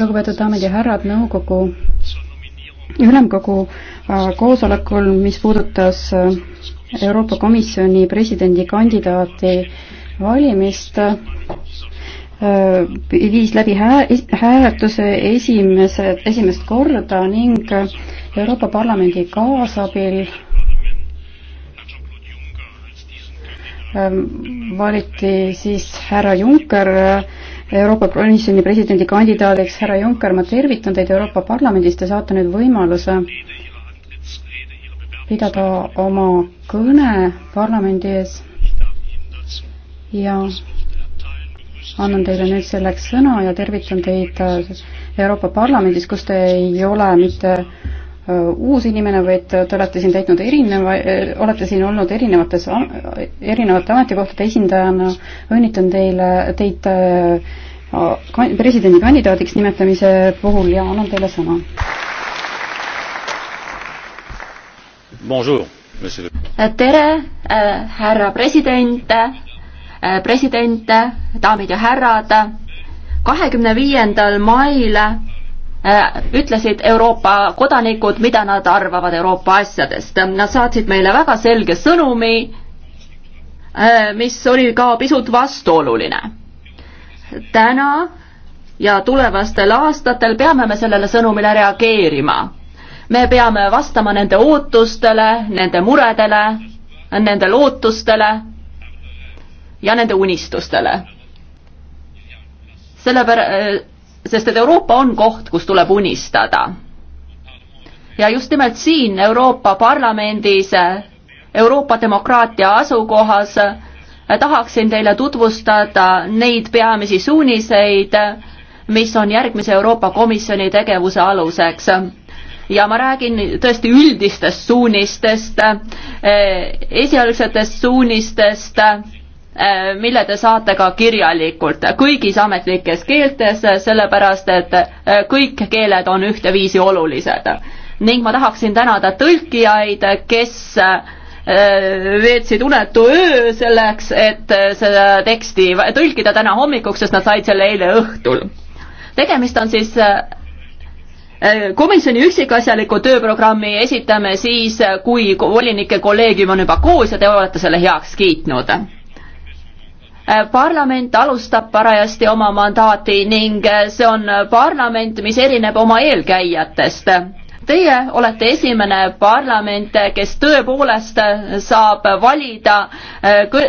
lugupeetud daamid ja härrad, nõukogu ülemkogu äh, koosolekul, mis puudutas äh, Euroopa Komisjoni presidendikandidaati valimist, äh, viis läbi hääletuse esimese, esimest korda ning Euroopa Parlamendi kaasabil ähm, valiti siis härra Juncker äh, Euroopa Komisjoni presidendi kandidaadiks, härra Juncker, ma tervitan teid Euroopa Parlamendis, te saate nüüd võimaluse pidada oma kõne parlamendi ees ja annan teile nüüd selleks sõna ja tervitan teid Euroopa Parlamendis, kus te ei ole mitte Äh, uus inimene, vaid te olete siin täitnud erineva, äh, olete siin olnud erinevates, erinevate ametikohtade esindajana. õnnitan teile, teid äh, presidendikandidaadiks nimetamise puhul ja annan teile sõna. tere, härra president, president, daamid ja härrad. kahekümne viiendal mail Äh, ütlesid Euroopa kodanikud, mida nad arvavad Euroopa asjadest. Nad saatsid meile väga selge sõnumi, äh, mis oli ka pisut vastuoluline. täna ja tulevastel aastatel peame me sellele sõnumile reageerima. me peame vastama nende ootustele, nende muredele, nende lootustele ja nende unistustele selle pär-, sest et Euroopa on koht, kus tuleb unistada. ja just nimelt siin Euroopa Parlamendis, Euroopa demokraatia asukohas tahaksin teile tutvustada neid peamisi suuniseid, mis on järgmise Euroopa Komisjoni tegevuse aluseks ja ma räägin tõesti üldistest suunistest, eh, esialgsetest suunistest Äh, mille te saate ka kirjalikult kõigis ametlikes keeltes, sellepärast et äh, kõik keeled on ühteviisi olulised. ning ma tahaksin tänada tõlkijaid, kes äh, veetsid unetu öö selleks, et seda teksti tõlkida täna hommikuks, sest nad said selle eile õhtul. tegemist on siis komisjoni üksikasjaliku tööprogrammi esitame siis, kui volinike kolleegium on juba koos ja te olete selle heaks kiitnud Äh, parlament alustab parajasti oma mandaati ning äh, see on parlament, mis erineb oma eelkäijatest. Teie olete esimene parlament, kes tõepoolest äh, saab valida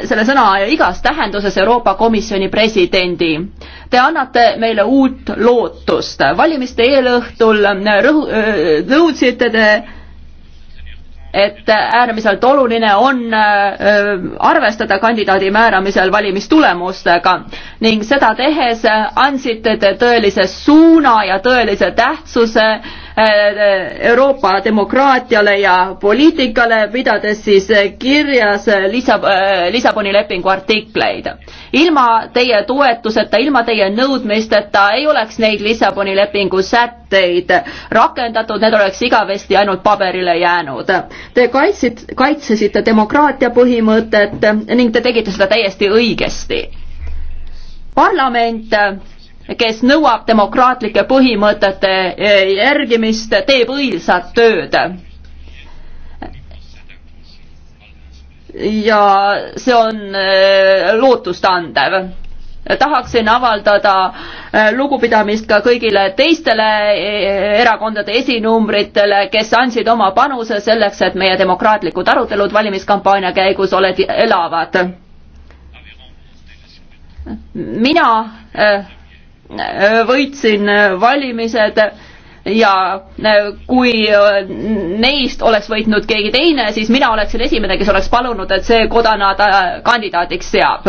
selle sõna igas tähenduses Euroopa Komisjoni presidendi. Te annate meile uut lootust. valimiste eelõhtul rõhu-, nõudsite te et äärmiselt oluline on äh, arvestada kandidaadi määramisel valimistulemustega ning seda tehes andsite te tõelise suuna ja tõelise tähtsuse Äh, Euroopa demokraatiale ja poliitikale, pidades siis kirjas Lissab-, äh, Lissaboni lepingu artikleid. ilma teie toetuseta, ilma teie nõudmisteta ei oleks neid Lissaboni lepingu sätteid rakendatud, need oleks igavesti ainult paberile jäänud. Te kaitsid, kaitsesite demokraatia põhimõtet ning te tegite seda täiesti õigesti. parlament kes nõuab demokraatlike põhimõtete eh, järgimist, teeb õilsat tööd. ja see on eh, lootustandev tahaksin avaldada eh, lugupidamist ka kõigile teistele erakondade esinumbritele, kes andsid oma panuse selleks, et meie demokraatlikud arutelud valimiskampaania käigus oled, elavad. mina võitsin valimised ja äh, kui äh, neist oleks võitnud keegi teine, siis mina oleksin esimene, kes oleks palunud, et see kodana ta äh, kandidaadiks seab.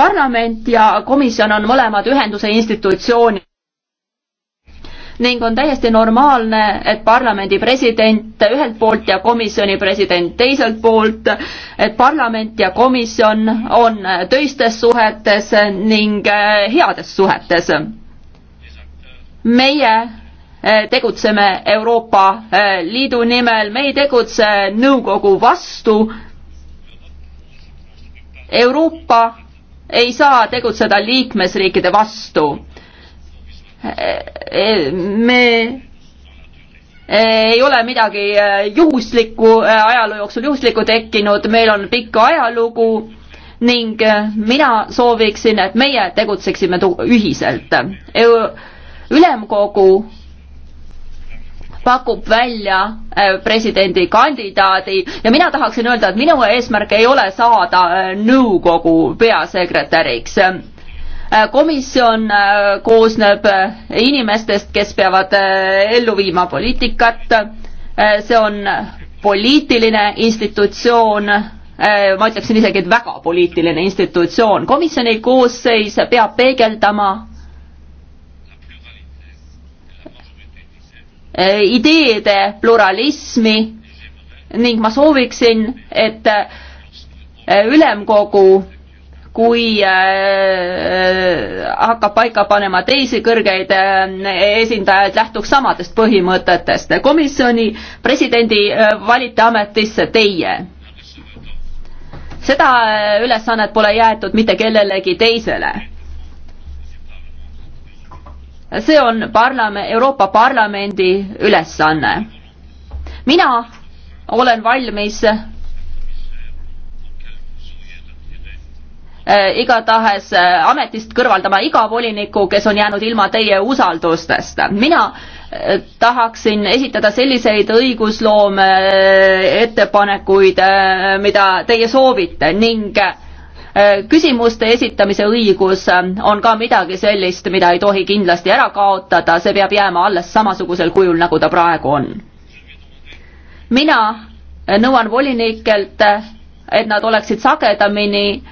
parlament ja komisjon on mõlemad ühenduse institutsioonid ning on täiesti normaalne, et parlamendi president ühelt poolt ja komisjoni president teiselt poolt, et parlament ja komisjon on töistes suhetes ning äh, heades suhetes. meie äh, tegutseme Euroopa äh, Liidu nimel, me ei tegutse nõukogu vastu. Euroopa ei saa tegutseda liikmesriikide vastu me eh, ei ole midagi eh, juhuslikku eh, ajaloo jooksul juhuslikku tekkinud, meil on pikk ajalugu ning mina sooviksin, et meie tegutseksime ühiselt. ülemkogu pakub välja presidendikandidaadi ja mina tahaksin öelda, et minu eesmärk ei ole saada nõukogu peasekretäriks Äh, komisjon äh, koosneb äh, inimestest, kes peavad ellu viima poliitikat, see on poliitiline institutsioon, ma ütleksin isegi, et väga poliitiline institutsioon, komisjoni koosseis peab peegeldama ideede pluralismi ning ma sooviksin, et ülemkogu kui äh, äh, hakkab paika panema teisi kõrgeid äh, esindajaid, lähtuks samadest põhimõtetest. komisjoni presidendi valite ametisse teie. seda ülesannet pole jäetud mitte kellelegi teisele see on parlame-, Euroopa Parlamendi ülesanne. mina olen valmis Äh, igatahes äh, ametist kõrvaldama iga voliniku, kes on jäänud ilma teie usaldustest. mina äh, tahaksin esitada selliseid õigusloome ettepanekuid, mida teie soovite ning küsimuste esitamise õigus on ka midagi sellist, mida ei tohi kindlasti ära kaotada, see peab jääma alles samasugusel kujul, nagu ta praegu on. mina nõuan volinikelt, et nad oleksid sagedamini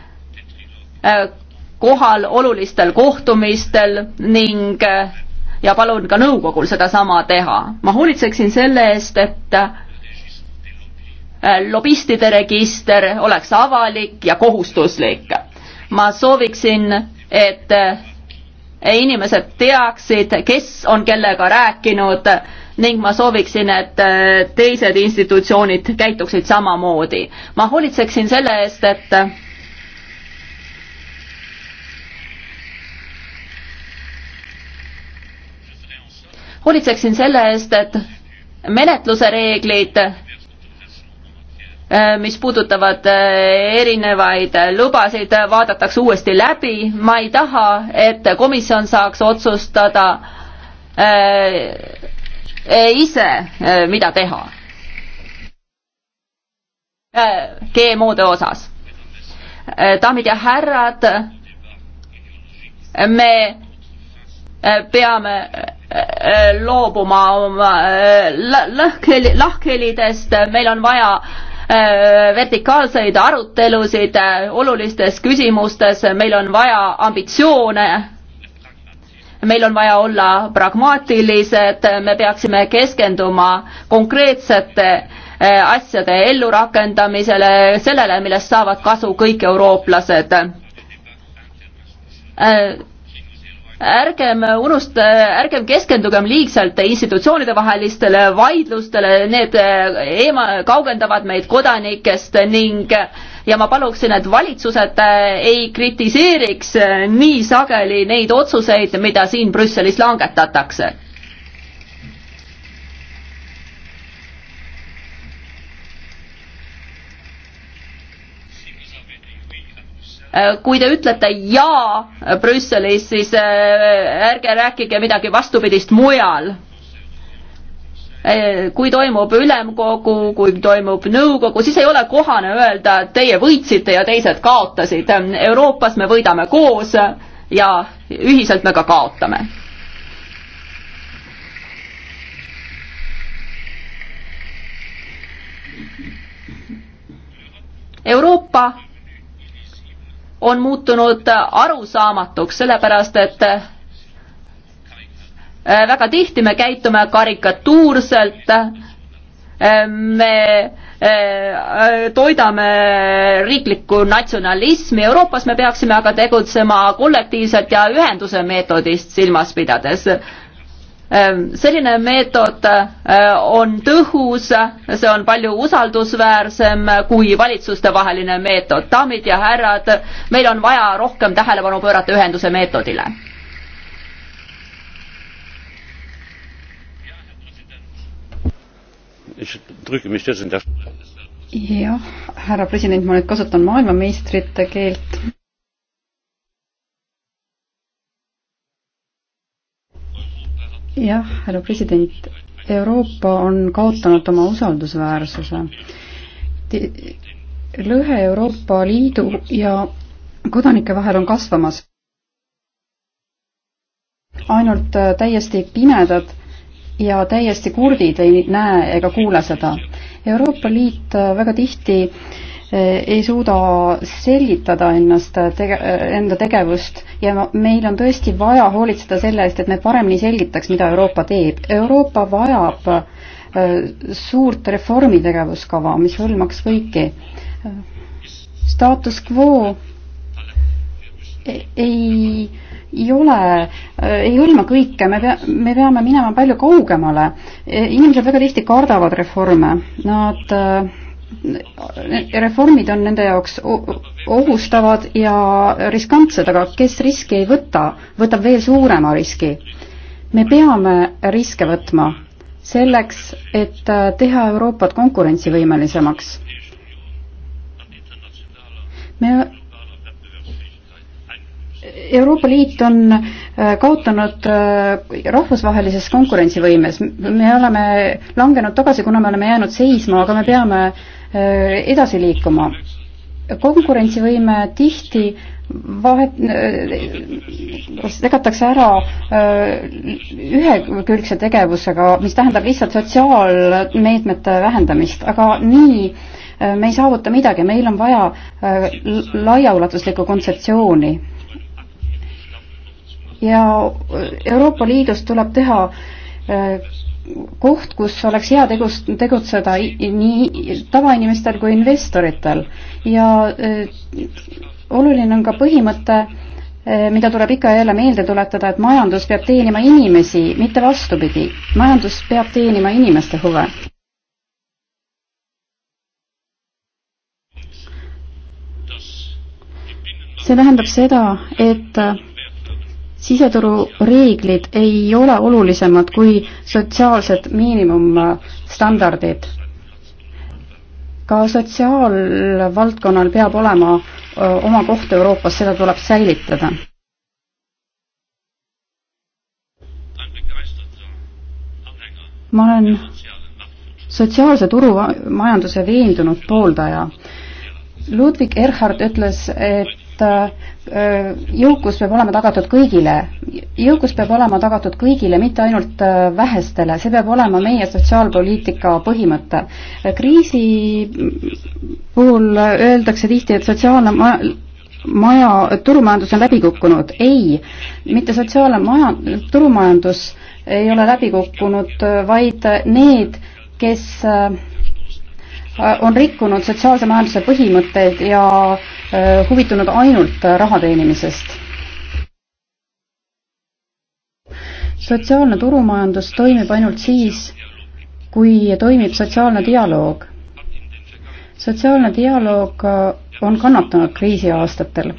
Äh, kohal olulistel kohtumistel ning äh, ja palun ka nõukogul sedasama teha. ma hoolitseksin selle eest, et äh, lobistide register oleks avalik ja kohustuslik. ma sooviksin, et inimesed teaksid, kes on kellega rääkinud ning ma sooviksin, et teised institutsioonid käituksid samamoodi. ma hoolitseksin selle eest, et hoolitseksin selle eest, et menetluse reeglid, äh, mis puudutavad äh, erinevaid lubasid, vaadatakse uuesti läbi, ma ei taha, et komisjon saaks otsustada äh, ise, mida teha GMO-de osas. daamid ja härrad, me Äh, peame äh, äh, loobuma oma lõhkheli, lahkhelidest, meil on vaja vertikaalseid arutelusid olulistes küsimustes, meil on vaja ambitsioone, meil on vaja olla pragmaatilised, me peaksime keskenduma konkreetsete asjade ellurakendamisele, sellele, millest saavad kasu kõik eurooplased ärgem unusta, ärgem keskendugem liigselt institutsioonide vahelistele vaidlustele, need äh, eema-, kaugendavad meid kodanikest ning ja ma paluksin, et valitsused äh, ei kritiseeriks äh, nii sageli neid otsuseid, mida siin Brüsselis langetatakse Äh, kui te ütlete jaa Brüsselis, siis äh, ärge rääkige midagi vastupidist mujal. Äh, kui toimub ülemkogu, kui toimub nõukogu, siis ei ole kohane öelda, et teie võitsite ja teised kaotasid. Euroopas me võidame koos ja ühiselt me ka kaotame Euroopa on muutunud arusaamatuks, sellepärast et äh, väga tihti me käitume karikatuurselt, äh, me äh, toidame riiklikku natsionalismi, Euroopas me peaksime aga tegutsema kollektiivselt ja ühenduse meetodist silmas pidades. Ehm, selline meetod eh, on tõhus, see on palju usaldusväärsem kui valitsustevaheline meetod. daamid ja härrad, meil on vaja rohkem tähelepanu pöörata ühenduse meetodile. jah, härra president, ma nüüd kasutan maailmameistrite keelt jah, härra president, Euroopa on kaotanud oma usaldusväärsuse. lõhe Euroopa Liidu ja kodanike vahel on kasvamas. ainult äh, täiesti pimedad ja täiesti kurdid ei näe ega kuule seda. Euroopa Liit äh, väga tihti äh, Eh, ei suuda selgitada ennast eh, tege,, eh, enda tegevust ja meil on tõesti vaja hoolitseda selle eest, et me paremini selgitaks, mida Euroopa teeb. Euroopa vajab suurt reformitegevuskava, mis hõlmaks kõiki. Status quo e-, ei, ei ole, ei hõlma kõike, me pea, me peame minema palju kaugemale. inimesed väga tihti kardavad reforme, nad äh, reformid on nende jaoks ohustavad ja riskantsed, aga kes riski ei võta, võtab veel suurema riski. me peame riske võtma selleks, et äh, teha Euroopat konkurentsivõimelisemaks. me Euroopa Liit on äh, kaotanud äh, rahvusvahelises konkurentsivõimes, me oleme langenud tagasi, kuna me oleme jäänud seisma, aga me peame Äh, edasi liikuma. konkurentsivõime tihti vahet, äh, segatakse ära äh, ühekülgse tegevusega, mis tähendab lihtsalt sotsiaalmeetmete vähendamist, aga nii me ei saavuta midagi, meil on vaja laiaulatuslikku kontseptsiooni. ja Euroopa Liidus tuleb teha koht, kus oleks hea tegus, tegutseda nii tavainimestel kui investoritel ja öö, äh, oluline on ka põhimõte, äh, mida tuleb ikka ja jälle meelde tuletada, et majandus peab teenima inimesi, mitte vastupidi. majandus peab teenima inimeste huve. see tähendab seda, et siseturu reeglid ei ole olulisemad kui sotsiaalsed miinimumstandardid. ka sotsiaalvaldkonnal peab olema oma koht Euroopas, seda tuleb säilitada. ma olen sotsiaalse turumajanduse veendunud pooldaja. Ludwig Erhard ütles, et Äh, jõukus peab olema tagatud kõigile. jõukus peab olema tagatud kõigile, mitte ainult äh, vähestele, see peab olema meie sotsiaalpoliitika põhimõte. kriisi puhul öeldakse tihti, et sotsiaalne maja, maja, turumajandus on läbi kukkunud. ei, mitte sotsiaalne maja, turumajandus ei ole läbi kukkunud, vaid need, kes äh, on rikkunud sotsiaalse majanduse põhimõtteid ja äh, Äh, huvitunud ainult raha teenimisest. sotsiaalne turumajandus toimib ainult siis, kui toimib sotsiaalne dialoog. sotsiaalne dialoog äh, on kannatanud kriisiaastatel.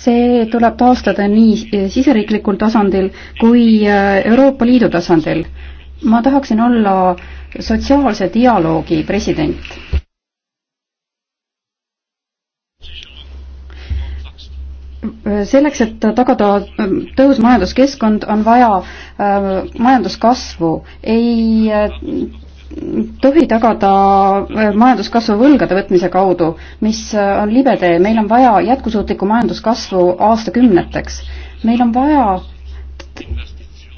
see tuleb taastada nii äh, siseriiklikul tasandil kui Euroopa Liidu tasandil. ma tahaksin olla sotsiaalse dialoogi president selleks, et tagada ähm, tõhus majanduskeskkond, on vaja ähm, majanduskasvu. ei äh, tohi tagada äh, majanduskasvu võlgade võtmise kaudu, mis äh, on libe tee. meil on vaja jätkusuutlikku majanduskasvu aastakümneteks. meil on vaja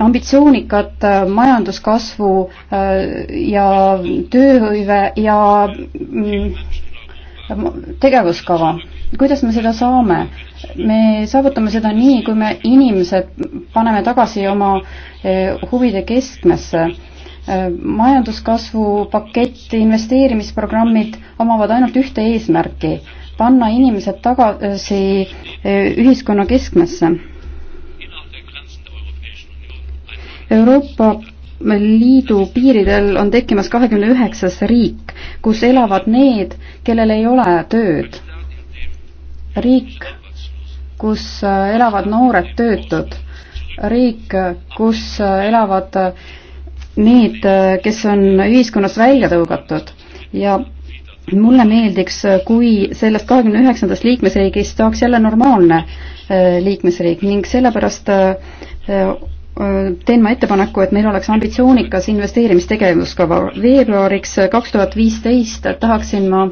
ambitsioonikat majanduskasvu ja tööhõive ja mm, tegevuskava. kuidas me seda saame? me saavutame seda nii, kui me inimesed paneme tagasi oma eh, huvide keskmesse. Eh, majanduskasvu pakett, investeerimisprogrammid omavad ainult ühte eesmärki, panna inimesed tagasi eh, ühiskonna keskmesse. Euroopa Liidu piiridel on tekkimas kahekümne üheksas riik, kus elavad need, kellel ei ole tööd. riik kus äh, elavad noored töötud, riik, kus äh, elavad äh, need, kes on ühiskonnast välja tõugatud ja mulle meeldiks, kui sellest kahekümne üheksandast liikmesriigist saaks jälle normaalne liikmesriik ning sellepärast teen ma ettepaneku, et meil oleks ambitsioonikas investeerimistegevuskava. veebruariks kaks tuhat viisteist tahaksin ma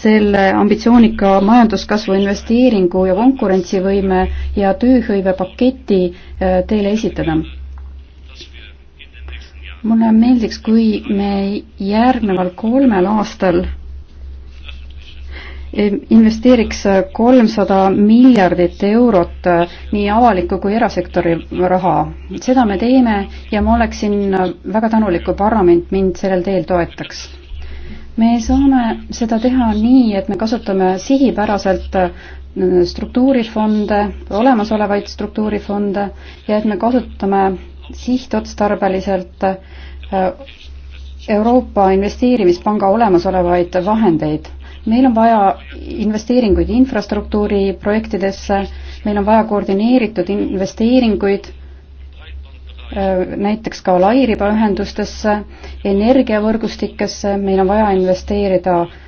selle ambitsioonika majanduskasvu investeeringu ja konkurentsivõime ja tööhõive paketi äh, teile esitada. mulle meeldiks, kui me järgneval kolmel aastal investeeriks kolmsada miljardit eurot äh, nii avaliku kui erasektori raha. seda me teeme ja ma oleksin väga tänulik, kui parlament mind sellel teel toetaks. me saame seda teha nii, et me kasutame sihipäraselt äh, struktuurifonde, olemasolevaid struktuurifonde ja et me kasutame sihtotstarbeliselt äh, Euroopa Investeerimispanga olemasolevaid vahendeid meil on vaja investeeringuid infrastruktuuri projektidesse, meil on vaja koordineeritud investeeringuid äh, näiteks ka lairibaühendustesse, energiavõrgustikesse, meil on vaja investeerida äh,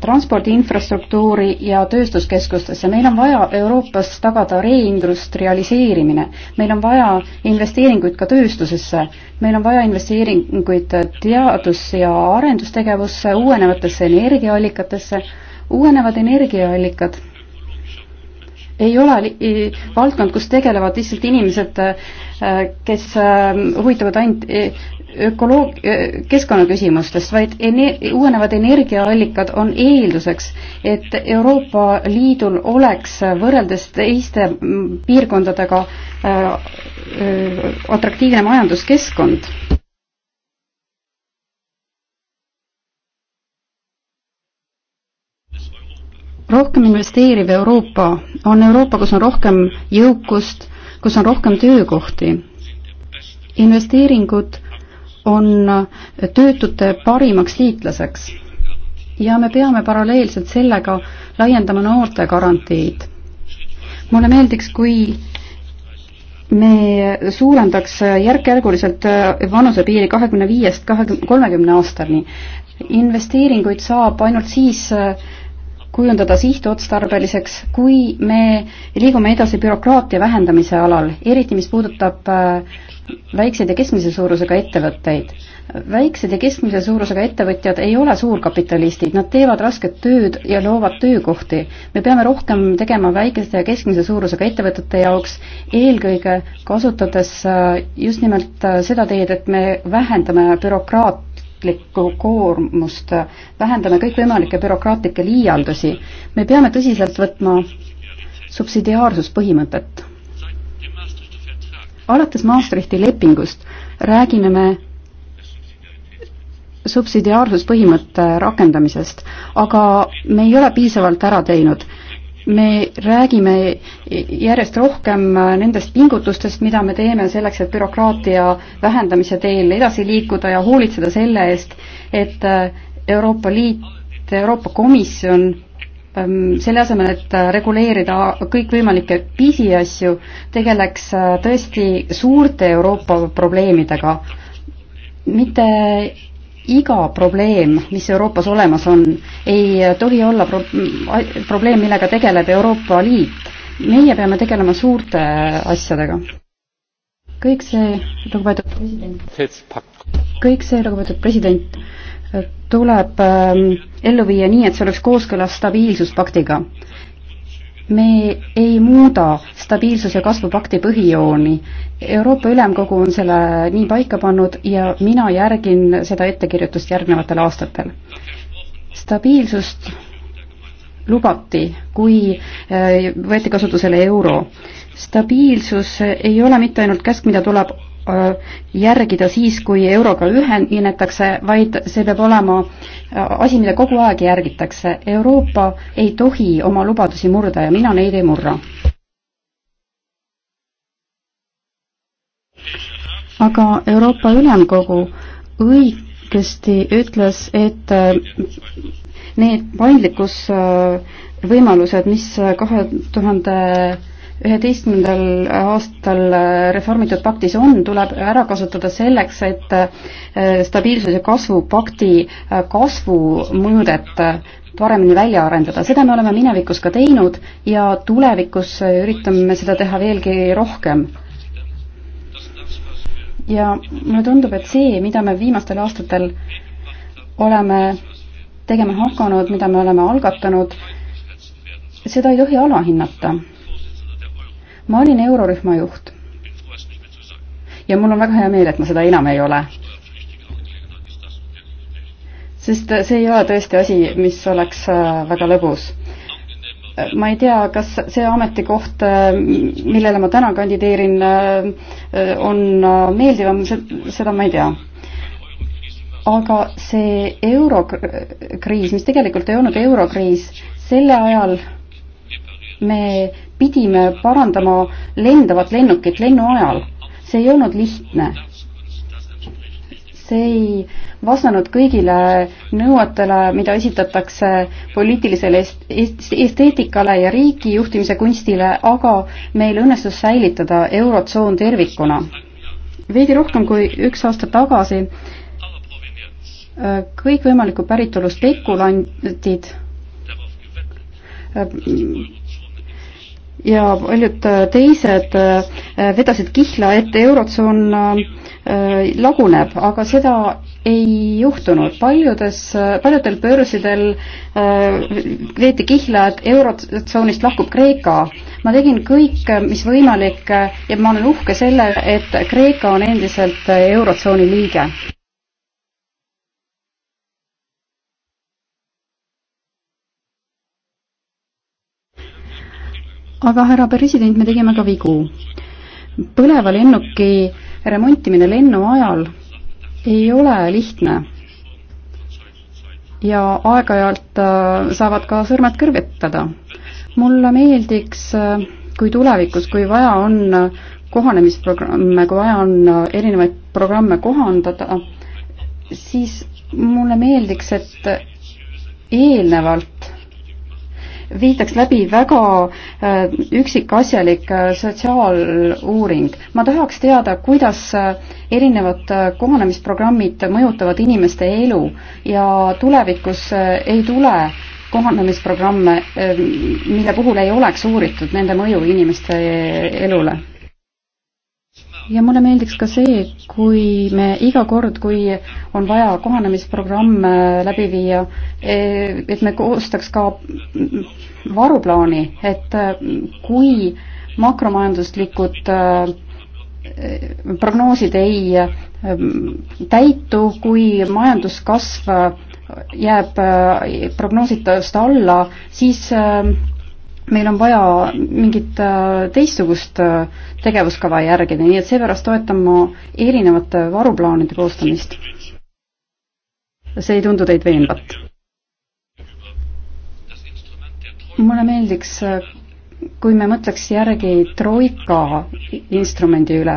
transpordi infrastruktuuri ja tööstuskeskustesse. meil on vaja Euroopas tagada reindustrialiseerimine, meil on vaja investeeringuid ka tööstusesse, meil on vaja investeeringuid teadus- ja arendustegevusse, uuenevatesse energiaallikatesse, uuenevad energiaallikad ei ole valdkond, kus tegelevad lihtsalt inimesed, kes äh, huvitavad ainult e, ökoloog-, eh, keskkonnaküsimustest, vaid ene-, uuenevad energiaallikad on eelduseks, et Euroopa Liidul oleks võrreldes teiste mm, piirkondadega äh, äh, atraktiivne majanduskeskkond. rohkem investeeriv Euroopa on Euroopa, kus on rohkem jõukust, kus on rohkem töökohti. investeeringud on töötute parimaks liitlaseks. ja me peame paralleelselt sellega laiendama noorte garantiid. mulle meeldiks, kui me suurendaks järk-järguliselt vanusepiiri kahekümne viiest kahekümne, kolmekümne aastani. investeeringuid saab ainult siis kujundada sihtotstarbeliseks, kui me liigume edasi bürokraatia vähendamise alal, eriti mis puudutab äh, väikseid ja keskmise suurusega ettevõtteid. väiksed ja keskmise suurusega ettevõtjad ei ole suurkapitalistid, nad teevad rasket tööd ja loovad töökohti. me peame rohkem tegema väikese ja keskmise suurusega ettevõtete jaoks, eelkõige kasutades äh, just nimelt äh, seda teed, et me vähendame bürokraatlikku koormust, vähendame kõikvõimalikke bürokraatlikke liialdusi. me peame tõsiselt võtma subsidiaarsuspõhimõtet alates Maastrichti lepingust räägime me subsidiaarsuspõhimõtte rakendamisest, aga me ei ole piisavalt ära teinud. me räägime järjest rohkem nendest pingutustest, mida me teeme selleks, et bürokraatia vähendamise teel edasi liikuda ja hoolitseda selle eest, et Euroopa Liit, Euroopa Komisjon Ehm, selle asemel, et äh, reguleerida kõikvõimalikke pisiasju, tegeleks äh, tõesti suurte Euroopa probleemidega. mitte iga probleem, mis Euroopas olemas on, ei äh, tohi olla pro mm, probleem, millega tegeleb Euroopa Liit. meie peame tegelema suurte asjadega. kõik see, lugupeetud president, kõik see, lugupeetud president, tuleb ähm, ellu viia nii, et see oleks kooskõlas stabiilsuspaktiga. me ei muuda stabiilsuse kasvupakti põhijooni. Euroopa Ülemkogu on selle nii paika pannud ja mina järgin seda ettekirjutust järgnevatel aastatel. stabiilsust lubati, kui äh, võeti kasutusele euro. stabiilsus ei ole mitte ainult käsk, mida tuleb Äh, järgida siis, kui euroga ühinetakse, vaid see peab olema äh, asi, mida kogu aeg järgitakse. Euroopa ei tohi oma lubadusi murda ja mina neid ei murra. aga Euroopa Ülemkogu õigesti ütles, et äh, need paindlikkusvõimalused, mis kahe tuhande üheteistkümnendal aastal reformitud paktis on, tuleb ära kasutada selleks, et äh, stabiilsuse kasvu pakti äh, kasvumõõdet äh, paremini välja arendada, seda me oleme minevikus ka teinud ja tulevikus üritame seda teha veelgi rohkem. ja mulle tundub, et see, mida me viimastel aastatel oleme tegema hakanud, mida me oleme algatanud, seda ei tohi alahinnata ma olin eurorühma juht. ja mul on väga hea meel, et ma seda enam ei ole. sest see ei ole tõesti asi, mis oleks äh, väga lõbus. Äh, ma ei tea, kas see ametikoht, äh, millele ma täna kandideerin, on meeldivam, seda ma ei tea aga see eurokriis, mis tegelikult ei olnud eurokriis, selle ajal me pidime parandama lendavat lennukit lennu ajal. see ei olnud lihtne. see ei vastanud kõigile nõuetele, mida esitatakse poliitilisele esteetikale ja riigi juhtimise kunstile, aga meil õnnestus säilitada Eurotsoon tervikuna. veidi rohkem kui üks aasta tagasi äh, kõikvõimaliku päritolu spekulantid äh, ja paljud äh, teised äh, vedasid kihla, et Eurotsoon äh, laguneb, aga seda ei juhtunud. paljudes, paljudel börsidel veeti kihla, et Eurotsoonist lahkub Kreeka. ma tegin kõik, mis võimalik ja ma olen uhke selle, et Kreeka on endiselt Eurotsooni liige aga härra president, me tegime ka vigu. põleva lennuki remontimine lennu ajal ei ole lihtne. ja aeg-ajalt äh, saavad ka sõrmed kõrvetada. mulle meeldiks, äh, kui tulevikus, kui vaja on äh, kohanemisprogramme, kui vaja on erinevaid programme kohandada, siis mulle meeldiks, et eelnevalt viidaks läbi väga äh, üksikasjalik äh, sotsiaaluuring. ma tahaks teada, kuidas äh, erinevad kohanemisprogrammid mõjutavad inimeste elu ja tulevikus ei tule kohanemisprogramme, mille puhul ei oleks uuritud nende mõju inimeste elule ja mulle meeldiks ka see, kui me iga kord, kui on vaja kohanemisprogramm äh, läbi viia, e, et me koostaks ka varuplaani, et äh, kui makromajanduslikud äh, prognoosid ei täitu, kui majanduskasv jääb prognoositavast alla, siis meil on vaja mingit äh, teistsugust äh, tegevuskava järgida, nii et seepärast toetan ma erinevate varuplaanide koostamist. see ei tundu teid veenvat? mulle meeldiks, kui me mõtleks järgi troika instrumendi üle.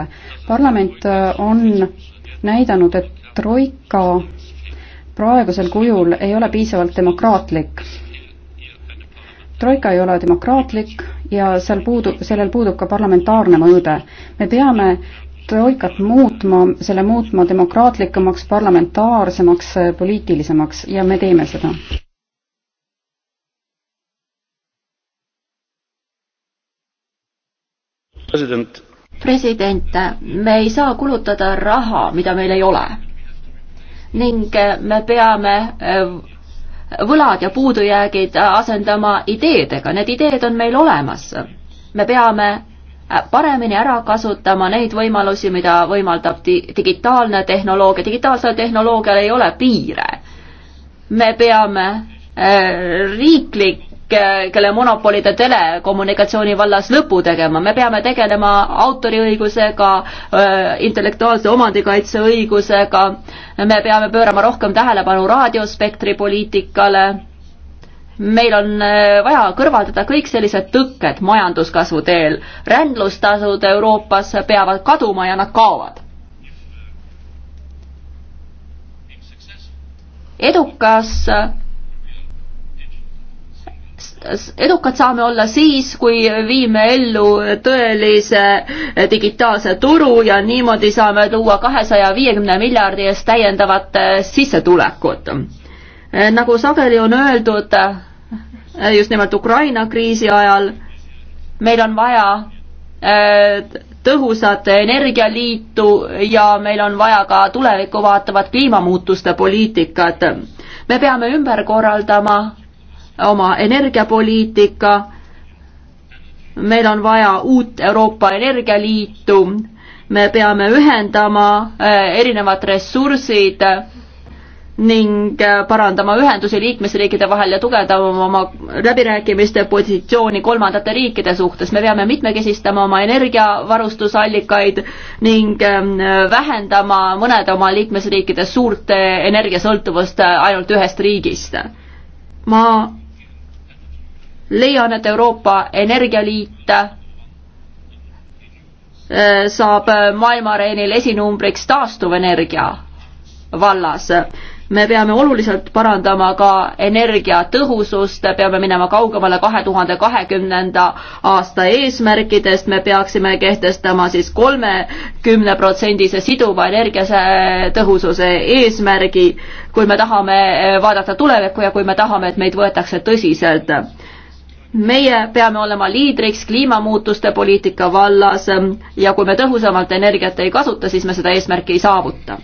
parlament äh, on näidanud, et troika praegusel kujul ei ole piisavalt demokraatlik troika ei ole demokraatlik ja seal puudub, sellel puudub ka parlamentaarne mõõde. me peame troikat muutma, selle muutma demokraatlikumaks, parlamentaarsemaks, poliitilisemaks ja me teeme seda. president. president, me ei saa kulutada raha, mida meil ei ole. ning me peame võlad ja puudujäägid asendama ideedega, need ideed on meil olemas. me peame paremini ära kasutama neid võimalusi, mida võimaldab di digitaalne tehnoloogia, digitaalsel tehnoloogial ei ole piire. me peame äh, riiklik kelle monopolide telekommunikatsiooni vallas lõpu tegema, me peame tegelema autoriõigusega, äh, intellektuaalse omandikaitse õigusega, me peame pöörama rohkem tähelepanu raadiospektri poliitikale, meil on äh, vaja kõrvaldada kõik sellised tõkked majanduskasvu teel. rändlustasud Euroopas peavad kaduma ja nad kaovad. edukas edukad saame olla siis, kui viime ellu tõelise digitaalse turu ja niimoodi saame luua kahesaja viiekümne miljardi eest täiendavat sissetulekut. nagu sageli on öeldud, just nimelt Ukraina kriisi ajal, meil on vaja äh, tõhusat energialiitu ja meil on vaja ka tulevikku vaatavat kliimamuutuste poliitikat. me peame ümber korraldama oma energiapoliitika. meil on vaja uut Euroopa Energialiitu, me peame ühendama eh, erinevad ressursid ning eh, parandama ühendusi liikmesriikide vahel ja tugevdama oma läbirääkimiste positsiooni kolmandate riikide suhtes. me peame mitmekesistama oma energiavarustusallikaid ning eh, vähendama mõnede oma liikmesriikide suurt energiasõltuvust ainult ühest riigist. ma leian, et Euroopa Energialiit äh, saab äh, maailmareenil esinumbriks taastuvenergia vallas. me peame oluliselt parandama ka energiatõhusust, peame minema kaugemale kahe tuhande kahekümnenda aasta eesmärkidest, me peaksime kehtestama siis kolmekümneprotsendise siduva energiatõhususe eesmärgi, kui me tahame äh, vaadata tulevikku ja kui me tahame, et meid võetakse tõsiselt meie peame olema liidriks kliimamuutuste poliitika vallas ja kui me tõhusamalt energiat ei kasuta, siis me seda eesmärki ei saavuta.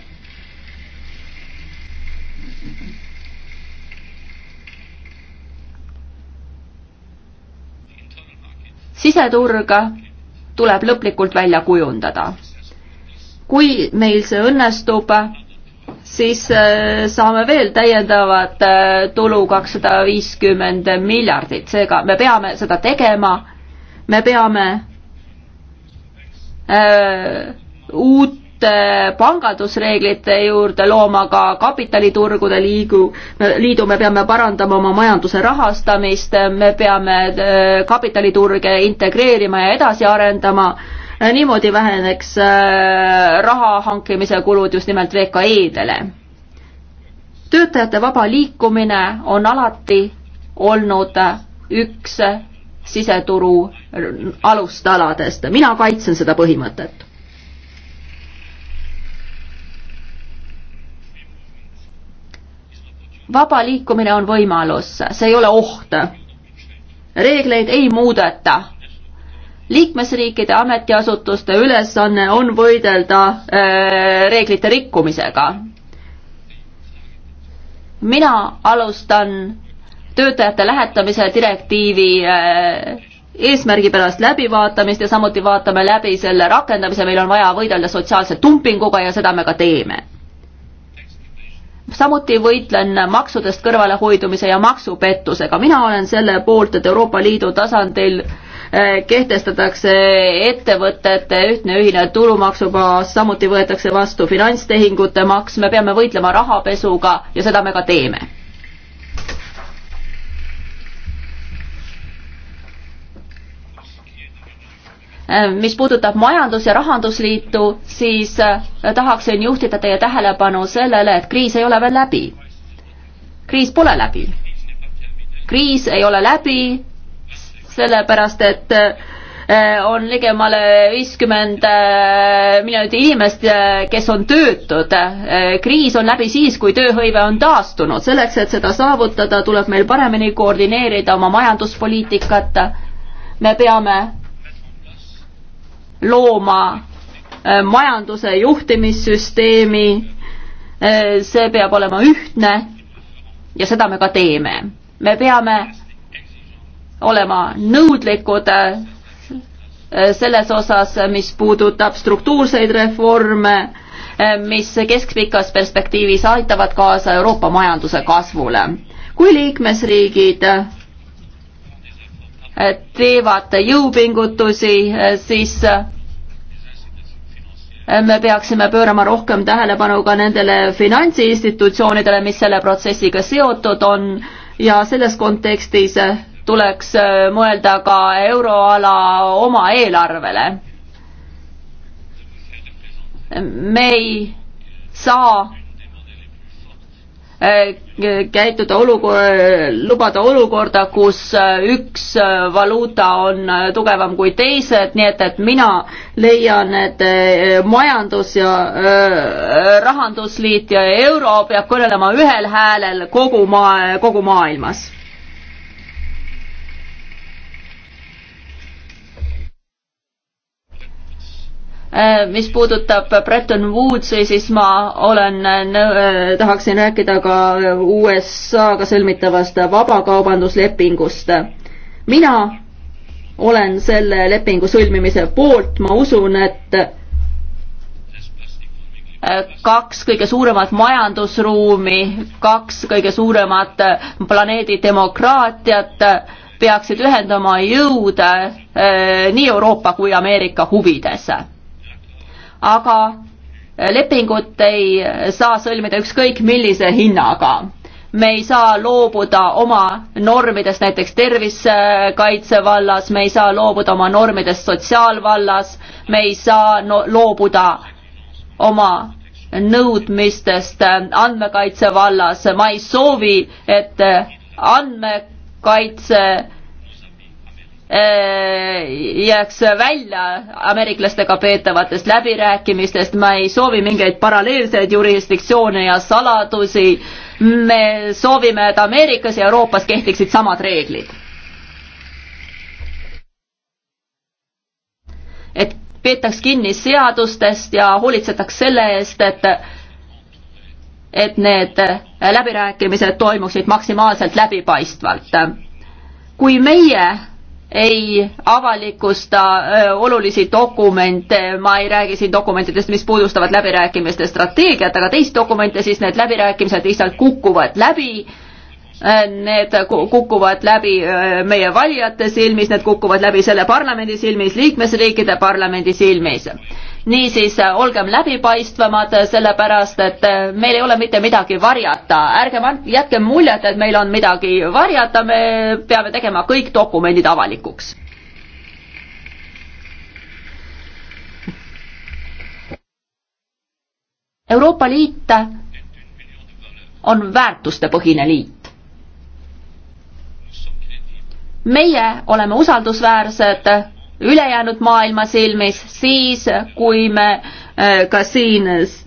siseturg tuleb lõplikult välja kujundada. kui meil see õnnestub, siis äh, saame veel täiendavat äh, tulu kakssada viiskümmend miljardit, seega me peame seda tegema, me peame öö, äh, uut pangandusreeglite juurde looma ka kapitaliturgude liigu, liidu, me peame parandama oma majanduse rahastamist, me peame kapitaliturge integreerima ja edasi arendama Äh, niimoodi väheneks äh, raha hankimise kulud just nimelt VKE-dele. töötajate vaba liikumine on alati olnud üks siseturu alustaladest, mina kaitsen seda põhimõtet vaba liikumine on võimalus, see ei ole oht. reegleid ei muudeta liikmesriikide ametiasutuste ülesanne on võidelda äh, reeglite rikkumisega. mina alustan töötajate lähetamise direktiivi äh, eesmärgipärast läbivaatamist ja samuti vaatame läbi selle rakendamise, meil on vaja võidelda sotsiaalse dumpinguga ja seda me ka teeme. samuti võitlen maksudest kõrvalehoidumise ja maksupettusega, mina olen selle poolt, et Euroopa Liidu tasandil äh, Eh, kehtestatakse ettevõtete ühtne ühine tulumaksubaas, samuti võetakse vastu finantstehingute maks, me peame võitlema rahapesuga ja seda me ka teeme. Eh, mis puudutab Majandus- ja Rahandusliitu, siis eh, tahaksin juhtida teie tähelepanu sellele, et kriis ei ole veel läbi. kriis pole läbi kriis ei ole läbi sellepärast et eh, on ligemale viiskümmend eh, miljonit inimest, eh, kes on töötud. kriis on läbi siis, kui tööhõive on taastunud. selleks, et seda saavutada, tuleb meil paremini koordineerida oma majanduspoliitikat. me peame looma majanduse juhtimissüsteemi. see peab olema ühtne ja seda me ka teeme. me peame olema nõudlikud äh, selles osas, mis puudutab struktuurseid reforme, äh, mis keskpikas perspektiivis aitavad kaasa Euroopa majanduse kasvule. kui liikmesriigid äh, teevad jõupingutusi, siis me peaksime pöörama rohkem tähelepanu ka nendele finantsinstitutsioonidele, mis selle protsessiga seotud on ja selles kontekstis tuleks äh, mõelda ka euroala oma eelarvele. me ei saa äh, käituda olukorra, lubada olukorda, kus äh, üks valuuta on tugevam kui teised, nii et, et mina leian, et majandus ja rahandusliit ja euro peab kõnelema ühel häälel kogu maa, kogu maailmas Äh, mis puudutab Bretton Woodsi, siis ma olen, äh, tahaksin rääkida ka USA-ga sõlmitavast vabakaubanduslepingust. mina olen selle lepingu sõlmimise poolt, ma usun, et äh, kaks kõige suuremat majandusruumi, kaks kõige suuremat planeedi demokraatiat peaksid ühendama jõud eh, nii Euroopa kui Ameerika huvides aga eh, lepingut ei eh, saa sõlmida ükskõik millise hinnaga me ei saa loobuda oma normidest näiteks tervisekaitse vallas, me ei saa loobuda oma normidest sotsiaalvallas, me ei saa no loobuda oma nõudmistest eh, andmekaitse vallas, ma ei soovi, et andmekaitse Äh, jääks välja ameeriklastega peetavatest läbirääkimistest, ma ei soovi mingeid paralleelseid jurisdiktsioone ja saladusi, me soovime, et Ameerikas ja Euroopas kehtiksid samad reeglid. et peetaks kinni seadustest ja hoolitsetaks selle eest, et et need läbirääkimised toimuksid maksimaalselt läbipaistvalt. kui meie ei avalikusta olulisi dokumente, ma ei räägi siin dokumentidest, mis puudustavad läbirääkimiste strateegiat, aga teist dokumente, siis need läbirääkimised lihtsalt kukuvad läbi. Need kukuvad läbi meie valijate silmis, need kukuvad läbi selle parlamendi silmis, liikmesriikide parlamendi silmis niisiis äh, olgem läbipaistvamad, äh, sellepärast et äh, meil ei ole mitte midagi varjata, ärgem jätkem muljet, et meil on midagi varjata, me peame tegema kõik dokumendid avalikuks. Euroopa Liit on väärtustepõhine liit. meie oleme usaldusväärsed ülejäänud maailma silmis, siis kui me äh, ka siin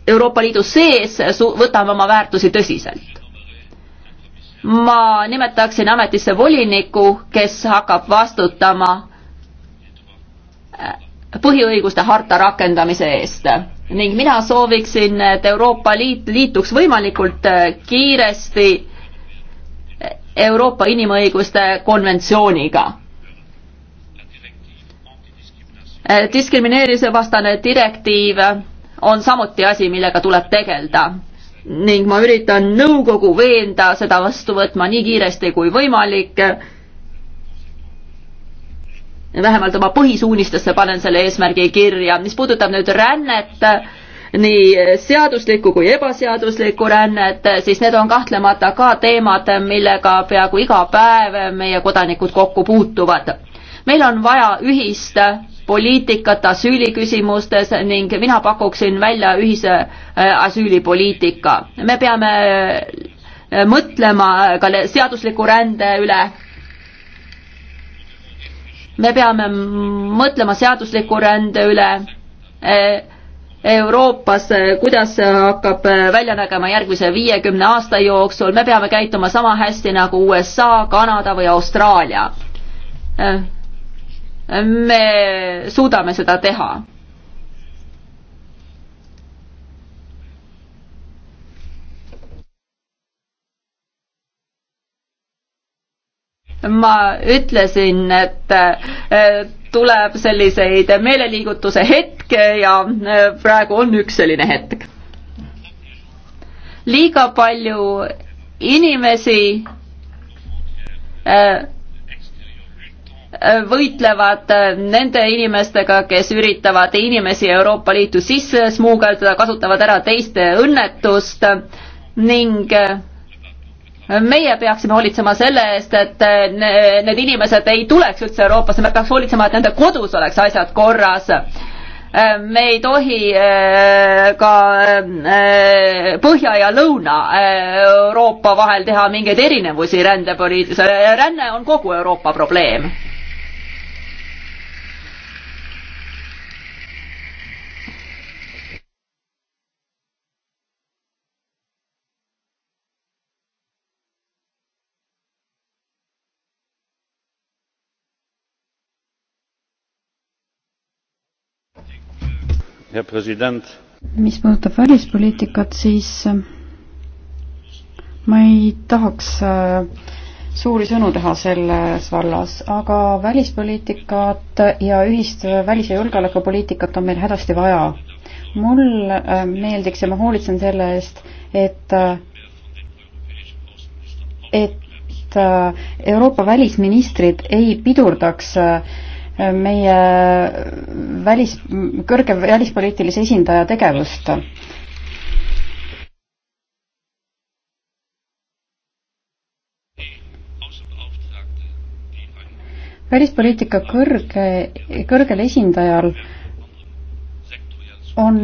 Euroopa Liidu sees võtame oma väärtusi tõsiselt. ma nimetaksin ametisse voliniku, kes hakkab vastutama äh, põhiõiguste harta rakendamise eest ning mina sooviksin, et Euroopa Liit liituks võimalikult äh, kiiresti Euroopa inimõiguste konventsiooniga Eh, diskrimineerimise vastane direktiiv eh, on samuti asi, millega tuleb tegeleda ning ma üritan nõukogu veenda seda vastu võtma nii kiiresti kui võimalik. vähemalt oma põhisuunistesse panen selle eesmärgi kirja, mis puudutab nüüd rännet, nii seaduslikku kui ebaseaduslikku rännet, siis need on kahtlemata ka teemad, millega peaaegu iga päev meie kodanikud kokku puutuvad. meil on vaja ühist poliitikat asüüliküsimustes ning mina pakuksin välja ühise äh, asüülipoliitika. me peame äh, mõtlema ka seadusliku rände üle. me peame mõtlema seadusliku rände üle äh, Euroopas, kuidas see hakkab välja nägema järgmise viiekümne aasta jooksul, me peame käituma sama hästi nagu USA, Kanada või Austraalia me suudame seda teha. ma ütlesin, et äh, tuleb selliseid meeleliigutuse hetke ja äh, praegu on üks selline hetk. liiga palju inimesi äh, võitlevad äh, nende inimestega, kes üritavad inimesi Euroopa Liitu sisse smuugeldada, kasutavad ära teiste õnnetust ning äh, meie peaksime hoolitsema selle eest, et äh, need inimesed ei tuleks üldse Euroopasse, me peaks hoolitsema, et nende kodus oleks asjad korras me ei tohi ka Põhja ja Lõuna Euroopa vahel teha mingeid erinevusi rändepoliitikas, ränne on kogu Euroopa probleem mis puudutab välispoliitikat, siis äh, ma ei tahaks äh, suuri sõnu teha selles vallas, aga välispoliitikat ja ühist välis- ja julgeolekupoliitikat on meil hädasti vaja. mul äh, meeldiks ja ma hoolitsen selle eest, et, et Euroopa välisministrid ei pidurdaks äh, meie välis, kõrge välispoliitilise esindaja tegevust. välispoliitika kõrge, kõrgel esindajal on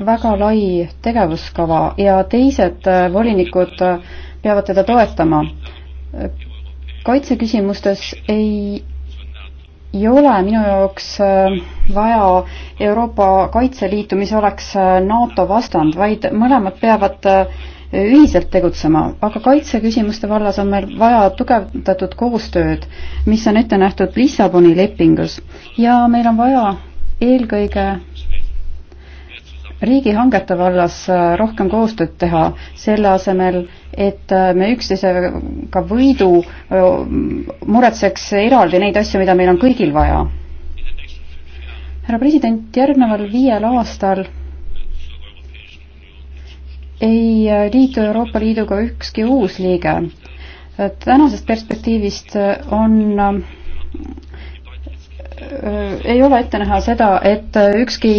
väga lai tegevuskava ja teised volinikud peavad teda toetama. kaitseküsimustes ei ei ole minu jaoks äh, vaja Euroopa Kaitseliitu, mis oleks äh, NATO vastand, vaid mõlemad peavad äh, ühiselt tegutsema, aga kaitseküsimuste vallas on meil vaja tugevdatud koostööd, mis on ette nähtud Lissaboni lepingus ja meil on vaja eelkõige riigihangete vallas rohkem koostööd teha, selle asemel, et äh, me üksteisega võidu muretseks eraldi neid asju, mida meil on kõigil vaja. härra president, järgneval viiel aastal ei äh, liitu Euroopa Liiduga ükski uus liige. Äh, tänasest perspektiivist on ei ole ette näha seda, et ükski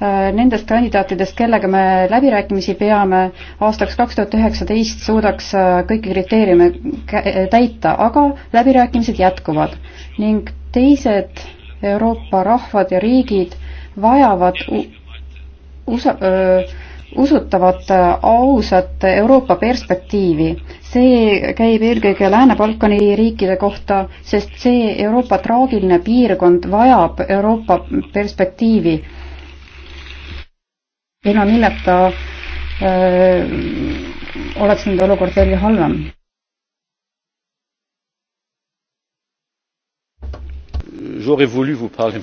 Äh, nendest kandidaatidest, kellega me läbirääkimisi peame, aastaks kaks tuhat üheksateist suudaks äh, kõiki kriteeriume äh, täita, aga läbirääkimised jätkuvad ning teised Euroopa rahvad ja riigid vajavad usa-, usutavat ausat Euroopa perspektiivi. see käib eelkõige Lääne-Balkani riikide kohta, sest see Euroopa traagiline piirkond vajab Euroopa perspektiivi ilma milleta oleks nende olukord veelgi halvem.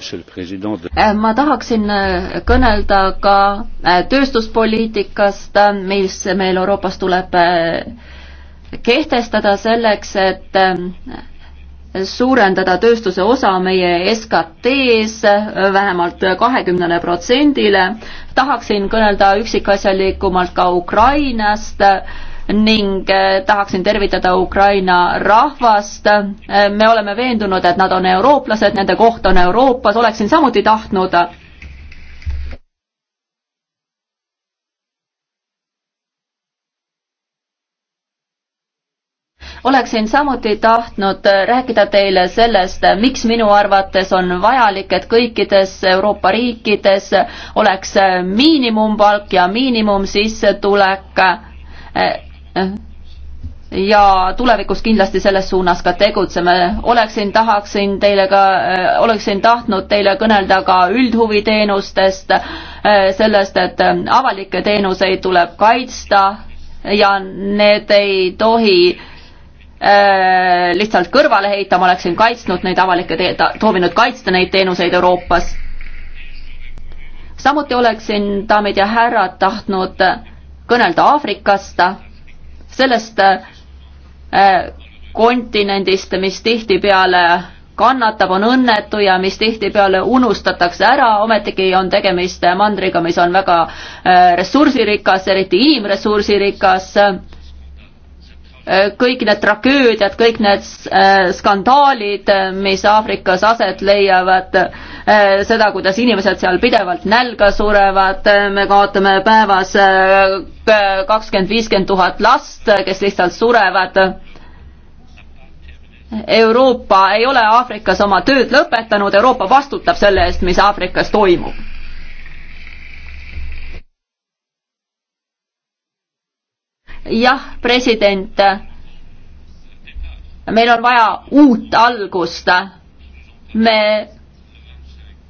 Äh, ma tahaksin äh, kõnelda ka äh, tööstuspoliitikast, mis meil Euroopas tuleb kehtestada selleks, et suurendada tööstuse osa meie SKT-s vähemalt kahekümnele protsendile. tahaksin kõnelda üksikasjalikumalt ka Ukrainast ning eh, tahaksin tervitada Ukraina rahvast. Eh, me oleme veendunud, et nad on eurooplased, nende koht on Euroopas, oleksin samuti tahtnud, oleksin samuti tahtnud äh, rääkida teile sellest, äh, miks minu arvates on vajalik, et kõikides Euroopa riikides oleks äh, miinimumpalk ja miinimumsissetulek ja tulevikus kindlasti selles suunas ka tegutseme. oleksin, tahaksin teile ka, oleksin tahtnud teile kõnelda ka üldhuviteenustest, sellest, et avalikke teenuseid tuleb kaitsta ja need ei tohi Äh, lihtsalt kõrvale heita, ma oleksin kaitsnud neid avalikke, soovinud kaitsta neid teenuseid Euroopas. samuti oleksin, daamid ja härrad, tahtnud kõnelda Aafrikast, sellest äh, kontinendist, mis tihtipeale kannatab, on õnnetu ja mis tihtipeale unustatakse ära, ometigi on tegemist mandriga, mis on väga äh, ressursirikas, eriti inimressursirikas kõik need tragöödiad, kõik need äh, skandaalid, äh, mis Aafrikas aset leiavad, äh, seda, kuidas inimesed seal pidevalt nälga surevad, me kaotame päevas kakskümmend, viiskümmend tuhat last, kes lihtsalt surevad. Euroopa ei ole Aafrikas oma tööd lõpetanud, Euroopa vastutab selle eest, mis Aafrikas toimub jah, president, meil on vaja uut algust. me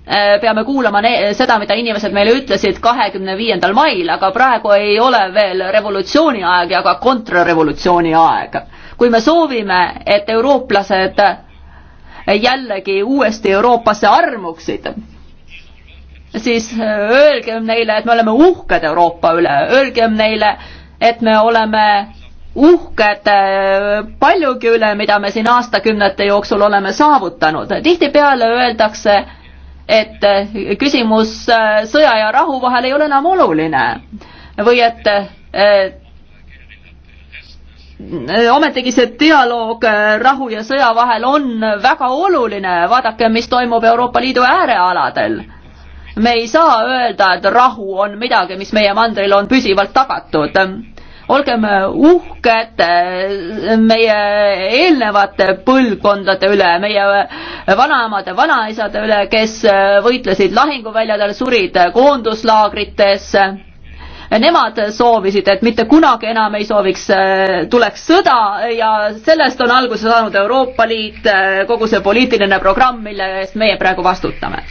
äh, peame kuulama seda, mida inimesed meile ütlesid kahekümne viiendal mail, aga praegu ei ole veel revolutsiooni aeg ja ka kontrarevolutsiooni aeg. kui me soovime, et eurooplased jällegi uuesti Euroopasse armuksid, siis äh, öelgem neile, et me oleme uhked Euroopa üle, öelgem neile, et me oleme uhked eh, paljugi üle, mida me siin aastakümnete jooksul oleme saavutanud. tihtipeale öeldakse, et eh, küsimus eh, sõja ja rahu vahel ei ole enam oluline või et, et ometigi see dialoog rahu ja sõja vahel on väga oluline, vaadake, mis toimub Euroopa Liidu äärealadel me ei saa öelda, et rahu on midagi, mis meie mandril on püsivalt tagatud olgem uhked eh, meie eelnevate põlvkondade üle, meie eh, vanaemade, vanaisade üle, kes eh, võitlesid lahinguväljadel, surid koonduslaagrites. Nemad soovisid, et mitte kunagi enam ei sooviks, tuleks sõda ja sellest on alguse saanud Euroopa Liit, kogu see poliitiline programm, mille eest meie praegu vastutame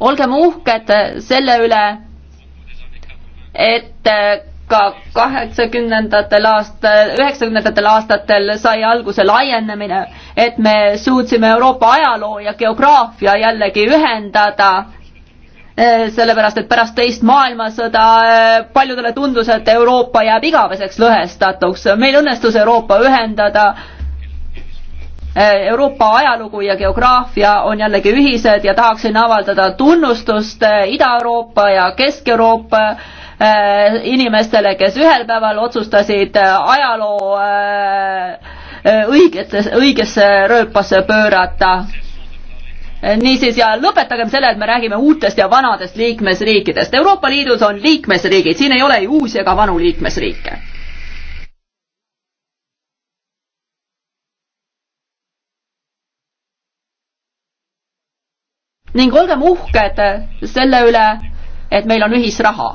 olgem uhked selle üle, et ka kaheksakümnendatel aasta, üheksakümnendatel aastatel sai alguse laienemine, et me suutsime Euroopa ajaloo ja geograafia jällegi ühendada eh, sellepärast, et pärast teist maailmasõda eh, paljudele tundus, et Euroopa jääb igaveseks lõhestatuks. meil õnnestus Euroopa ühendada Eh, Euroopa ajalugu ja geograafia on jällegi ühised ja tahaksin avaldada tunnustust eh, Ida-Euroopa ja Kesk-Euroopa eh, inimestele, kes ühel päeval otsustasid ajaloo õigetes, õigesse rööpasse pöörata. niisiis, ja lõpetagem selle, et me räägime uutest ja vanadest liikmesriikidest. Euroopa Liidus on liikmesriigid, siin ei ole ju uusi ega vanu liikmesriike ning olgem uhked selle üle, et meil on ühisraha.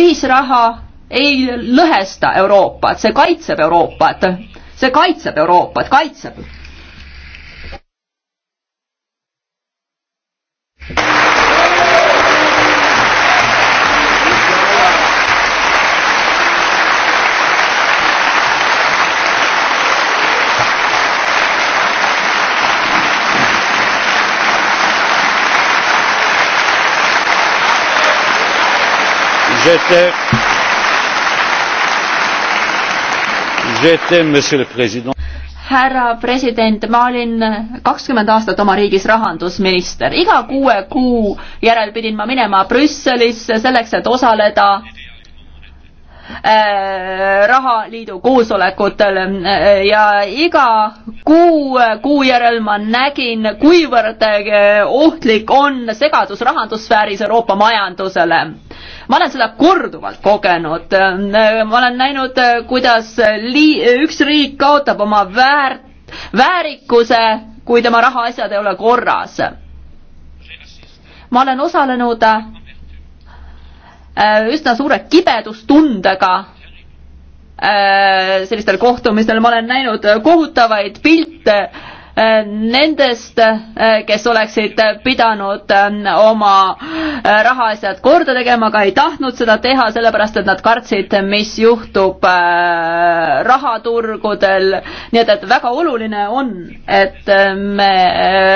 ühisraha ei lõhesta Euroopat, see kaitseb Euroopat, see kaitseb Euroopat, kaitseb härra president, ma olin kakskümmend aastat oma riigis rahandusminister, iga kuue kuu järel pidin ma minema Brüsselisse selleks, et osaleda Äh, rahaliidu koosolekutel äh, ja iga kuu, kuu järel ma nägin, kuivõrd äh, ohtlik on segadus rahandussfääris Euroopa majandusele. ma olen seda korduvalt kogenud, ma olen näinud, kuidas lii-, üks riik kaotab oma väär-, väärikuse, kui tema rahaasjad ei ole korras. ma olen osalenud Äh, üsna suure kibedustundega äh, sellistel kohtumistel, ma olen näinud kohutavaid pilte Äh, nendest, äh, kes oleksid pidanud äh, oma rahaasjad korda tegema, aga ei tahtnud seda teha, sellepärast et nad kartsid, mis juhtub rahaturgudel. nii et, et väga oluline on, et me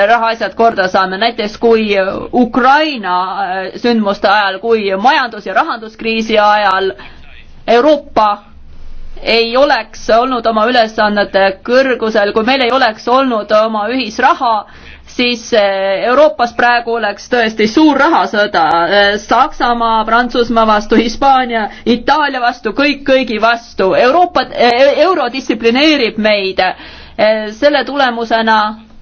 rahaasjad korda saame, näiteks kui Ukraina sündmuste ajal, kui majandus- ja rahanduskriisi ajal Euroopa ei oleks olnud oma ülesannete kõrgusel, kui meil ei oleks olnud oma ühisraha, siis eh, Euroopas praegu oleks tõesti suur rahasõda eh, Saksamaa, Prantsusmaa vastu, Hispaania, Itaalia vastu, kõik kõigi vastu. Euroopa, eh, euro distsiplineerib meid. selle tulemusena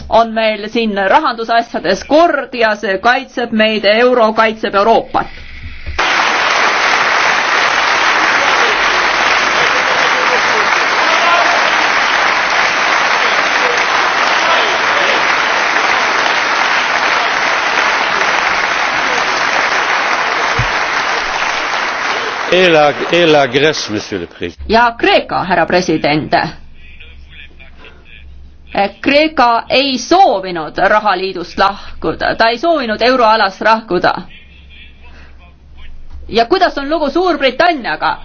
on meil siin rahandusasjades kord ja see kaitseb meid, euro kaitseb Euroopat ja Kreeka, härra president. Kreeka ei soovinud rahaliidust lahkuda, ta ei soovinud euroalast lahkuda. ja kuidas on lugu Suurbritanniaga?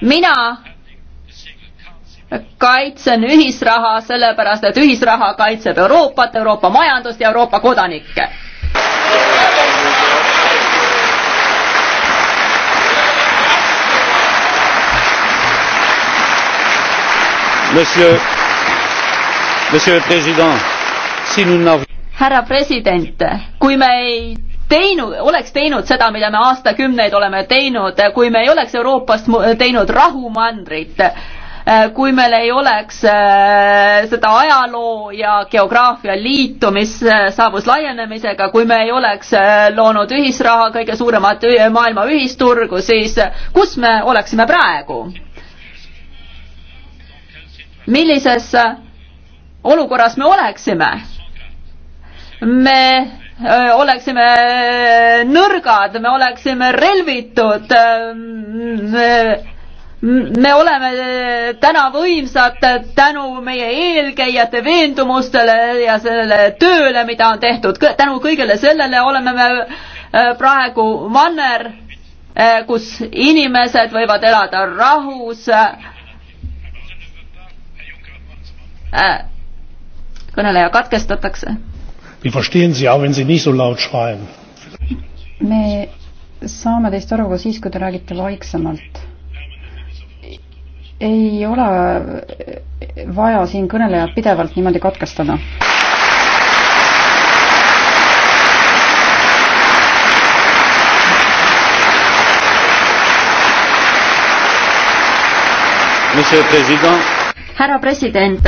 mina kaitsen ühisraha sellepärast, et ühisraha kaitseb Euroopat, Euroopa majandust ja Euroopa kodanikke Monsieur, monsieur president, si nous n'avons härra president, kui me ei teinud, oleks teinud seda, mida me aastakümneid oleme teinud, kui me ei oleks Euroopast teinud rahumandrit, Äh, kui meil ei oleks äh, seda ajaloo ja geograafia liitu, mis äh, saabus laienemisega, kui me ei oleks loonud ühisraha, kõige suuremat maailma ühisturgu, siis kus me oleksime praegu? millises olukorras me oleksime? me oleksime nõrgad, me oleksime relvitud me oleme eh, täna võimsad tänu meie eelkäijate veendumustele ja sellele tööle, mida on tehtud. tänu kõigele sellele oleme me eh, praegu manner, eh, kus inimesed võivad elada rahus. kõneleja katkestatakse. me saame teist aru ka siis, kui te räägite vaiksemalt ei ole vaja siin kõnelejad pidevalt niimoodi katkestada. härra president,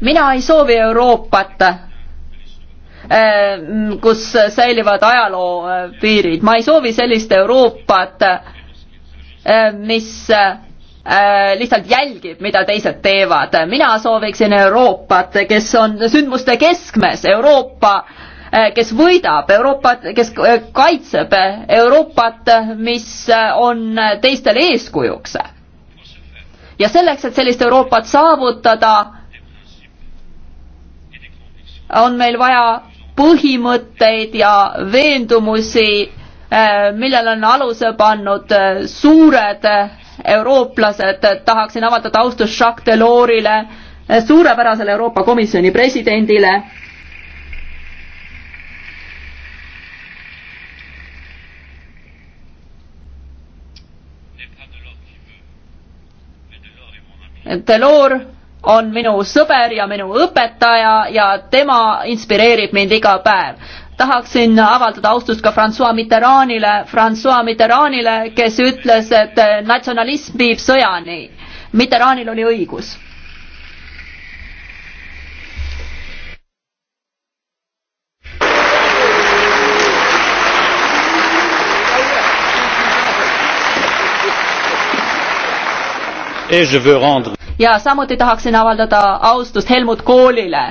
mina ei soovi Euroopat, äh, kus säilivad ajaloo piirid, ma ei soovi sellist Euroopat, äh, mis äh, Äh, lihtsalt jälgib, mida teised teevad. mina sooviksin Euroopat, kes on sündmuste keskmes, Euroopa, äh, kes võidab, Euroopat, kes äh, kaitseb, Euroopat, mis on teistele eeskujuks. ja selleks, et sellist Euroopat saavutada, on meil vaja põhimõtteid ja veendumusi, millele on aluse pannud suured eurooplased, tahaksin avaldada austust Jacques Delorsile, suurepärasele Euroopa Komisjoni presidendile. Delors on minu sõber ja minu õpetaja ja tema inspireerib mind iga päev tahaksin avaldada austust ka Francois Mitterrandile, Francois Mitterrandile, kes ütles, et natsionalism viib sõjani. Mitterrandil oli õigus. ja samuti tahaksin avaldada austust Helmut Koolile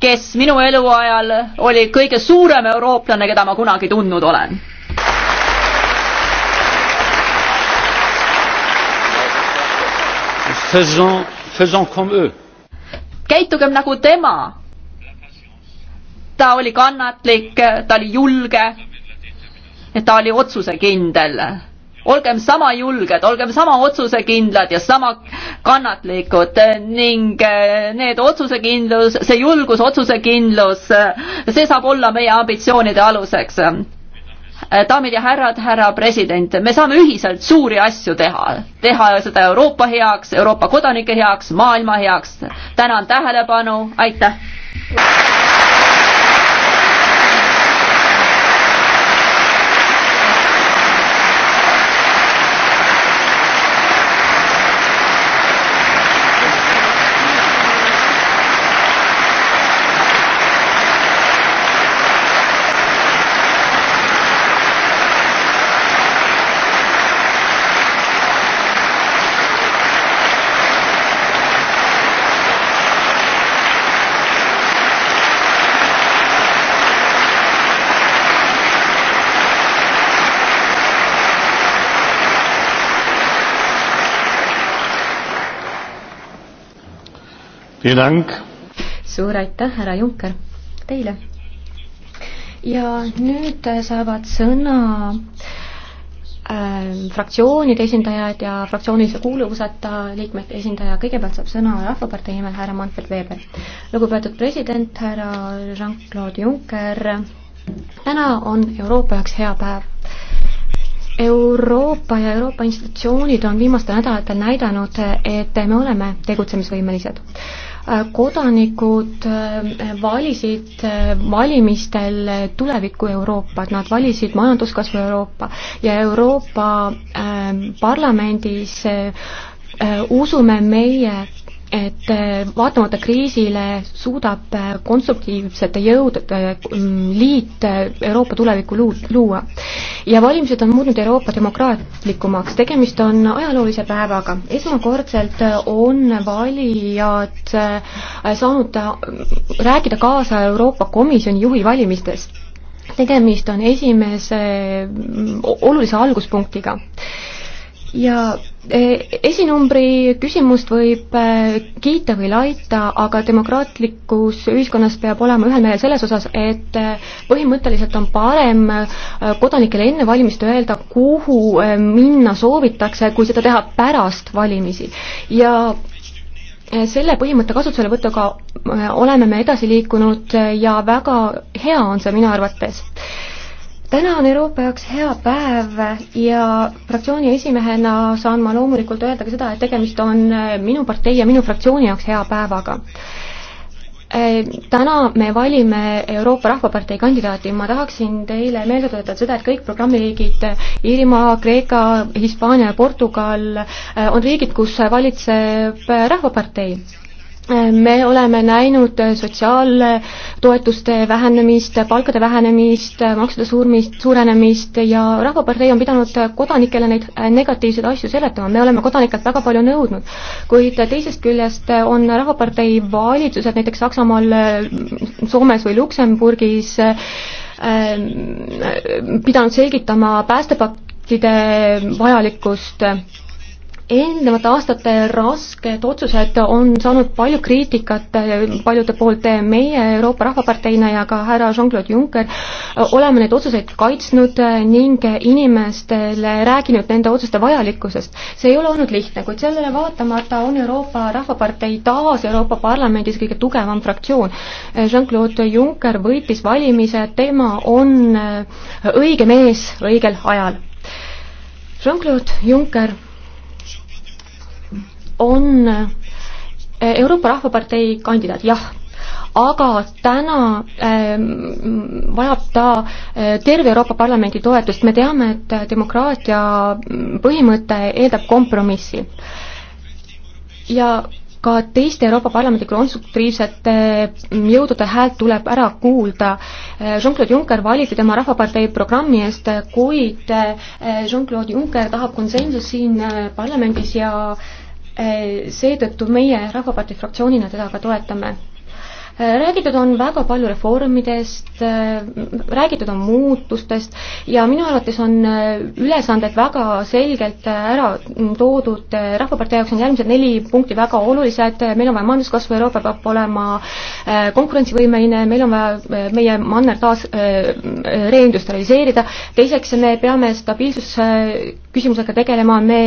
kes minu eluajal oli kõige suurem eurooplane, keda ma kunagi tundnud olen. käitugem nagu tema. ta oli kannatlik, ta oli julge, ta oli otsusekindel olgem sama julged, olgem sama otsusekindlad ja sama kannatlikud ning eh, need otsusekindlus, see julgus, otsusekindlus, eh, see saab olla meie ambitsioonide aluseks. Eh, daamid ja härrad, härra president, me saame ühiselt suuri asju teha, teha seda Euroopa heaks, Euroopa kodanike heaks, maailma heaks. tänan tähelepanu, aitäh! suur aitäh, härra Junker, teile. ja nüüd saavad sõna äh, fraktsioonide esindajad ja fraktsioonilise kuuluvuseta liikmete esindaja, kõigepealt saab sõna Rahvapartei nimel härra Manfred Weber. lugupeetud president, härra Jean-Claude Juncker, täna on Euroopa jaoks hea päev Euroopa ja Euroopa institutsioonid on viimastel nädalatel näidanud, et me oleme tegutsemisvõimelised Äh, kodanikud äh, valisid äh, valimistel tuleviku Euroopat, nad valisid majanduskasvu Euroopa ja Euroopa Parlamendis usume meie et äh, vaatamata kriisile suudab äh, konstruktiivsete jõudude äh, liit Euroopa tulevikku luua. ja valimised on muutnud Euroopa demokraatlikumaks, tegemist on ajaloolise päevaga. esmakordselt on valijad saanud rääkida kaasa Euroopa Komisjoni juhi valimistest. tegemist on esimese mm, olulise alguspunktiga ja e, esinumbri küsimust võib e, kiita või laita, aga demokraatlikus ühiskonnas peab olema ühel meelel selles osas, et e, põhimõtteliselt on parem kodanikele enne valimist öelda, kuhu minna soovitakse, kui seda teha pärast valimisi. ja selle põhimõtte kasutuselevõtuga oleme me edasi liikunud ja väga hea on see minu arvates täna on Euroopa jaoks hea päev ja fraktsiooni esimehena saan ma loomulikult öelda ka seda, et tegemist on äh, minu partei ja minu fraktsiooni jaoks hea päevaga äh, Täna me valime Euroopa Rahvapartei kandidaati, ma tahaksin teile meelde tuletada seda, et kõik programmiriigid, äh, Iirimaa, Kreeka, Hispaania ja Portugal on riigid, kus valitseb Rahvapartei me oleme näinud sotsiaaltoetuste vähenemist, palkade vähenemist, maksude suurmist, suurenemist ja Rahvapartei on pidanud kodanikele neid negatiivseid asju seletama, me oleme kodanikelt väga palju nõudnud. kuid teisest küljest on Rahvapartei valitsused näiteks Saksamaal, Soomes või Luksemburgis ähm, pidanud selgitama päästepaktide vajalikkust eelnevate aastate rasked otsused on saanud palju kriitikat eh, paljude poolt. Eh, meie Euroopa Rahvaparteina ja ka härra Jean-Claude Juncker eh, oleme neid otsuseid kaitsnud ning inimestele rääkinud nende otsuste vajalikkusest. see ei ole olnud lihtne, kuid sellele vaatamata on Euroopa Rahvapartei taas Euroopa Parlamendis kõige tugevam fraktsioon. Jean-Claude Juncker võitis valimised, tema on õige mees õigel ajal. Jean-Claude Juncker on Euroopa Rahvapartei kandidaat, jah aga täna ähm, vajab ta äh, terve Euroopa Parlamendi toetust, me teame, et demokraatia põhimõte eeldab kompromissi. ja ka teiste Euroopa Parlamendi konstruktiivsete äh, jõudude häält tuleb ära kuulda. Äh, Jean-Claude Juncker valiti tema Rahvapartei programmi eest, kuid äh, Jean-Claude Juncker tahab konsensust siin parlamendis ja seetõttu meie Rahvapartei fraktsioonina teda ka toetame räägitud on väga palju reformidest, räägitud on muutustest ja minu arvates on ülesanded väga selgelt ära toodud, Rahvapartei jaoks on järgmised neli punkti väga olulised, meil on vaja majanduskasvu, Euroopa peab olema äh, konkurentsivõimeline, meil on vaja äh, meie manner taas äh, reindustrialiseerida, teiseks me peame stabiilsusküsimusega tegelema, me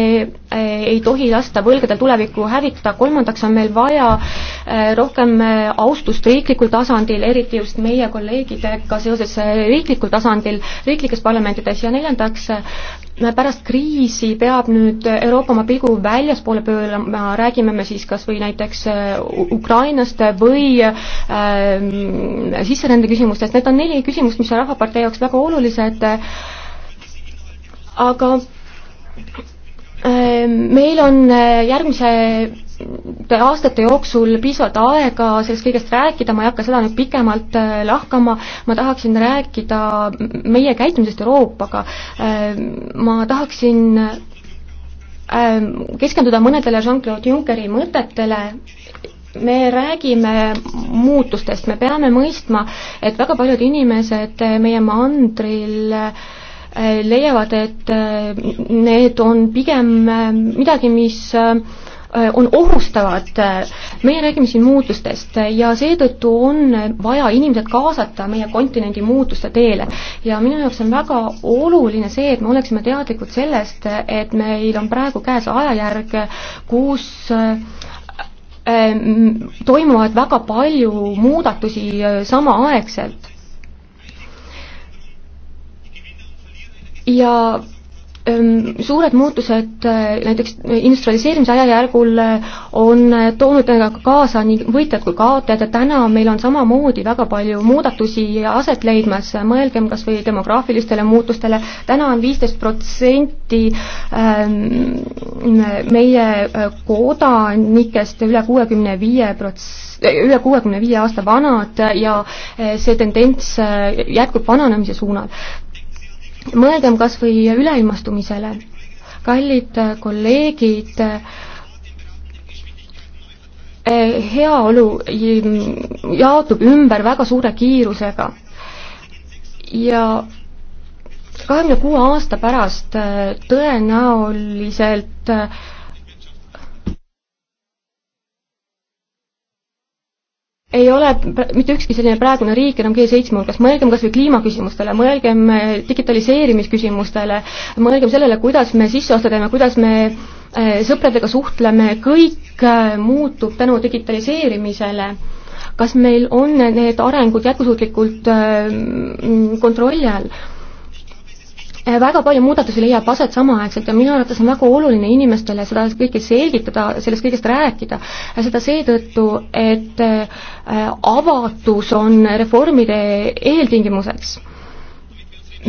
ei tohi lasta võlgadel tulevikku hävitada, kolmandaks on meil vaja rohkem austust just riiklikul tasandil, eriti just meie kolleegidega seoses äh, riiklikul tasandil, riiklikes parlamentides ja neljandaks, äh, pärast kriisi peab nüüd Euroopa oma pilgu väljaspoole pöörama, räägime me siis kas või näiteks äh, Ukrainast või äh, sisserände küsimustest, need on neli küsimust, mis on Rahvapartei jaoks väga olulised, aga Ehm, meil on eh, järgmise mm, aastate jooksul piisavalt aega sellest kõigest rääkida, ma ei hakka seda nüüd pikemalt eh, lahkama, ma tahaksin rääkida meie käitumisest Euroopaga, ehm, ma tahaksin ehm, keskenduda mõnedele Jean-Claude Junckeri mõtetele, me räägime muutustest, me peame mõistma, et väga paljud inimesed eh, meie mandril ma leiavad, et äh, need on pigem äh, midagi, mis äh, on ohustavad, meie räägime siin muutustest ja seetõttu on vaja inimesed kaasata meie kontinendi muutuste teele. ja minu jaoks on väga oluline see, et me oleksime teadlikud sellest, et meil on praegu käes ajajärg, kus toimuvad väga palju muudatusi samaaegselt ja ähm, suured muutused äh, näiteks industrialiseerimise ajajärgul äh, on äh, toonud endaga kaasa nii võitjad kui kaotajad ja täna meil on samamoodi väga palju muudatusi aset leidmas, mõelgem kas või demograafilistele muutustele, täna on viisteist protsenti ähm, meie kodanikest üle kuuekümne viie prots-, üle kuuekümne viie aasta vanad ja see tendents jätkub vananemise suunal mõelgem kas või üleilmastumisele. kallid kolleegid, heaolu jaotub ümber väga suure kiirusega ja kahekümne kuue aasta pärast tõenäoliselt äh, ei ole mitte ükski selline praegune riik enam G7 hulgas, mõelgem kas või kliimaküsimustele, mõelgem eh, digitaliseerimisküsimustele, mõelgem sellele, kuidas me sisseoste teeme, kuidas me eh, sõpradega suhtleme, kõik eh, muutub tänu digitaliseerimisele. kas meil on need arengud jätkusuutlikult kontrolli all? Eh, väga palju muudatusi leiab aset samaaegselt ja minu arvates on väga oluline inimestele seda kõike selgitada, sellest kõigest rääkida, seda seetõttu, et eh, avatus on reformide eeltingimuseks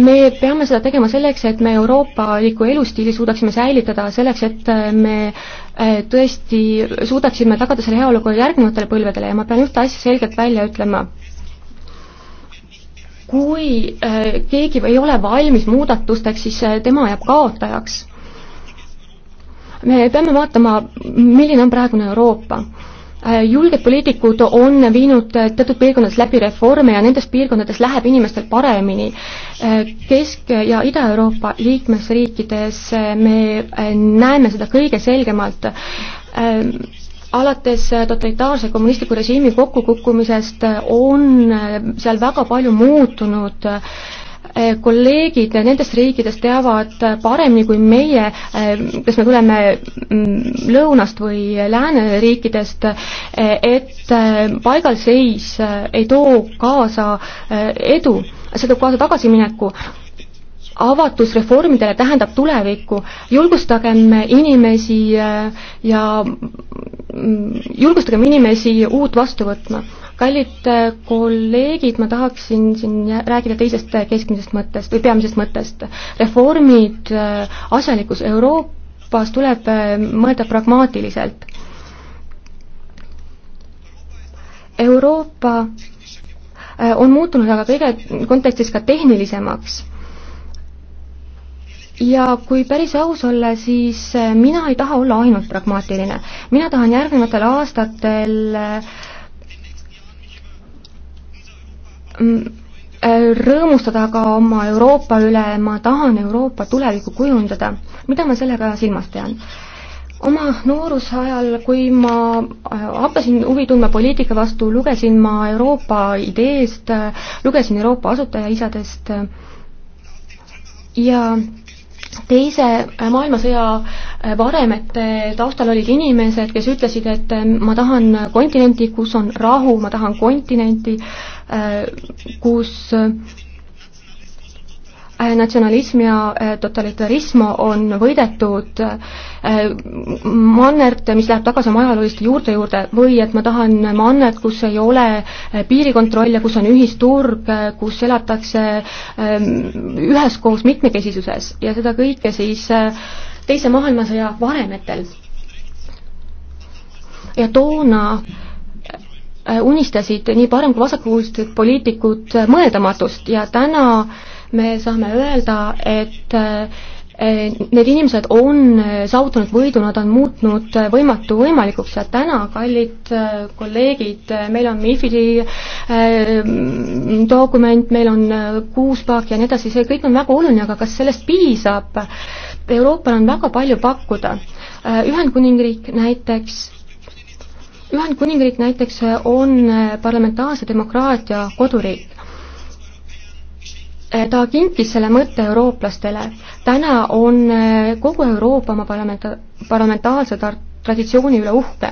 me peame seda tegema selleks, et me euroopaliku elustiili suudaksime säilitada, selleks et eh, me tõesti suudaksime tagada selle heaolu ka järgnevatele põlvedele ja ma pean ühte asja selgelt välja ütlema kui äh, keegi ei ole valmis muudatusteks, siis äh, tema jääb kaotajaks. me peame vaatama, milline on praegune Euroopa äh, julged poliitikud on viinud teatud piirkondades läbi reforme ja nendes piirkondades läheb inimestel paremini. Kesk- ja Ida-Euroopa liikmesriikides me näeme seda kõige selgemalt alates äh, totalitaarse kommunistliku režiimi kokkukukkumisest äh, on äh, seal väga palju muutunud kolleegid nendest riikidest teavad paremini kui meie, kas me tuleme mm, lõunast või lääneriikidest, et paigalseis ei too kaasa edu, see toob kaasa tagasimineku avatus reformidele tähendab tulevikku, julgustagem inimesi äh, ja mm, julgustagem inimesi uut vastu võtma. kallid äh, kolleegid, ma tahaksin siin rääkida teisest äh, keskmisest mõttest või peamisest mõttest. reformid asjalikus Euroopas tuleb mõelda pragmaatiliselt. Euroopa on muutunud aga kõige kontekstis ka tehnilisemaks ja kui päris aus olla, siis äh, mina ei taha olla ainult pragmaatiline. mina tahan järgnevatel aastatel äh, mm, äh, rõõmustada ka oma Euroopa üle, ma tahan Euroopa tulevikku kujundada. mida ma sellega silmas pean? oma noorusajal, kui ma hakkasin huvi tundma poliitika vastu, lugesin ma Euroopa ideest, lugesin Euroopa asutajaisadest ja teise maailmasõja äh, varemete taustal olid inimesed, kes ütlesid, et äh, ma tahan kontinenti, kus on rahu, ma tahan kontinenti, äh, kus Äh, natsionalism ja äh, totalitarism on võidetud äh, mannert, mis läheb tagasi oma ajalooliste juurte juurde või et ma tahan mannet, kus ei ole piirikontrolle, kus on ühisturg, kus elatakse ähm, üheskoos mitmekesisuses ja seda kõike siis teise maailmasõja varemetel. ja toona unistasid nii parem- kui vasakpoolsed poliitikud mõeldamatust ja täna äh, me saame öelda, et eh, need inimesed on saavutanud võidu, nad on muutnud võimatu võimalikuks ja täna, kallid eh, kolleegid, meil on MIFID-i eh, dokument, meil on kuuspakk ja nii edasi, see kõik on väga oluline, aga kas sellest piisab? Euroopal on väga palju pakkuda. Ühendkuningriik näiteks Ühendkuningriik näiteks on parlamentaarse demokraatia koduriik Eh, ta kinkis selle mõtte eurooplastele. täna on eh, kogu Euroopa oma parlamenta-, parlamentaarse tar-, traditsiooni üle uhke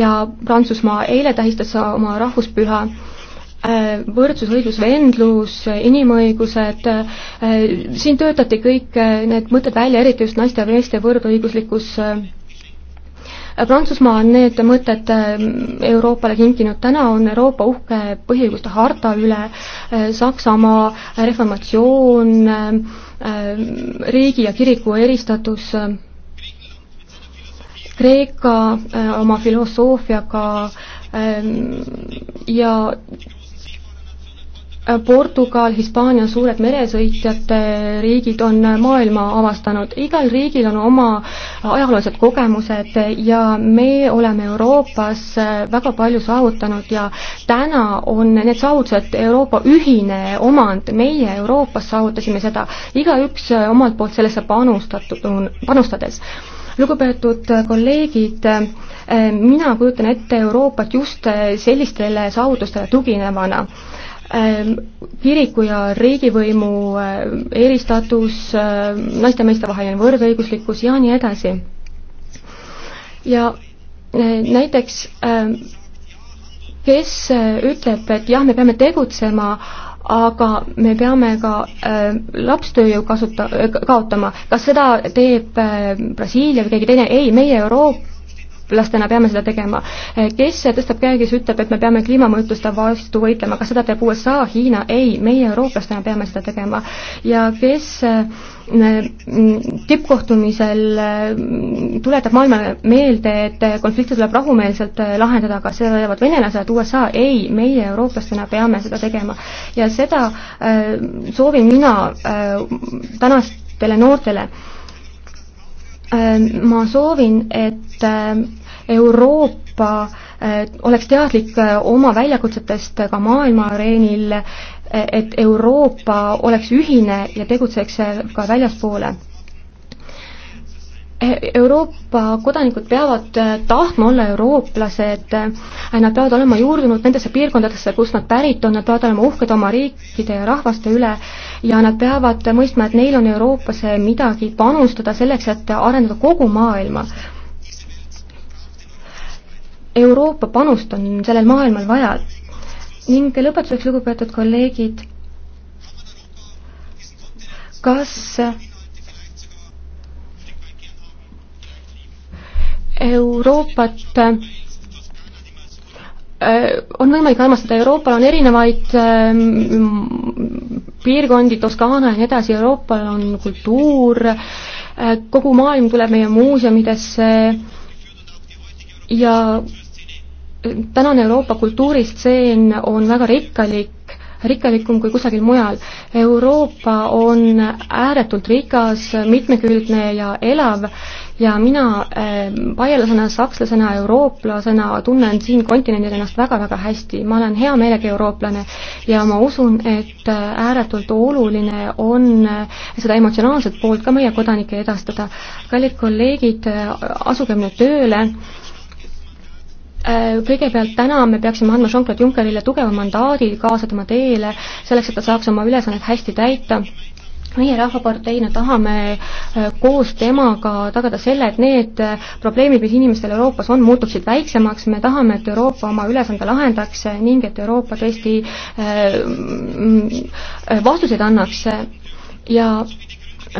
ja Prantsusmaa eile tähistas oma rahvuspüha eh, võrdsus, õiglus, vendlus, inimõigused, siin töötati kõik need mõtted välja, eriti just naiste ja meeste võrdõiguslikkus Prantsusmaa on need mõtted äh, Euroopale kinkinud, täna on Euroopa uhke põhiõiguste harta üle, äh, Saksamaa reformatsioon, äh, riigi ja kiriku eristatus, Kreeka oma filosoofiaga ja Äh, Portugal, Hispaania, suured meresõitjate äh, riigid on äh, maailma avastanud, igal riigil on oma ajaloolised kogemused ja me oleme Euroopas väga palju saavutanud ja täna on need saavutused Euroopa ühine omand, meie Euroopas saavutasime seda, igaüks omalt poolt sellesse panustatud, panustades lugupeetud kolleegid, mina kujutan ette Euroopat just sellistele saavutustele tuginevana Ähm, kiriku ja riigivõimu äh, eristatus, äh, naiste ja meeste vaheline võrdõiguslikkus ja nii edasi. ja äh, näiteks ähm, kes ütleb, et jah, me peame tegutsema, aga me peame ka äh, lapstööjõu kasuta- äh,, kaotama, kas seda teeb äh, Brasiilia või keegi teine, ei, meie Euroopa eurooplastena peame seda tegema. kes tõstab käe, kes ütleb, et me peame kliimamõjutuste vastu võitlema, kas seda teeb USA, Hiina, ei, meie eurooplastena peame seda tegema. ja kes mm, mm, tippkohtumisel mm, tuletab maailmale meelde, et konflikte tuleb rahumeelselt äh, lahendada, kas seda teevad venelased, USA, ei, meie eurooplastena peame seda tegema. ja seda äh, soovin mina äh, tänastele noortele Ähm, ma soovin, et ähm, Euroopa äh, oleks teadlik äh, oma väljakutsetest ka maailma areenil, äh, et Euroopa oleks ühine ja tegutseks ka väljaspoole Euroopa kodanikud peavad äh, tahtma olla eurooplased, äh, nad peavad olema juurdunud nendesse piirkondadesse, kust nad pärit on, nad peavad olema uhked oma riikide ja rahvaste üle ja nad peavad mõistma, et neil on Euroopasse midagi panustada selleks, et arendada kogu maailma. Euroopa panust on sellel maailmal vaja ning lõpetuseks, lugupeetud kolleegid, kas Euroopat äh, on võimalik armastada, Euroopal on erinevaid ähm, piirkondi, Toskaana ja nii edasi, Euroopal on kultuur, äh, kogu maailm tuleb meie muuseumidesse ja äh, tänane Euroopa kultuuristseen on väga rikkalik, rikkalikum kui kusagil mujal. Euroopa on ääretult rikas, mitmekülgne ja elav ja mina baierlasena, äh, sakslasena, eurooplasena tunnen siin kontinendil ennast väga-väga hästi, ma olen hea meelega eurooplane ja ma usun, et äh, ääretult oluline on äh, seda emotsionaalset poolt ka meie kodanikele edastada. kallid kolleegid, asugem nüüd tööle kõigepealt täna me peaksime andma Jean-Claude Junckerile tugeva mandaadi kaasa tema teele, selleks et ta saaks oma ülesannet hästi täita meie Rahvaparteina tahame äh, koos temaga tagada selle, et need äh, probleemid, mis inimestel Euroopas on, muutuksid väiksemaks, me tahame, et Euroopa oma ülesande lahendaks ning et Euroopa tõesti äh, mm, vastuseid annaks ja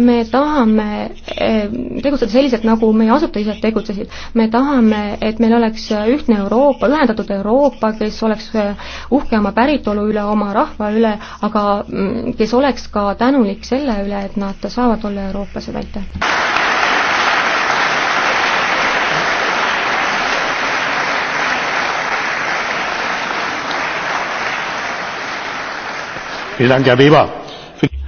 me tahame eh, tegutseda selliselt, nagu meie asutused tegutsesid. me tahame, et meil oleks ühtne Euroopa, ühendatud Euroopa, kes oleks eh, uhke oma päritolu üle, oma rahva üle, aga mm, kes oleks ka tänulik selle üle, et nad saavad olla eurooplased, aitäh! vielen dank herr weber!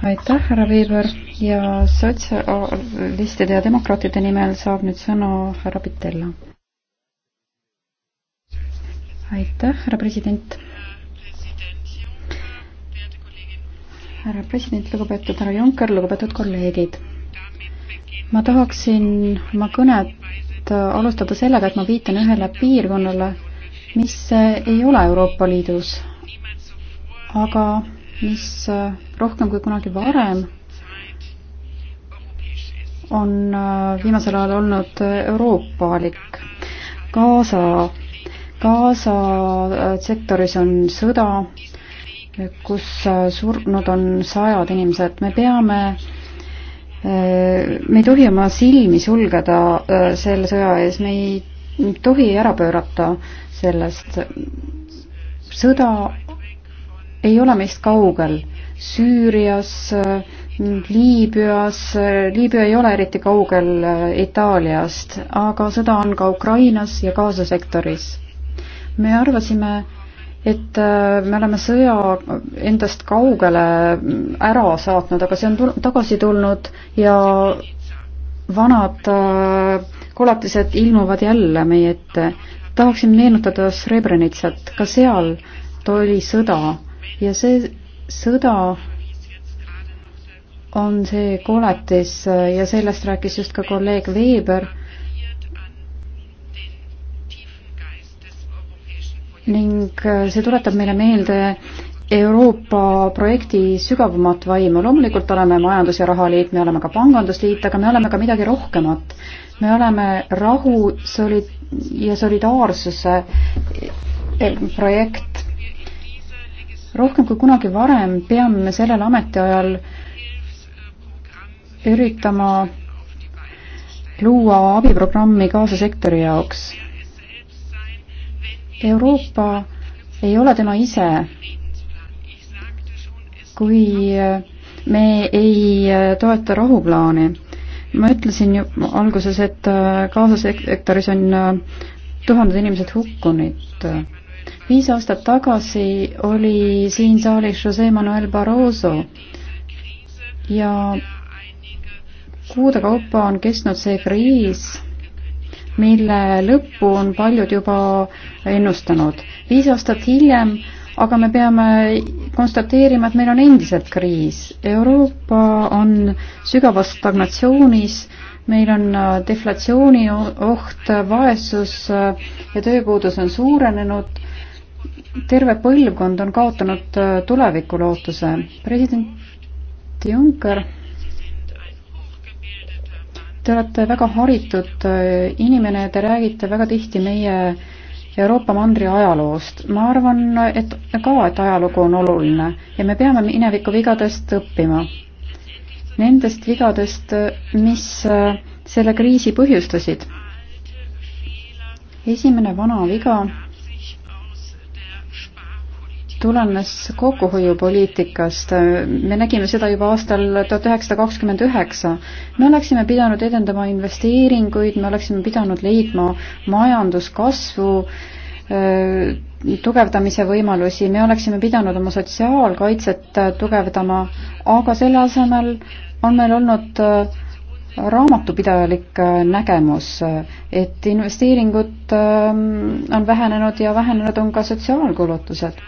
aitäh, härra Veber ja sotsialistide ja demokraatide nimel saab nüüd sõna härra Pitella. aitäh, härra president. härra president, lugupeetud härra Juncker, lugupeetud kolleegid. ma tahaksin oma kõnet alustada sellega, et ma viitan ühele piirkonnale, mis ei ole Euroopa Liidus, aga mis rohkem kui kunagi varem on äh, viimasel ajal olnud euroopalik. Gaza, Gaza äh, sektoris on sõda, kus äh, surnud on sajad inimesed, me peame me ei tohi oma silmi sulgeda selle sõja ees, me ei tohi ära pöörata sellest. sõda ei ole meist kaugel Süürias, Liibüas, Liibüa ei ole eriti kaugel äh, Itaaliast, aga sõda on ka Ukrainas ja Gaza sektoris. me arvasime, et äh, me oleme sõja endast kaugele äh, ära saatnud, aga see on tul tagasi tulnud ja vanad koletised ilmuvad jälle meie ette. tahaksin meenutada Srebrenitsat, ka seal oli sõda ja see sõda on see koletis ja sellest rääkis just ka kolleeg Weber ning see tuletab meile meelde Euroopa projekti sügavamat vaimu. loomulikult oleme Majandus- ja Rahaliit, me oleme ka Pangandusliit, aga me oleme ka midagi rohkemat. me oleme rahu soli- ja solidaarsuse projekt, rohkem kui kunagi varem peame me sellel ametiajal üritama luua abiprogrammi kaasasektori jaoks. Euroopa ei ole tema ise, kui me ei toeta rahuplaani. ma ütlesin ju alguses, et kaasasektoris on tuhanded inimesed hukkunud viis aastat tagasi oli siin saalis Jose Manuel Barroso ja kuude kaupa on kestnud see kriis, mille lõppu on paljud juba ennustanud. viis aastat hiljem aga me peame konstateerima, et meil on endiselt kriis. Euroopa on sügavas stagnatsioonis, meil on deflatsiooni oht, vaesus ja tööpuudus on suurenenud terve põlvkond on kaotanud äh, tulevikulootuse. president Juncker, te olete väga haritud äh, inimene ja te räägite väga tihti meie Euroopa mandri ajaloost. ma arvan, et ka, et ajalugu on oluline ja me peame mineviku vigadest õppima. Nendest vigadest, äh, mis selle kriisi põhjustasid. esimene vana viga tulenes kokkuhoiupoliitikast. me nägime seda juba aastal tuhat üheksasada kakskümmend üheksa. me oleksime pidanud edendama investeeringuid, me oleksime pidanud leidma majanduskasvu äh, tugevdamise võimalusi, me oleksime pidanud oma sotsiaalkaitset äh, tugevdama, aga selle asemel on meil olnud äh, raamatupidajalik nägemus, et investeeringud ähm, on vähenenud ja vähenenud on ka sotsiaalkulutused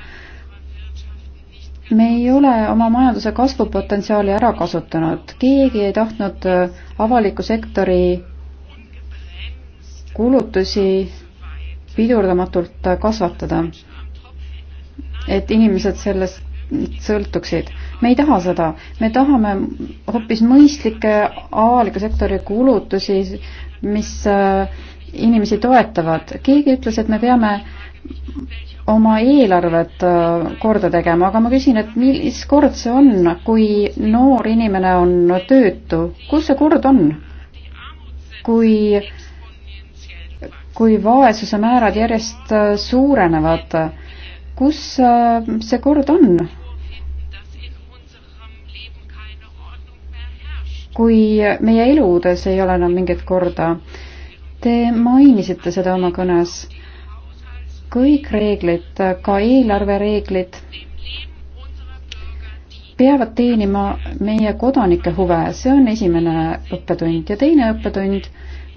me ei ole oma majanduse kasvupotentsiaali ära kasutanud, keegi ei tahtnud äh, avaliku sektori kulutusi pidurdamatult äh, kasvatada, et inimesed sellest sõltuksid. me ei taha seda, me tahame hoopis mõistlikke avaliku sektori kulutusi, mis äh, inimesi toetavad. keegi ütles, et me peame oma eelarvet äh, korda tegema, aga ma küsin, et mis kord see on, kui noor inimene on töötu, kus see kord on? kui, kui vaesuse määrad järjest äh, suurenevad, kus äh, see kord on? kui meie eludes ei ole enam mingit korda. Te mainisite seda oma kõnes kõik reeglid, ka eelarvereeglid, peavad teenima meie kodanike huve, see on esimene õppetund ja teine õppetund,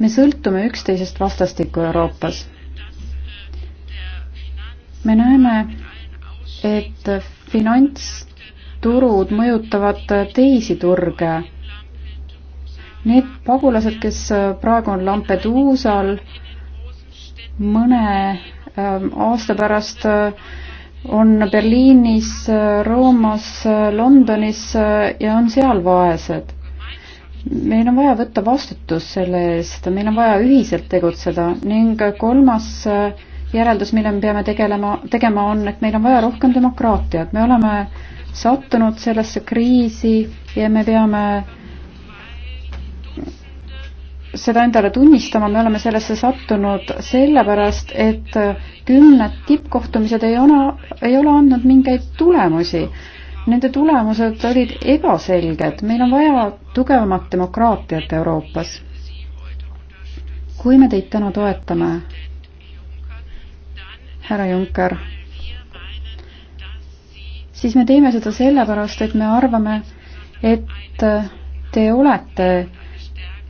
me sõltume üksteisest vastastikku Euroopas. me näeme, et finantsturud mõjutavad teisi turge. Need pagulased, kes praegu on Lampeduusal, mõne Ähm, aasta pärast äh, on Berliinis, äh, Roomas, äh, Londonis ja on seal vaesed. meil on vaja võtta vastutus selle eest, meil on vaja ühiselt tegutseda ning kolmas järeldus, mille me peame tegelema, tegema, on, et meil on vaja rohkem demokraatiat, me oleme sattunud sellesse kriisi ja me peame äh, seda endale tunnistama, me oleme sellesse sattunud sellepärast, et kümned tippkohtumised ei ole, ei ole andnud mingeid tulemusi. Nende tulemused olid ebaselged, meil on vaja tugevamat demokraatiat Euroopas. kui me teid täna toetame, härra Juncker, siis me teeme seda sellepärast, et me arvame, et te olete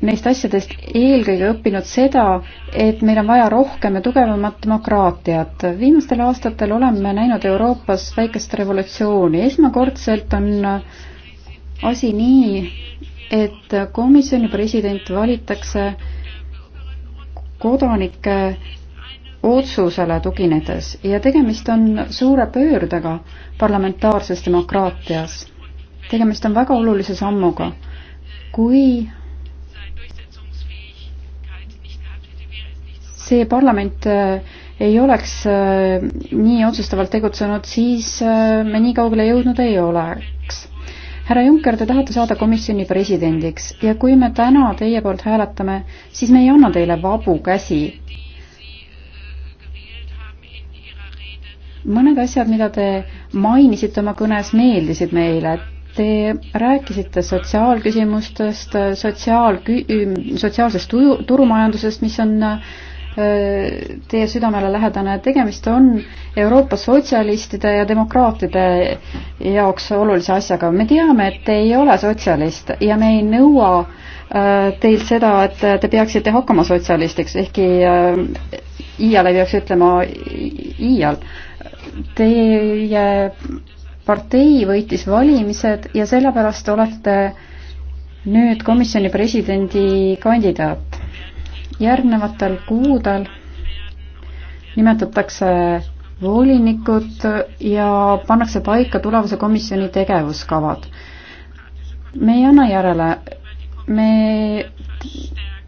neist asjadest eelkõige õppinud seda, et meil on vaja rohkem ja tugevamat demokraatiat. viimastel aastatel oleme näinud Euroopas väikest revolutsiooni. esmakordselt on asi nii, et komisjoni president valitakse kodanike otsusele tuginedes ja tegemist on suure pöördega parlamentaarses demokraatias. tegemist on väga olulise sammuga. kui see parlament äh, ei oleks äh, nii otsustavalt tegutsenud, siis äh, me nii kaugele jõudnud ei oleks. härra Juncker, te tahate saada komisjoni presidendiks ja kui me täna teie poolt hääletame, siis me ei anna teile vabu käsi. mõned asjad, mida te mainisite oma kõnes, meeldisid meile Te rääkisite sotsiaalküsimustest, sotsiaal, sotsiaalsest turumajandusest, mis on teie südamelelähedane, tegemist on Euroopa sotsialistide ja demokraatide jaoks olulise asjaga. me teame, et te ei ole sotsialist ja me ei nõua teilt seda, et te peaksite hakkama sotsialistiks, ehkki iial ei peaks ütlema iial. Teie partei võitis valimised ja sellepärast olete nüüd komisjoni presidendi kandidaat järgnevatel kuudel nimetatakse volinikud ja pannakse paika tulevase komisjoni tegevuskavad. me ei anna järele, me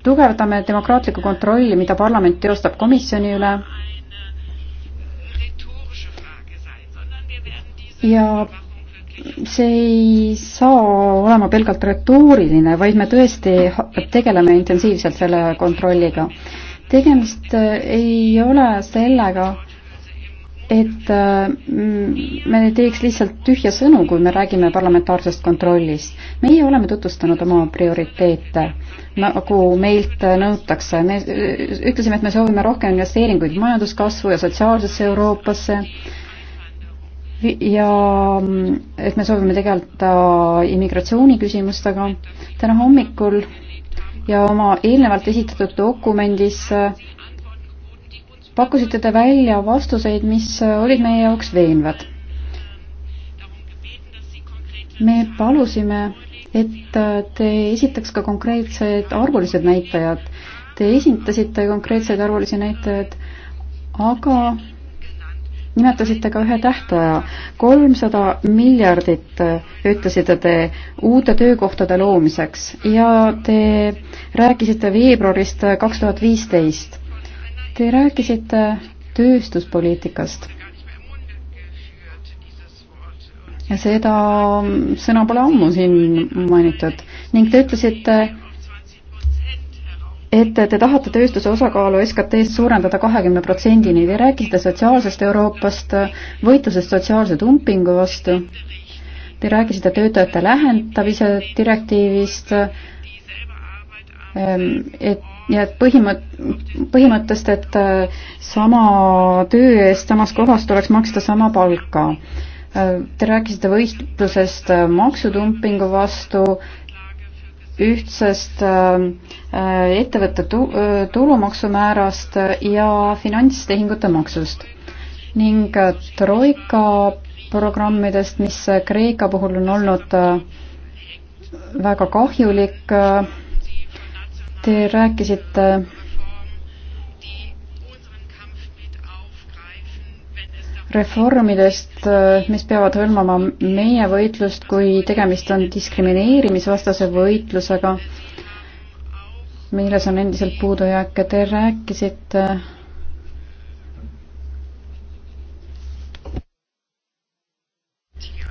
tugevdame demokraatlikku kontrolli, mida parlament teostab komisjoni üle ja see ei saa olema pelgalt retooriline, vaid me tõesti tegeleme intensiivselt selle kontrolliga. tegemist äh, ei ole sellega, et äh, me teeks lihtsalt tühja sõnu, kui me räägime parlamentaarsest kontrollist. meie oleme tutvustanud oma prioriteete, nagu meilt nõutakse. me ütlesime, et me soovime rohkem investeeringuid majanduskasvu ja sotsiaalsesse Euroopasse ja et me soovime tegeleda immigratsiooniküsimustega. täna hommikul ja oma eelnevalt esitatud dokumendis pakkusite te välja vastuseid, mis olid meie jaoks veenvad. me palusime, et te esitaks ka konkreetsed arvulised näitajad. Te esitasite konkreetseid arvulisi näitajaid, aga nimetasite ka ühe tähtaja, kolmsada miljardit äh, ütlesite te uute töökohtade loomiseks ja te rääkisite veebruarist äh, kaks tuhat viisteist. Te rääkisite tööstuspoliitikast. ja seda mm, sõna pole ammu siin mainitud ning te ütlesite, et te tahate tööstuse osakaalu SKT-st suurendada kahekümne protsendini. Te räägite sotsiaalsest Euroopast, võitlusest sotsiaalse dumpingu vastu. Te rääkisite töötajate lähendamise direktiivist, ehm, et nii et põhimõt-, põhimõttest, et äh, sama töö eest samas kohas tuleks maksta sama palka. Äh, te rääkisite võitlusest äh, maksudumpingu vastu, ühtsest äh, ettevõtte äh, tulumaksumäärast ja finantstehingute maksust ning äh, Troika programmidest, mis Kreeka puhul on olnud väga kahjulik. Te rääkisite reformidest, äh, mis peavad hõlmama meie võitlust, kui tegemist on diskrimineerimisvastase võitlusega, milles on endiselt puudujääke. Te rääkisite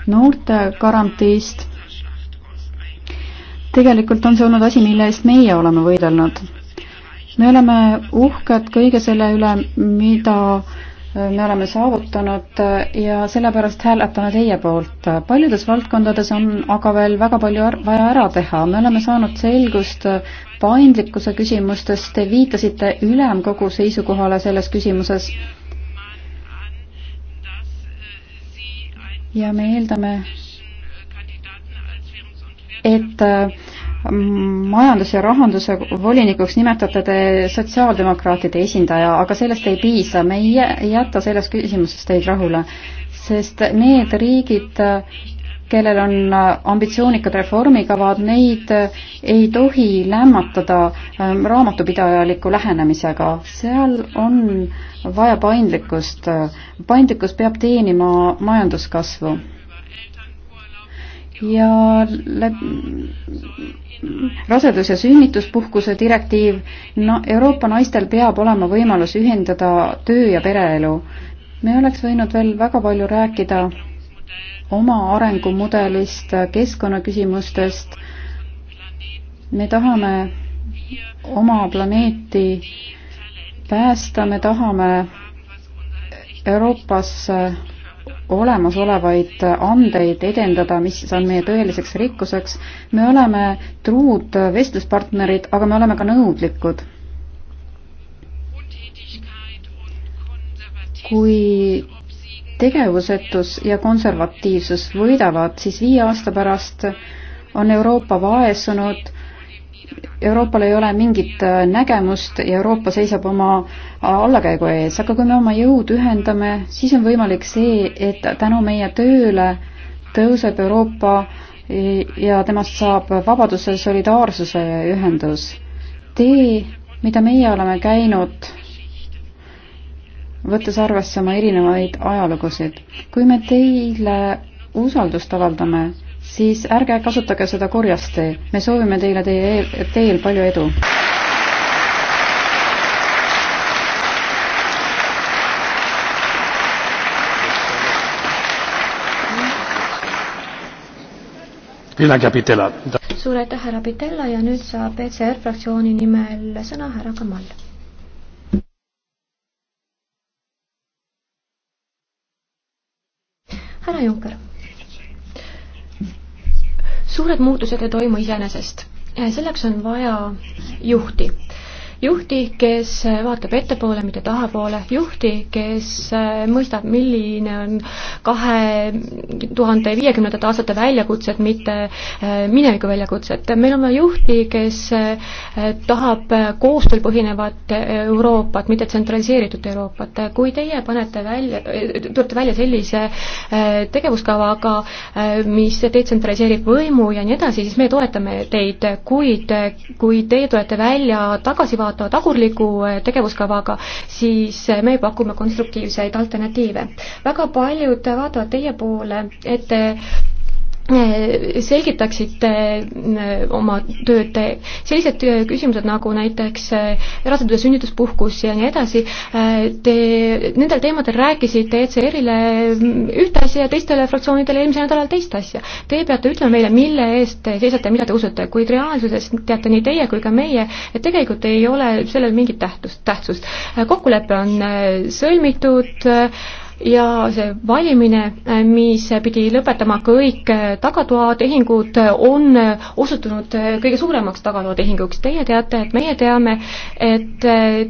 noorte garantiist. tegelikult on see olnud asi, mille eest meie oleme võidelnud. me oleme uhked kõige selle üle, mida me oleme saavutanud ja sellepärast hääletame teie poolt. paljudes valdkondades on aga veel väga palju vaja ära teha, me oleme saanud selgust paindlikkuse küsimustes, te viitasite ülemkogu seisukohale selles küsimuses. ja me eeldame, et äh, majandus- ja rahanduse volinikuks nimetate te sotsiaaldemokraatide esindaja, aga sellest ei piisa, me ei jäta selles küsimuses teid rahule, sest need riigid, kellel on ambitsioonikad reformikavad, neid ei tohi lämmatada ähm, raamatupidajaliku lähenemisega, seal on vaja paindlikkust. paindlikkus peab teenima majanduskasvu ja rasedus- ja sünnituspuhkuse direktiiv, no Euroopa naistel peab olema võimalus ühendada töö- ja pereelu. me oleks võinud veel väga palju rääkida oma arengumudelist, keskkonnaküsimustest, me tahame oma planeeti päästa, me tahame Euroopas olemasolevaid andeid edendada, mis on meie tõeliseks rikkuseks. me oleme truud vestluspartnerid, aga me oleme ka nõudlikud. kui tegevusetus ja konservatiivsus võidavad, siis viie aasta pärast on Euroopa vaesunud Euroopal ei ole mingit äh, nägemust ja Euroopa seisab oma äh, allakäigu ees, aga kui me oma jõud ühendame, siis on võimalik see, et tänu meie tööle tõuseb Euroopa e, ja temast saab vabaduse, solidaarsuse ühendus. tee, mida meie oleme käinud, võttes arvesse oma erinevaid ajalugusid. kui me teile usaldust avaldame, siis ärge kasutage seda kurjasti. me soovime teile teie teel palju edu. suur aitäh, härra Pitella ja nüüd saab ECR fraktsiooni nimel sõna härra Kamal. härra Junker suured muutused ei toimu iseenesest, selleks on vaja juhti juhti, kes vaatab ettepoole, mitte tahapoole, juhti, kes äh, mõistab, milline on kahe tuhande viiekümnendate aastate väljakutsed, mitte äh, mineviku väljakutsed. meil on vaja juhti, kes äh, tahab koostööl põhinevat Euroopat, mitte tsentraliseeritud Euroopat. kui teie panete välja, tulete välja sellise tegevuskavaga, mis detsentraliseerib võimu ja nii edasi, siis me toetame teid, kuid kui teie tulete välja tagasivaatavalt, vaatama tagurliku eh, tegevuskavaga, siis eh, me pakume konstruktiivseid alternatiive. väga paljud vaatavad teie poole, et te eh, selgitaksite äh, oma tööd, sellised äh, küsimused nagu näiteks äh, raseduse sünnituspuhkus ja nii edasi, te nendel teemadel rääkisite ECR-ile mm, ühte asja ja teistele fraktsioonidele eelmisel nädalal teist asja. Te peate ütlema meile, mille eest te seisate, mida te usute, kuid reaalsuses teate nii teie kui ka meie, et tegelikult ei ole sellel mingit tähtust, tähtsust. kokkulepe on sõlmitud äh,, ja see valimine, äh, mis pidi lõpetama kõik äh, tagatoatehingud, äh, on osutunud kõige suuremaks tagatoatehinguks. Teie teate, et meie teame, et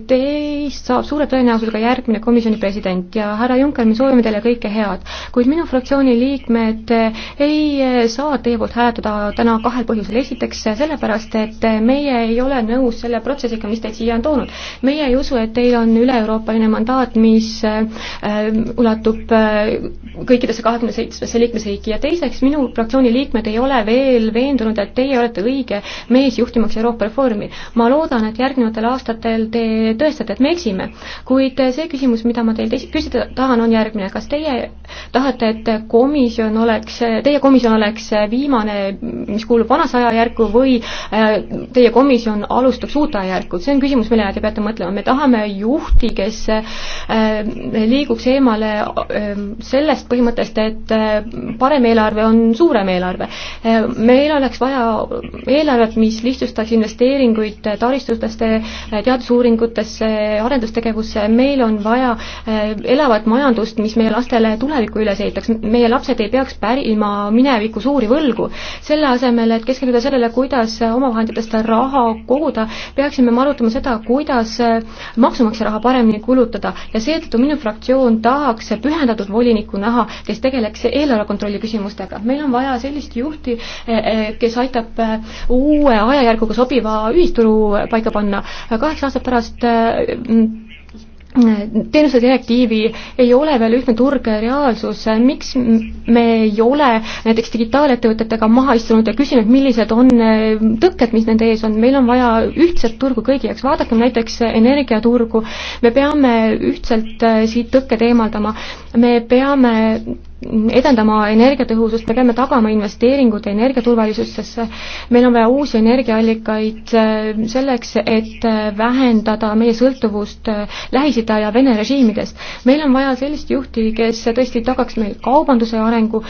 teist saab suure tõenäosusega järgmine komisjoni president ja härra Juncker, me soovime teile kõike head. kuid minu fraktsiooni liikmed ei saa teie poolt hääletada täna kahel põhjusel. esiteks sellepärast, et meie ei ole nõus selle protsessiga, mis teid siia on toonud. meie ei usu, et teil on üle-euroopaline mandaat, mis ulatub äh, kõikidesse kahekümne seitsmesse liikmesriiki ja teiseks, minu fraktsiooni liikmed ei ole veel veendunud, et teie olete õige mees juhtimaks Euroopa reformi. ma loodan, et järgnevatel aastatel te tõestate, et me eksime. kuid äh, see küsimus, mida ma teilt küsida tahan, on järgmine. kas teie tahate, et komisjon oleks, teie komisjon oleks viimane, mis kuulub vanasse ajajärku või äh, teie komisjon alustaks uut ajajärku? see on küsimus, millele te peate mõtlema. me tahame juhti, kes liiguks eemale kõrvale ähm, sellest põhimõttest, et äh, parem eelarve on suurem eelarve. Äh, meil oleks vaja eelarvet, mis lihtsustaks investeeringuid taristutesse, äh, teadusuuringutesse, arendustegevusse, meil on vaja elavat majandust, mis meie lastele tulevikku üles ehitaks, meie lapsed ei peaks pärima mineviku suuri võlgu. selle asemel, et keskenduda sellele, kuidas omavahenditest raha koguda, peaksime me arutama seda, kuidas maksumaksja raha paremini kulutada ja seetõttu minu fraktsioon tahab tahaks pühendatud volinikku näha, kes tegeleks eelarve kontrolli küsimustega. meil on vaja sellist juhti, eh, eh, kes aitab eh, uue ajajärguga sobiva ühisturu paika panna. kaheksa aastat pärast teenuste direktiivi ei ole veel ühtne turg reaalsus, miks me ei ole näiteks digitaalettevõtetega maha istunud ja küsinud, millised on eh, tõkked, mis nende ees on, meil on vaja ühtset turgu kõigi jaoks, vaadakem näiteks energiaturgu, me peame ühtselt eh, siit tõkked eemaldama, me peame edendama energiatõhusust, me peame tagama investeeringud energiaturvalisusesse, meil on vaja uusi energiaallikaid äh, selleks, et äh, vähendada meie sõltuvust äh, Lähis-Ida ja Vene režiimidest. meil on vaja sellist juhti, kes tõesti tagaks meil kaubanduse arengu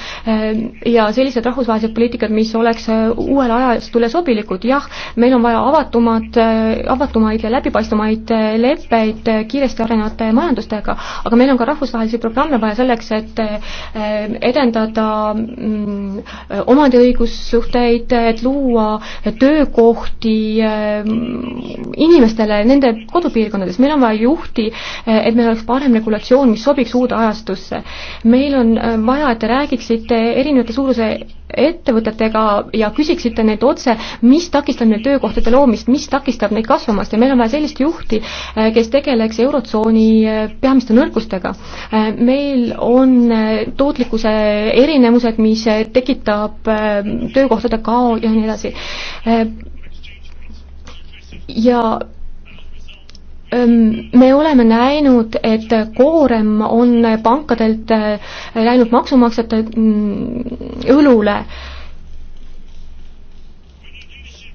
ja sellised rahvusvahelised poliitikad, mis oleks uuele ajastule sobilikud, jah, meil on vaja avatumad, avatumaid ja läbipaistvumaid leppeid kiiresti arenevate majandustega, aga meil on ka rahvusvahelisi programme vaja selleks, et Äh, edendada mm, omandiõigussuhteid, et luua töökohti äh, inimestele nende kodupiirkondades, meil on vaja juhti, äh, et meil oleks parem regulatsioon, mis sobiks uude ajastusse. meil on vaja, et te räägiksite erinevate suuruse ettevõtetega ja küsiksite neilt otse, mis takistab neil töökohtade loomist, mis takistab neid kasvamast ja meil on vaja sellist juhti, eh, kes tegeleks Eurotsooni eh, peamiste nõrkustega. Eh, meil on tootlikkuse erinevused, mis tekitab töökohtade kao ja nii edasi. ja me oleme näinud, et koorem on pankadelt äh, läinud maksumaksjate mm, õlule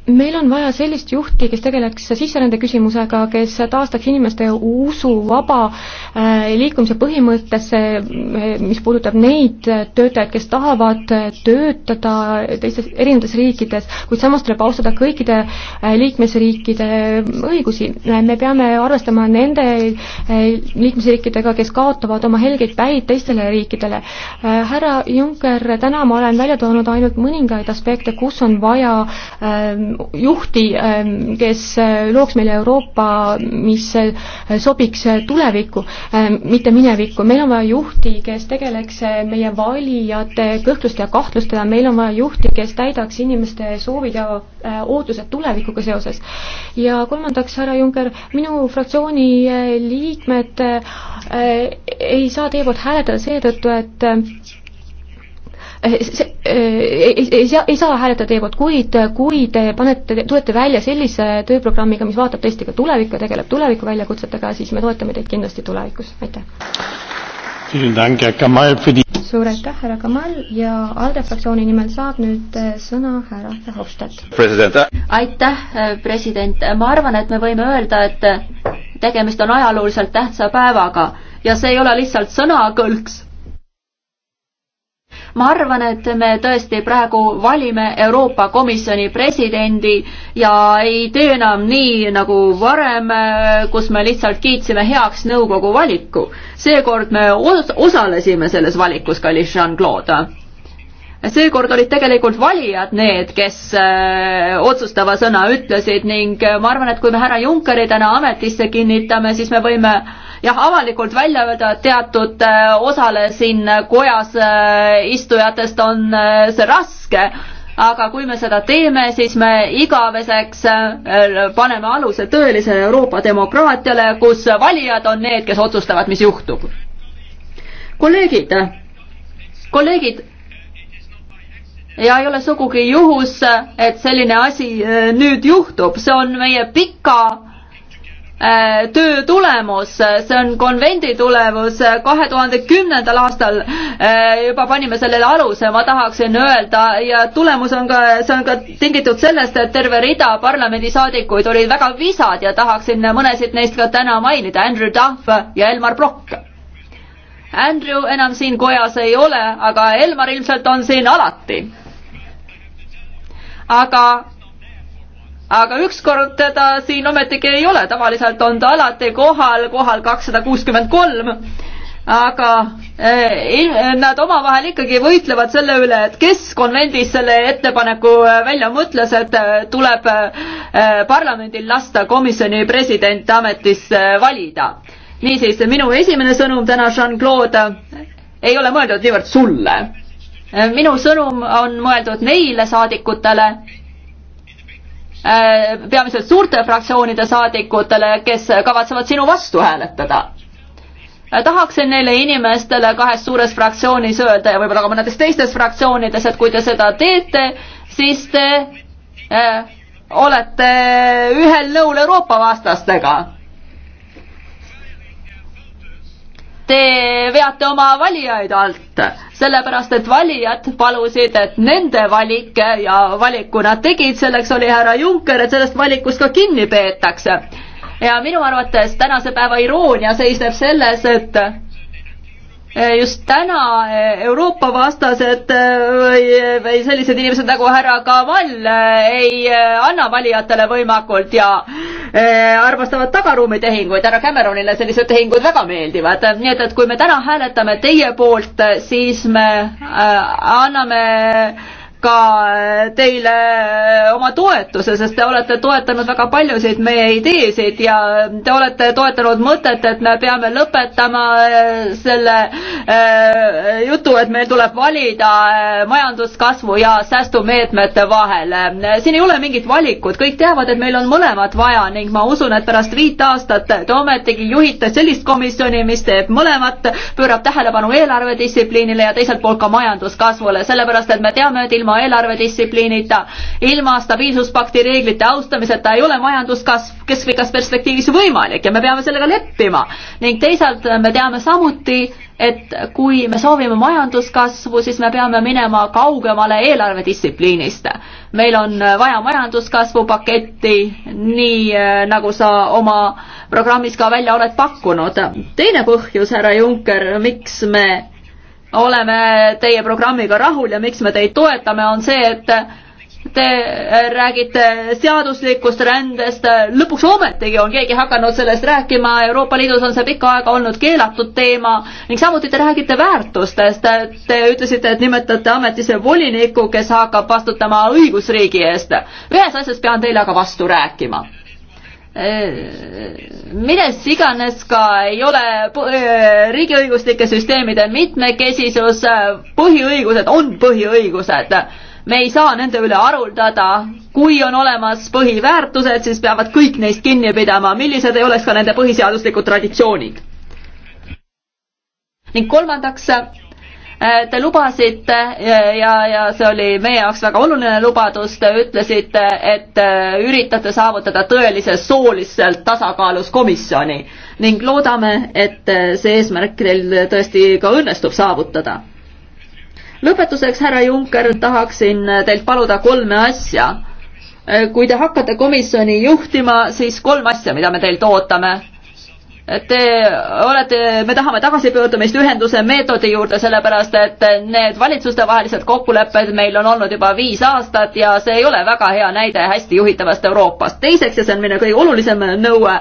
meil on vaja sellist juhti, kes tegeleks sisserände küsimusega, kes taastaks inimeste usu vaba äh, liikumise põhimõttesse, äh, mis puudutab neid töötajaid, kes tahavad töötada teistes, erinevates riikides, kuid samas tuleb austada kõikide äh, liikmesriikide õigusi. me peame arvestama nende liikmesriikidega, kes kaotavad oma helgeid päid teistele riikidele. härra Juncker, täna ma olen välja toonud ainult mõningaid aspekte, kus on vaja juhti, ähm, kes äh, looks meile Euroopa, mis äh, sobiks äh, tulevikku, ähm, mitte minevikku. meil on vaja juhti, kes tegeleks meie valijate kõhkluste ja kahtlustega, meil on vaja juhti, kes täidaks inimeste soovid ja ootused tulevikuga seoses. ja kolmandaks, härra Juncker, minu fraktsiooni liikmed ei saa teie poolt hääletada seetõttu, et Eh, eh, ei saa, ei saa hääletada teie poolt, kuid eh, kui te panete, tulete välja sellise tööprogrammiga, mis vaatab tõesti ka tulevikku ja tegeleb tuleviku väljakutsetega, siis me toetame teid kindlasti tulevikus, aitäh. suur aitäh, härra Kamal ja ALDE fraktsiooni nimel saab nüüd sõna härra Verhofstadt. Äh aitäh, äh, president, ma arvan, et me võime öelda, et tegemist on ajalooliselt tähtsa päevaga ja see ei ole lihtsalt sõnakõlks ma arvan, et me tõesti praegu valime Euroopa Komisjoni presidendi ja ei tee enam nii nagu varem, kus me lihtsalt kiitsime heaks nõukogu valiku. seekord me os osalesime selles valikus, kallis Jean-Claude seekord olid tegelikult valijad need, kes äh, otsustava sõna ütlesid ning ma arvan, et kui me härra Junckeri täna ametisse kinnitame, siis me võime äh, jah, avalikult välja öelda, et teatud äh, osale siin kojas äh, istujatest on äh, see raske, aga kui me seda teeme, siis me igaveseks paneme aluse tõelisele Euroopa demokraatiale, kus valijad on need, kes otsustavad, mis juhtub. kolleegid, kolleegid, ja ei ole sugugi juhus, et selline asi nüüd juhtub, see on meie pika Äh, töö tulemus, see on konvendi tulemus, kahe tuhande kümnendal aastal äh, juba panime sellele aluse, ma tahaksin öelda, ja tulemus on ka, see on ka tingitud sellest, et terve rida parlamendisaadikuid olid väga visad ja tahaksin mõnesid neist ka täna mainida, Andrew Duff ja Elmar Brokk. Andrew enam siin kojas ei ole, aga Elmar ilmselt on siin alati. aga aga ükskord teda siin ometigi ei ole, tavaliselt on ta alati kohal, kohal kakssada kuuskümmend kolm aga eh, nad omavahel ikkagi võitlevad selle üle, et kes konvendis selle ettepaneku eh, välja mõtles, et eh, tuleb eh, parlamendil lasta komisjoni president ametisse valida. niisiis, minu esimene sõnum täna, Jean-Claude, ei ole mõeldud niivõrd sulle. Eh, minu sõnum on mõeldud neile saadikutele, Äh, peamiselt suurte fraktsioonide saadikutele, kes kavatsevad sinu vastu hääletada. Äh, tahaksin neile inimestele kahes suures fraktsioonis öelda ja võib-olla ka mõnedes teistes fraktsioonides, et kui te seda teete, siis te äh, olete ühel nõul Euroopa vastastega te veate oma valijaid alt, sellepärast et valijad palusid, et nende valik ja valiku nad tegid, selleks oli härra Juncker, et sellest valikust ka kinni peetakse. ja minu arvates tänase päeva iroonia seisneb selles, et Eh, just täna eh, Euroopa-vastased eh, või, või sellised inimesed nagu härra Kaval ei anna valijatele võimakult ja armastavad tagaruumitehinguid, härra Cameronile sellised tehingud väga meeldivad, nii et, et kui me täna hääletame teie poolt, siis me anname ka teile oma toetuse, sest te olete toetanud väga paljusid meie ideesid ja te olete toetanud mõtet, et me peame lõpetama äh, selle äh, jutu, et meil tuleb valida äh, majanduskasvu ja säästumeetmete vahel. siin ei ole mingit valikut, kõik teavad, et meil on mõlemat vaja ning ma usun, et pärast viit aastat te ometigi juhite sellist komisjoni, mis teeb mõlemat, pöörab tähelepanu eelarvedistsipliinile ja teiselt poolt ka majanduskasvule, sellepärast et me teame, et ilma ilma eelarvedistsipliinita, ilma stabiilsuspakti reeglite austamiseta ei ole majanduskasv keskpikas perspektiivis võimalik ja me peame sellega leppima. ning teisalt me teame samuti, et kui me soovime majanduskasvu, siis me peame minema kaugemale eelarvedistsipliinist. meil on vaja majanduskasvu paketti, nii eh, nagu sa oma programmis ka välja oled pakkunud. teine põhjus, härra Juncker, miks me oleme teie programmiga rahul ja miks me teid toetame, on see, et te räägite seaduslikust rändest, lõpuks ometigi on keegi hakanud sellest rääkima, Euroopa Liidus on see pikka aega olnud keelatud teema ning samuti te räägite väärtustest. Te ütlesite, et nimetate ametisse voliniku, kes hakkab vastutama õigusriigi eest. ühes asjas pean teile aga vastu rääkima Äh, milles iganes ka ei ole äh, riigiõiguslike süsteemide mitmekesisus, äh, põhiõigused on põhiõigused. me ei saa nende üle haruldada, kui on olemas põhiväärtused, siis peavad kõik neist kinni pidama, millised ei oleks ka nende põhiseaduslikud traditsioonid. ning kolmandaks Äh, te lubasite äh, ja, ja see oli meie jaoks väga oluline lubadus, te ütlesite, et äh, üritate saavutada tõelise sooliselt tasakaalus komisjoni ning loodame, et see eesmärk teil tõesti ka õnnestub saavutada. lõpetuseks, härra Juncker, tahaksin teilt paluda kolme asja. kui te hakkate komisjoni juhtima, siis kolm asja, mida me teilt ootame Te olete, me tahame tagasipöördumist ühenduse meetodi juurde, sellepärast et need valitsustevahelised kokkulepped meil on olnud juba viis aastat ja see ei ole väga hea näide hästi juhitavast Euroopast. teiseks, ja see on minu kõige olulisem nõue,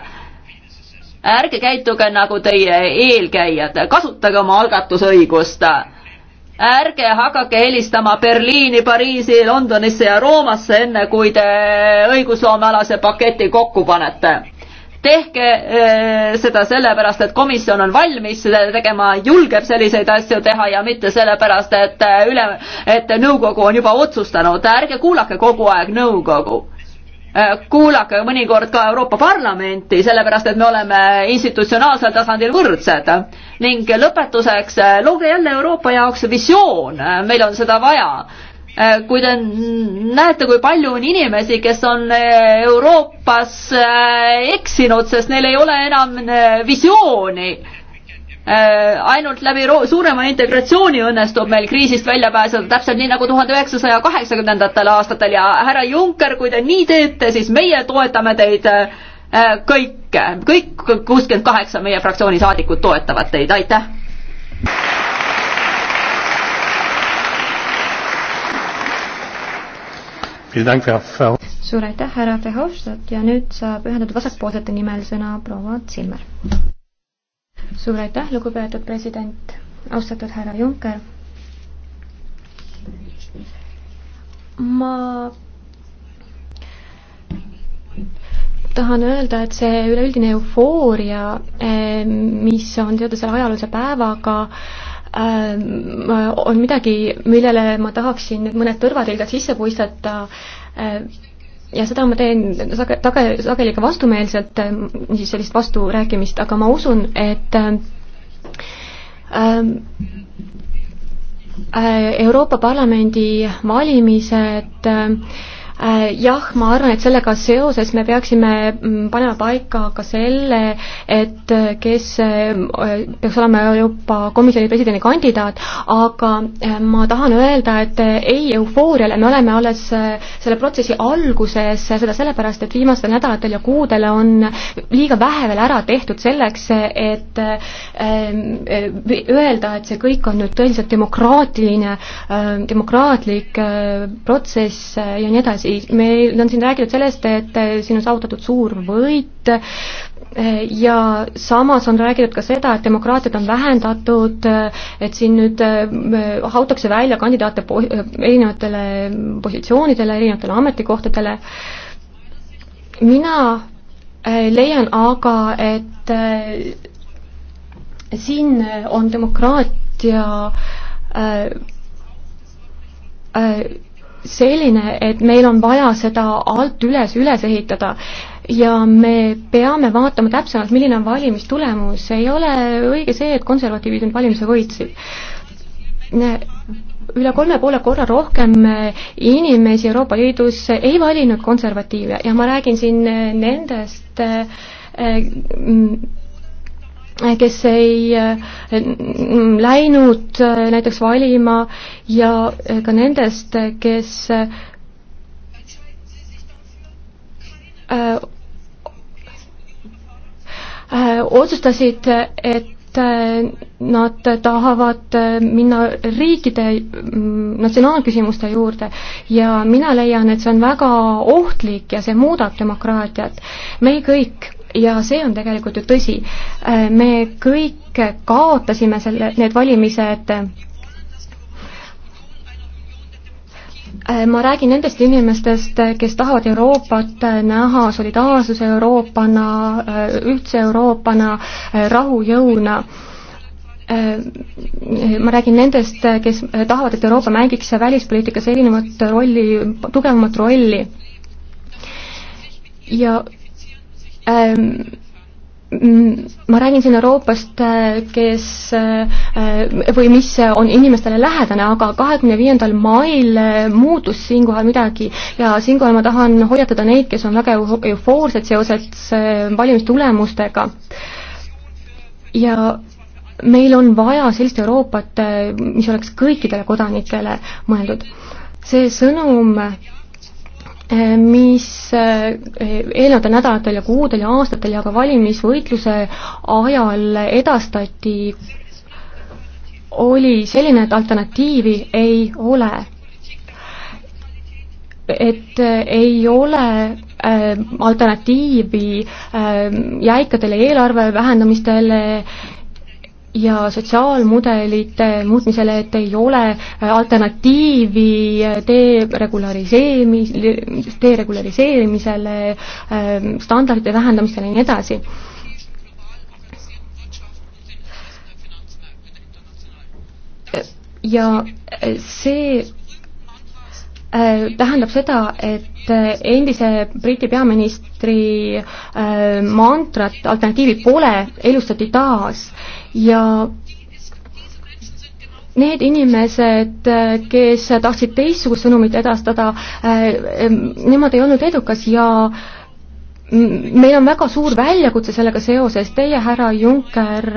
ärge käituge nagu teie eelkäijad, kasutage oma algatusõigust ärge hakake helistama Berliini, Pariisi, Londonisse ja Roomasse, enne kui te õigusloomealase paketi kokku panete tehke äh, seda sellepärast, et komisjon on valmis tegema, julgeb selliseid asju teha ja mitte sellepärast, et äh, üle, et nõukogu on juba otsustanud, ärge kuulake kogu aeg nõukogu äh, kuulake mõnikord ka Euroopa Parlamenti, sellepärast et me oleme institutsionaalsel tasandil võrdsed. ning lõpetuseks, looge jälle Euroopa jaoks visioon, meil on seda vaja Äh, kui te näete, kui palju on inimesi, kes on äh, Euroopas äh, eksinud, sest neil ei ole enam visiooni. ainult läbi suurema integratsiooni õnnestub meil kriisist välja pääseda, täpselt nii nagu tuhande üheksasaja kaheksakümnendatel aastatel ja härra Juncker, kui te nii teete, siis meie toetame teid kõike, kõik kuuskümmend kaheksa meie fraktsiooni saadikut toetavad teid, aitäh! suur aitäh, härra Verhofstadt ja nüüd saab ühendatud vasakpoolsete nimel sõna proua Zimmer. suur aitäh, lugupeetud president, austatud härra Juncker. ma tahan öelda, et see üleüldine eufooria, eh, mis on seotud selle ajaloolise päevaga, Äh, on midagi, millele ma tahaksin nüüd mõned tõrvatilgad sisse puistata äh, ja seda ma teen sage-, tage-, sageli ka vastumeelselt, niisiis äh, sellist vasturääkimist, aga ma usun, et Euroopa Parlamendi valimised äh, Äh, jah, ma arvan, et sellega seoses me peaksime mm, panema paika ka selle, et äh, kes äh, peaks olema Euroopa Komisjoni presidendi kandidaat, aga ma tahan öelda, et ei eufooriale, me oleme alles selle protsessi alguses, seda sellepärast, et viimastel nädalatel ja kuudel on liiga vähe veel ära tehtud selleks, et öelda, et see kõik on nüüd tõeliselt demokraatiline, demokraatlik protsess ja nii edasi, meil, nad on siin rääkinud sellest, et eh, siin on saavutatud suur võit eh, ja samas on räägitud ka seda, et demokraatiat on vähendatud, eh, et siin nüüd hautakse välja kandidaate po-, erinevatele positsioonidele, erinevatele ametikohtadele, mina leian aga, et siin on demokraatia äh, äh, selline, et meil on vaja seda alt üles üles ehitada ja me peame vaatama täpsemalt, milline on valimistulemus, ei ole õige see, et konservatiivid nüüd valimise võitsid. üle kolme poole korra rohkem inimesi Euroopa Liidus ei valinud konservatiive ja ma räägin siin nendest eh, kes ei eh, läinud eh, näiteks valima ja eh, ka nendest, kes otsustasid, et nad tahavad minna riikide mm, natsionaalküsimuste juurde ja mina leian, et see on väga ohtlik ja see muudab demokraatiat. me kõik ja see on tegelikult ju tõsi. me kõik kaotasime selle, need valimised ma räägin nendest inimestest, kes tahavad Euroopat näha solidaarsuse Euroopana, ühtse Euroopana, rahujõuna. Ma räägin nendest, kes tahavad, et Euroopa mängiks välispoliitikas erinevat rolli, tugevamat rolli. ja Ähm, mm, ma räägin siin Euroopast, äh, kes äh, või mis on inimestele lähedane, aga kahekümne viiendal mail äh, muutus siinkohal midagi ja siinkohal ma tahan hoiatada neid, kes on väga eufoorsed seoses valimistulemustega. ja meil on vaja sellist Euroopat, mis oleks kõikidele kodanikele mõeldud. see sõnum mis eh, eelnevatel nädalatel ja kuudel ja aastatel ja ka valimisvõitluse ajal edastati, oli selline, et alternatiivi ei ole. et eh, ei ole eh, alternatiivi jäikadele eelarve vähendamistele, ja sotsiaalmudelite muutmisele, et ei ole alternatiivi deregulariseerimis, deregulariseerimisele, ähm, standardite vähendamisele ja nii edasi ja see Äh, tähendab seda, et äh, endise Briti peaministri äh, mantrat alternatiivi pole, elustati taas ja need inimesed, kes tahtsid teistsugust sõnumit edastada, nemad ei olnud edukas ja meil on väga suur väljakutse sellega seoses, teie, härra Juncker,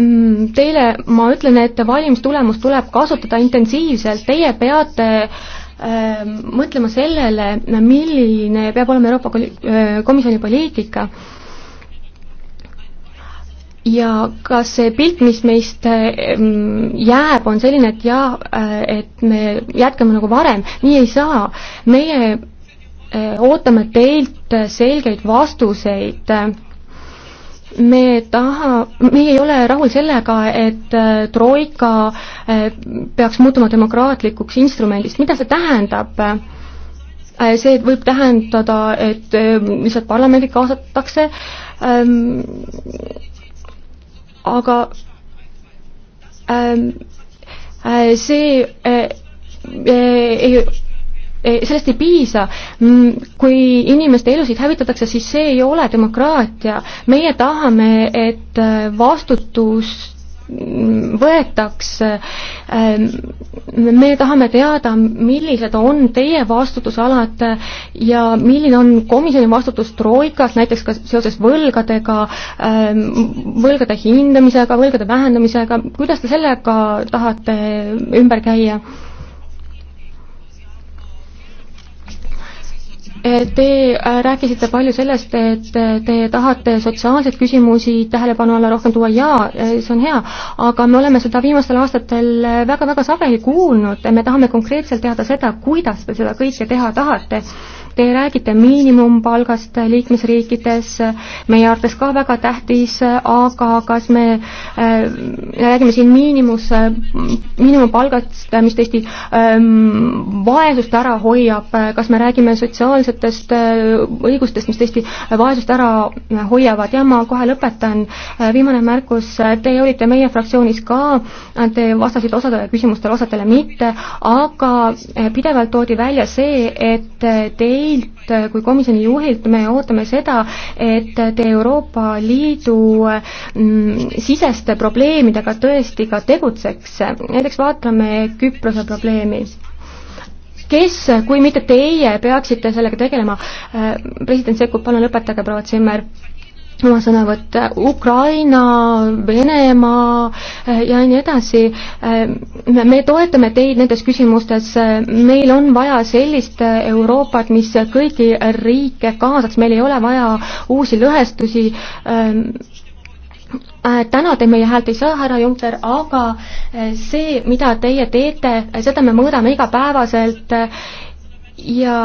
Mm, teile ma ütlen, et valimistulemust tuleb kasutada intensiivselt, teie peate äh, mõtlema sellele, milline peab olema Euroopa äh, Komisjoni poliitika ja kas see pilt, mis meist ähm, jääb, on selline, et jaa, äh, et me jätkame nagu varem, nii ei saa. meie äh, ootame teilt selgeid vastuseid äh, me taha, meie ei ole rahul sellega, et äh, troika äh, peaks muutuma demokraatlikuks instrumendist, mida see tähendab? Äh, see võib tähendada, et lihtsalt parlamendid kaasatakse, ähm, aga ähm, see ei sellest ei piisa, mm, kui inimeste elusid hävitatakse, siis see ei ole demokraatia. meie tahame, et äh, vastutus mm, võetaks, ähm, me tahame teada, millised on teie vastutusalad ja milline on komisjoni vastutus Troikas, näiteks ka seoses võlgadega, ähm, võlgade hindamisega, võlgade vähendamisega, kuidas te sellega tahate ümber käia? Eh, te äh, rääkisite palju sellest, et äh, te tahate sotsiaalseid küsimusi tähelepanu alla rohkem tuua ja äh, see on hea, aga me oleme seda viimastel aastatel väga-väga sageli kuulnud, me tahame konkreetselt teada seda, kuidas te seda kõike teha tahate Te räägite miinimumpalgast liikmesriikides, meie arvates ka väga tähtis, aga kas me äh, räägime siin miinimus äh,, miinimumpalgast, mis tõesti ähm, vaesust ära hoiab, kas me räägime sotsiaalsetest äh, õigustest, mis tõesti vaesust ära hoiavad ja ma kohe lõpetan, äh, viimane märkus, te olite meie fraktsioonis ka, te vastasite osadele küsimustele, osadele mitte, aga äh, pidevalt toodi välja see, et teie teilt äh, kui komisjoni juhilt me ootame seda, et te Euroopa Liidu mm, siseste probleemidega tõesti ka tegutseks. näiteks vaatame Küprose probleemi kes, kui mitte teie, peaksite sellega tegelema? Äh, president sekkub, palun lõpetage, proua Zimmer oma sõnavõtte Ukraina, Venemaa eh, ja nii edasi. Eh, me toetame teid nendes küsimustes, meil on vaja sellist eh, Euroopat, mis kõigi riike kaasaks, meil ei ole vaja uusi lõhestusi. täna te meie häält ei saa, härra Juncker, aga see, mida teie teete, seda me mõõdame igapäevaselt ja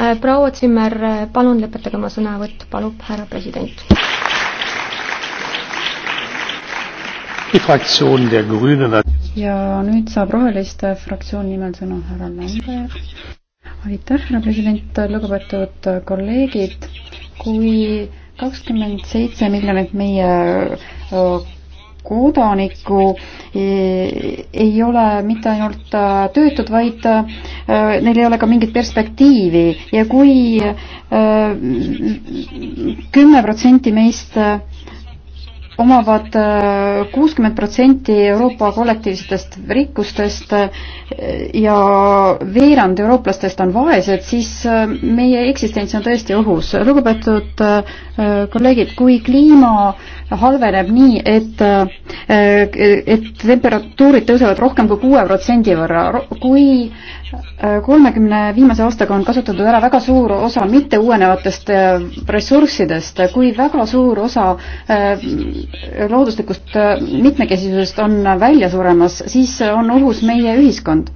Äh, proua Zimmer, äh, palun lõpetage oma sõnavõtt, palub härra president. ja nüüd saab Roheliste fraktsiooni nimel sõna härra Lamber. aitäh, härra president, lugupeetud kolleegid, kui kakskümmend seitse miljonit meie kodanikku e, ei ole mitte ainult äh, töötud, vaid äh, neil ei ole ka mingit perspektiivi ja kui äh, kümme protsenti meist omavad äh, kuuskümmend protsenti Euroopa kollektiivsetest rikkustest äh, ja veerand eurooplastest on vaesed, siis äh, meie eksistents on tõesti ohus. lugupeetud kolleegid, kui kliima halveneb nii, et, et temperatuurid tõusevad rohkem kui kuue protsendi võrra, kui kolmekümne viimase aastaga on kasutatud ära väga suur osa mitteuuenevatest äh, ressurssidest, kui väga suur osa äh, looduslikust äh, mitmekesisusest on välja suremas, siis on ohus meie ühiskond.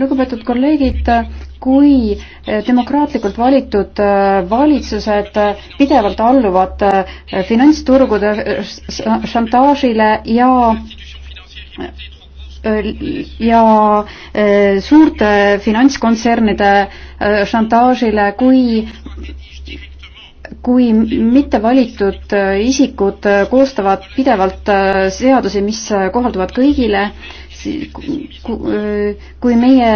lugupeetud kolleegid, kui demokraatlikult valitud valitsused pidevalt alluvad finantsturgude šantaažile ja ja e, suurte finantskontsernide e, šantaažile, kui kui mittevalitud e, isikud koostavad pidevalt seadusi, mis kohalduvad kõigile, kui meie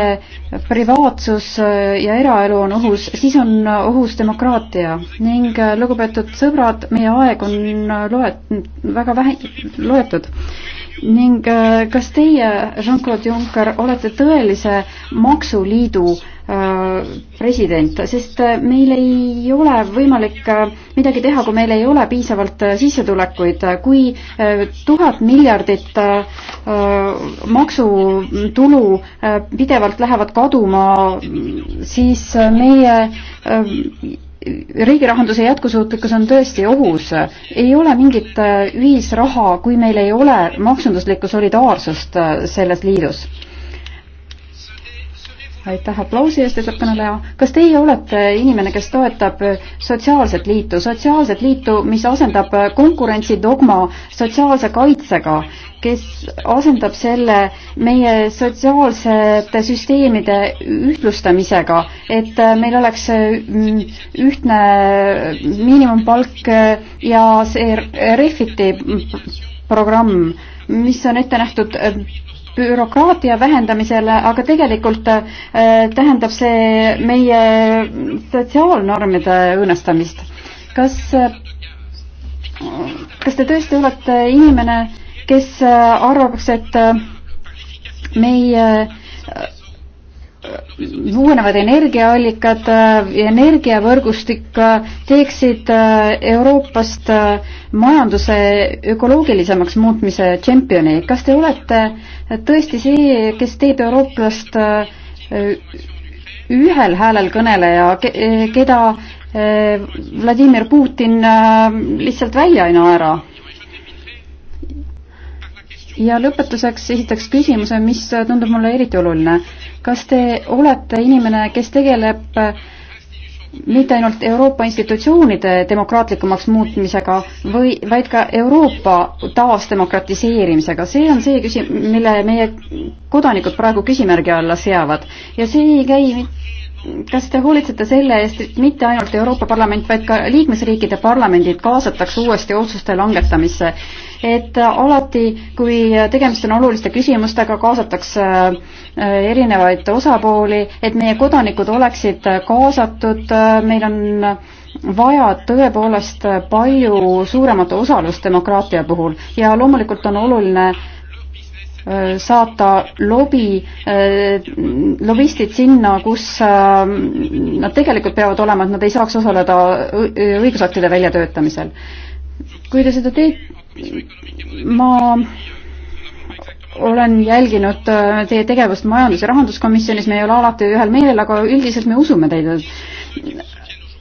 privaatsus ja eraelu on ohus, siis on ohus demokraatia ning lugupeetud sõbrad, meie aeg on loet-, väga vähe, loetud ning äh, kas teie, Jean-Claude Juncker, olete tõelise maksuliidu äh, president, sest äh, meil ei ole võimalik midagi teha, kui meil ei ole piisavalt sissetulekuid. kui tuhat miljardit maksutulu pidevalt lähevad kaduma, siis meie riigi rahanduse jätkusuutlikkus on tõesti ohus. ei ole mingit äh, ühisraha, kui meil ei ole maksunduslikku solidaarsust äh, selles liidus aitäh aplausi eest, ütleb kõneleja. kas teie olete inimene, kes toetab sotsiaalset liitu, sotsiaalset liitu, mis asendab konkurentsidogma sotsiaalse kaitsega, kes asendab selle meie sotsiaalsete süsteemide ühtlustamisega, et meil oleks mm, ühtne miinimumpalk ja see Refiti programm, mis on ette nähtud bürokraatia vähendamisele, aga tegelikult äh, tähendab see meie sotsiaalnormide õõnestamist. kas, äh, kas te tõesti olete inimene, kes äh, arvaks, et meie uuenevad energiaallikad ja äh, energiavõrgustik äh, teeksid äh, Euroopast majanduse ökoloogilisemaks muutmise tšempioni. kas te olete tõesti see, kes teeb eurooplast ühel häälel kõneleja, keda Vladimir Putin lihtsalt välja ei naera? ja lõpetuseks esitaks küsimuse, mis tundub mulle eriti oluline. kas te olete inimene, kes tegeleb äh, mitte ainult Euroopa institutsioonide demokraatlikumaks muutmisega või, vaid ka Euroopa taasdemokratiseerimisega, see on see küsi-, mille meie kodanikud praegu küsimärgi alla seavad ja see ei käi kas te hoolitsete selle eest, et mitte ainult Euroopa Parlament, vaid ka liikmesriikide parlamendid kaasatakse uuesti otsuste langetamisse et alati, kui tegemist on oluliste küsimustega, kaasatakse äh, erinevaid osapooli, et meie kodanikud oleksid kaasatud, äh, meil on vaja tõepoolest palju suuremat osalust demokraatia puhul ja loomulikult on oluline äh, saata lobi, lobistid sinna, kus nad tegelikult peavad olema, et nad ei saaks osaleda õigusaktide väljatöötamisel. kui te seda teete, ma olen jälginud äh, teie tegevust majandus- ja rahanduskomisjonis, me ei ole alati ühel meelel, aga üldiselt me usume teid.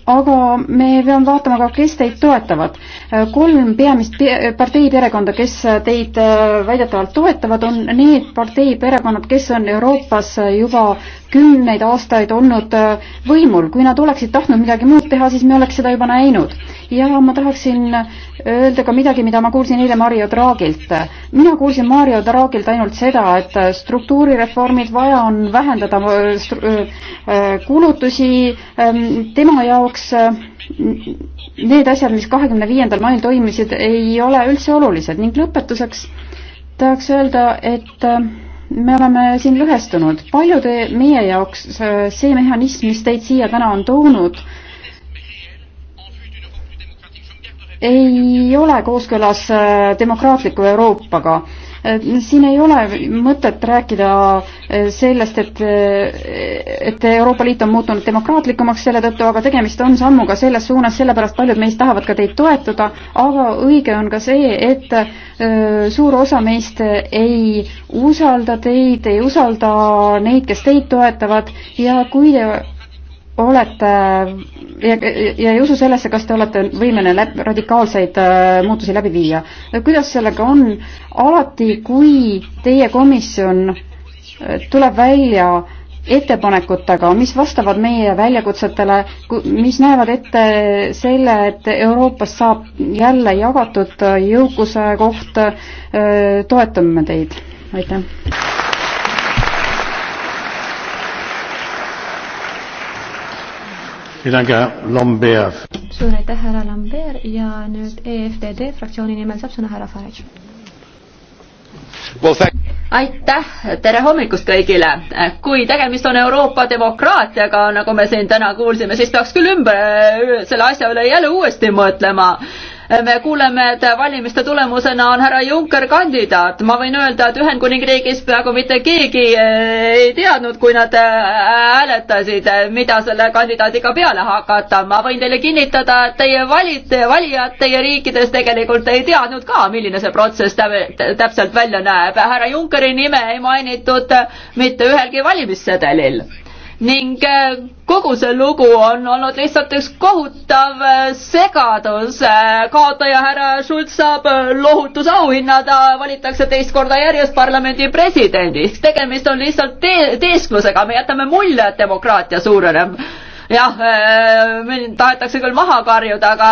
aga me peame vaatama ka, kes teid toetavad. Äh, kolm peamist parteiperekonda, kes teid äh, väidetavalt toetavad, on need parteiperekonnad, kes on Euroopas juba kümneid aastaid olnud äh, võimul. kui nad oleksid tahtnud midagi muud teha, siis me oleks seda juba näinud. ja ma tahaksin öelda ka midagi, mida ma kuulsin eile Mario Draagilt. mina kuulsin Mario Draagilt ainult seda, et struktuurireformid, vaja on vähendada äh, äh, kulutusi ähm, tema jaoks Need asjad, mis kahekümne viiendal mail toimisid, ei ole üldse olulised ning lõpetuseks tahaks öelda, et me oleme siin lõhestunud. paljude meie jaoks see mehhanism, mis teid siia täna on toonud, ei ole kooskõlas äh, demokraatliku Euroopaga Äh, siin ei ole mõtet rääkida äh, sellest, et, äh, et Euroopa Liit on muutunud demokraatlikumaks selle tõttu, aga tegemist on sammuga selles suunas, sellepärast paljud meist tahavad ka teid toetada, aga õige on ka see, et suur osa meist ei usalda teid, ei usalda neid, kes teid toetavad ja kui te olete ja, ja ei usu sellesse, kas te olete võimeline läb, radikaalseid äh, muutusi läbi viia. kuidas sellega on? alati, kui teie komisjon äh, tuleb välja ettepanekutega, mis vastavad meie väljakutsetele, mis näevad ette selle, et Euroopas saab jälle jagatud äh, jõukuse koht äh,, toetame teid. aitäh! suur aitäh, härra Lambert ja nüüd EFDD fraktsiooni nimel saab sõna härra Farage well,. aitäh, tere hommikust kõigile. kui tegemist on Euroopa demokraatiaga, nagu me siin täna kuulsime, siis peaks küll ümber selle asja üle jälle uuesti mõtlema me kuuleme, et valimiste tulemusena on härra Juncker kandidaat. ma võin öelda, et Ühendkuningriigis peaaegu mitte keegi eh, ei teadnud, kui nad eh, hääletasid, eh, mida selle kandidaadiga peale hakata. ma võin teile kinnitada, et teie valid, valijad teie riikides tegelikult ei teadnud ka, milline see protsess täpselt välja näeb. härra Junckeri nime ei mainitud mitte ühelgi valimissedelil ning äh, kogu see lugu on olnud lihtsalt üks kohutav äh, segadus. Äh, kaotaja härra Schulz saab lohutusauhinna, ta valitakse teist korda järjest parlamendi presidendiks. tegemist on lihtsalt te teesklusega, me jätame mulje, et demokraatia suureneb jah, äh, mind tahetakse küll maha karjuda, aga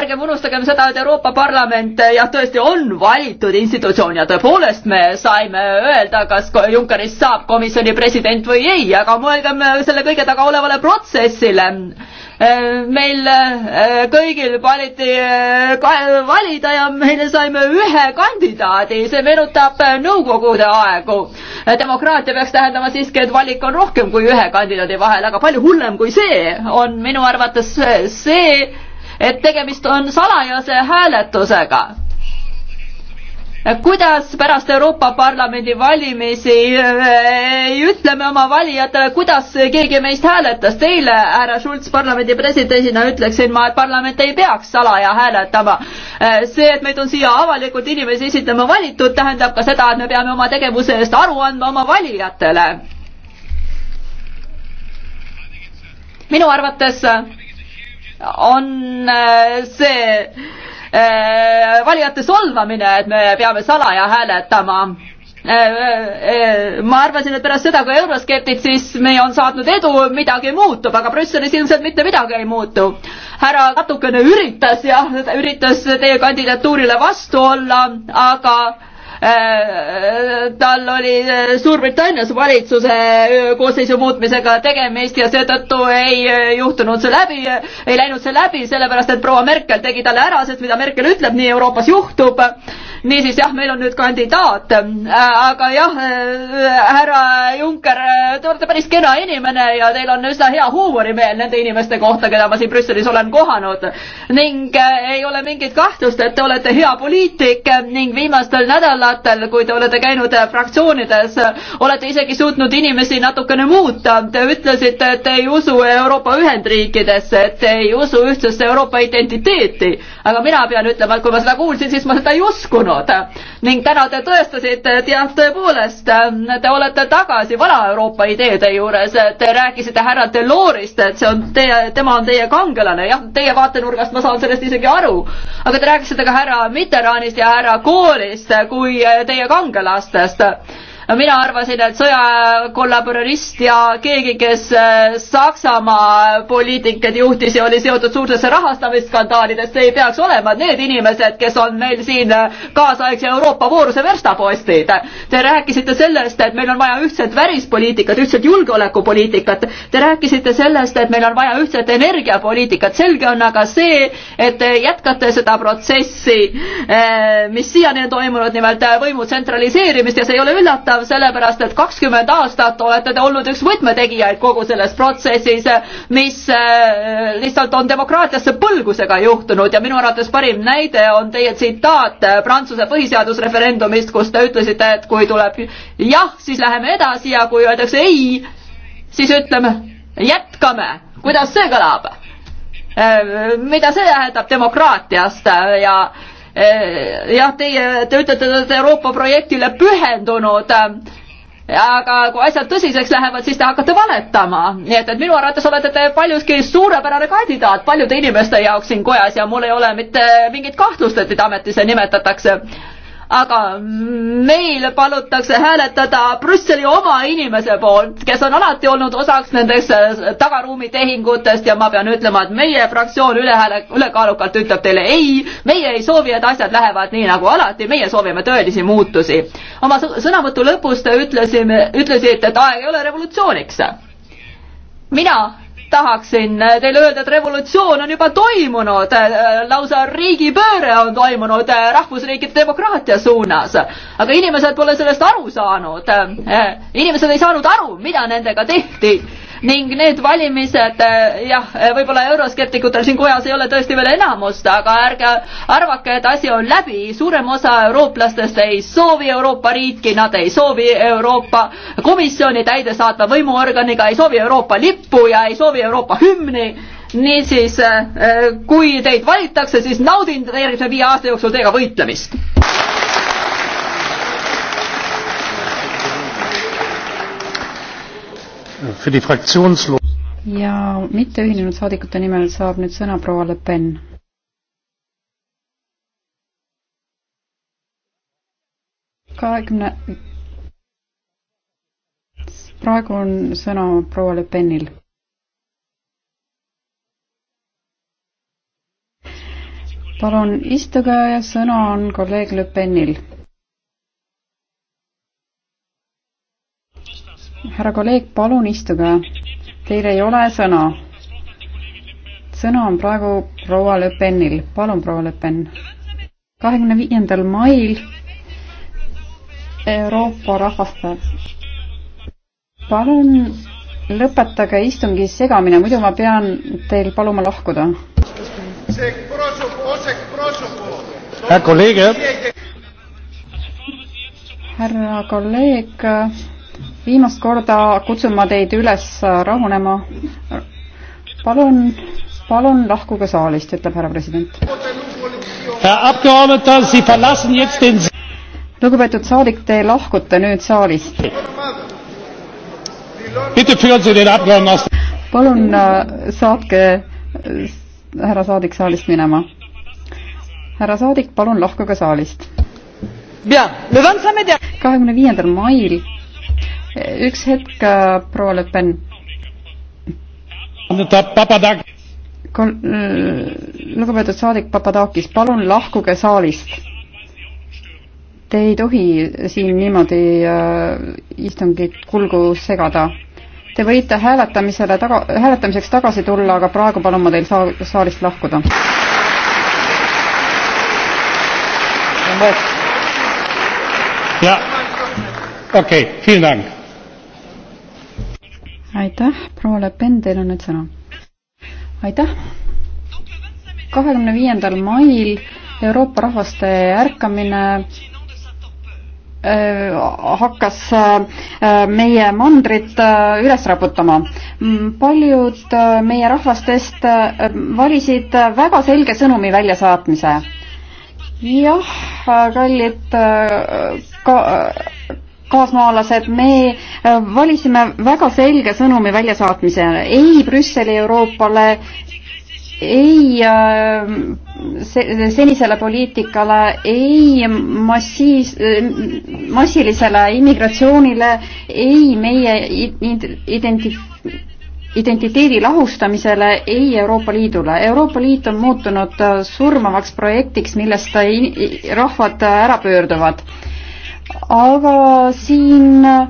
ärgem unustagem seda, et Euroopa Parlament äh, jah, tõesti on valitud institutsioon ja tõepoolest me saime öelda, kas Junckerist saab komisjoni president või ei, aga mõelgem äh, selle kõige taga olevale protsessile. meil kõigil valiti valida ja meile saime ühe kandidaadi, see meenutab nõukogude aegu demokraatia peaks tähendama siiski, et valik on rohkem kui ühe kandidaadi vahel, aga palju hullem kui see on minu arvates see, et tegemist on salajase hääletusega kuidas pärast Euroopa Parlamendi valimisi äh, ütleme oma valijatele, kuidas keegi meist hääletas. Teile, härra Schulz, parlamendi presidendina ütleksin ma, et parlament ei peaks salaja hääletama. Äh, see, et meid on siia avalikult inimesi esitama valitud, tähendab ka seda, et me peame oma tegevuse eest aru andma oma valijatele. minu arvates on äh, see Äh, valijate solvamine, et me peame salaja hääletama äh, äh, ma arvasin, et pärast seda, kui euroskeptitsism on saatnud edu, midagi muutub, aga Brüsselis ilmselt mitte midagi ei muutu. härra natukene üritas jah, üritas teie kandidatuurile vastu olla, aga Äh, tal oli äh, Suurbritannias valitsuse äh, koosseisu muutmisega tegemist ja seetõttu ei juhtunud see läbi, ei läinud see läbi, sellepärast et proua Merkel tegi talle ära, sest mida Merkel ütleb, nii Euroopas juhtub. niisiis jah, meil on nüüd kandidaat, aga jah, härra Juncker, te olete päris kena inimene ja teil on üsna hea huumorimeel nende inimeste kohta, keda ma siin Brüsselis olen kohanud ning ei ole mingit kahtlust, et te olete hea poliitik ning viimastel nädalal nädalatel, kui te olete käinud äh, fraktsioonides, äh, olete isegi suutnud inimesi natukene muuta. Te ütlesite, et te ei usu Euroopa Ühendriikidesse, et te ei usu ühtsesse Euroopa identiteeti. aga mina pean ütlema, et kui ma seda kuulsin, siis ma seda ei uskunud. ning täna te tõestasite, et jah, tõepoolest, äh, te olete tagasi Vana-Euroopa ideede juures. Te rääkisite härra Delorist, et see on teie, tema on teie kangelane. jah, teie vaatenurgast ma saan sellest isegi aru. aga te rääkisite ka härra Mitterrandist ja härra Koolist kui kui äh, teie kangelastest mina arvasin, et sõjakollaborist ja keegi, kes äh, Saksamaa poliitikat juhtis ja oli seotud suurtesse rahastamisskandaalidesse, ei peaks olema need inimesed, kes on meil siin äh, kaasaegse Euroopa vooruse verstapostid. Te rääkisite sellest, et meil on vaja ühtset välispoliitikat, ühtset julgeolekupoliitikat. Te rääkisite sellest, et meil on vaja ühtset energiapoliitikat. selge on aga see, et te jätkate seda protsessi, äh, mis siiani on toimunud, nimelt võimu tsentraliseerimist ja see ei ole üllatav, huvitav, sellepärast et kakskümmend aastat olete te olnud üks võtmetegijaid kogu selles protsessis, mis äh, lihtsalt on demokraatiasse põlgusega juhtunud ja minu arvates parim näide on teie tsitaat äh, Prantsuse põhiseadusreferendumist, kus te ütlesite, et kui tuleb jah, siis läheme edasi ja kui öeldakse ei, siis ütleme jätkame. kuidas see kõlab? Äh, mida see tähendab demokraatiast ja Eh, jah, teie, te ütlete, te olete Euroopa projektile pühendunud eh, aga kui asjad tõsiseks lähevad, siis te hakkate valetama. nii et, et minu arvates olete te paljuski suurepärane kandidaat paljude inimeste jaoks siin kojas ja mul ei ole mitte mingit kahtlust, et teid ametisse nimetatakse aga meil palutakse hääletada Brüsseli oma inimese poolt, kes on alati olnud osaks nendest äh, tagaruumitehingutest ja ma pean ütlema, et meie fraktsioon ülehääle, ülekaalukalt ütleb teile ei, meie ei soovi, et asjad lähevad nii nagu alati, meie soovime tõelisi muutusi. oma sõnavõtu lõpus te ütlesime, ütlesite, et aeg ei ole revolutsiooniks. mina tahaksin äh, teile öelda, et revolutsioon on juba toimunud, äh, lausa riigipööre on toimunud äh, rahvusriikide demokraatia suunas. aga inimesed pole sellest aru saanud. inimesed ei saanud aru, mida nendega tehti ning need valimised eh, jah, eh, võib-olla euroskeptikutel siin kojas ei ole tõesti veel enamust, aga ärge arvake, et asi on läbi, suurem osa eurooplastest ei soovi Euroopa riiki, nad ei soovi Euroopa Komisjoni täidesaatva võimuorganiga, ei soovi Euroopa lippu ja ei soovi Euroopa hümni niisiis, eh, kui teid valitakse, siis naudin järgmise viie aasta jooksul teiega võitlemist ja mitteühinenud saadikute nimel saab nüüd sõna proua Le Pen. kahekümne, praegu on sõna proua Le Penil. palun istuge ja sõna on kolleeg Le Penil härra kolleeg, palun istuge. Teil ei ole sõna. sõna on praegu proua Le Penil. palun, proua Le Pen. kahekümne viiendal mail Euroopa rahvastel. palun lõpetage istungi segamine, muidu ma pean teil paluma lahkuda. härra kolleeg. härra kolleeg viimast korda kutsun ma teid üles rahunema. palun, palun lahkuge saalist, ütleb härra president. lugupeetud saadik, te lahkute nüüd saalist. palun äh, saatke äh, härra saadik saalist minema. härra saadik, palun lahkuge saalist. kahekümne viiendal mail üks hetk, äh, proua Le Pen. Äh, lugupeetud saadik Papadakis, palun lahkuge saalist. Te ei tohi siin niimoodi äh, istungit kulgu segada. Te võite hääletamisele taga, hääletamiseks tagasi tulla, aga praegu palun ma teil saa-, saalist lahkuda. ja okei okay,, vielen Dank aitäh, proua Le Pen, teil on nüüd sõna. aitäh. kahekümne viiendal mail Euroopa rahvaste ärkamine äh, hakkas äh, meie mandrit äh, üles raputama. paljud meie rahvastest valisid väga selge sõnumi väljasaatmise. jah, kallid ka, kaasmaalased, me äh, valisime väga selge sõnumi väljasaatmise, ei Brüsseli Euroopale, ei äh, se senisele poliitikale, ei massiis-, äh, massilisele immigratsioonile, ei meie identi-, identiteedi lahustamisele, ei Euroopa Liidule. Euroopa Liit on muutunud surmavaks projektiks, millest rahvad ära pöörduvad aga siin äh,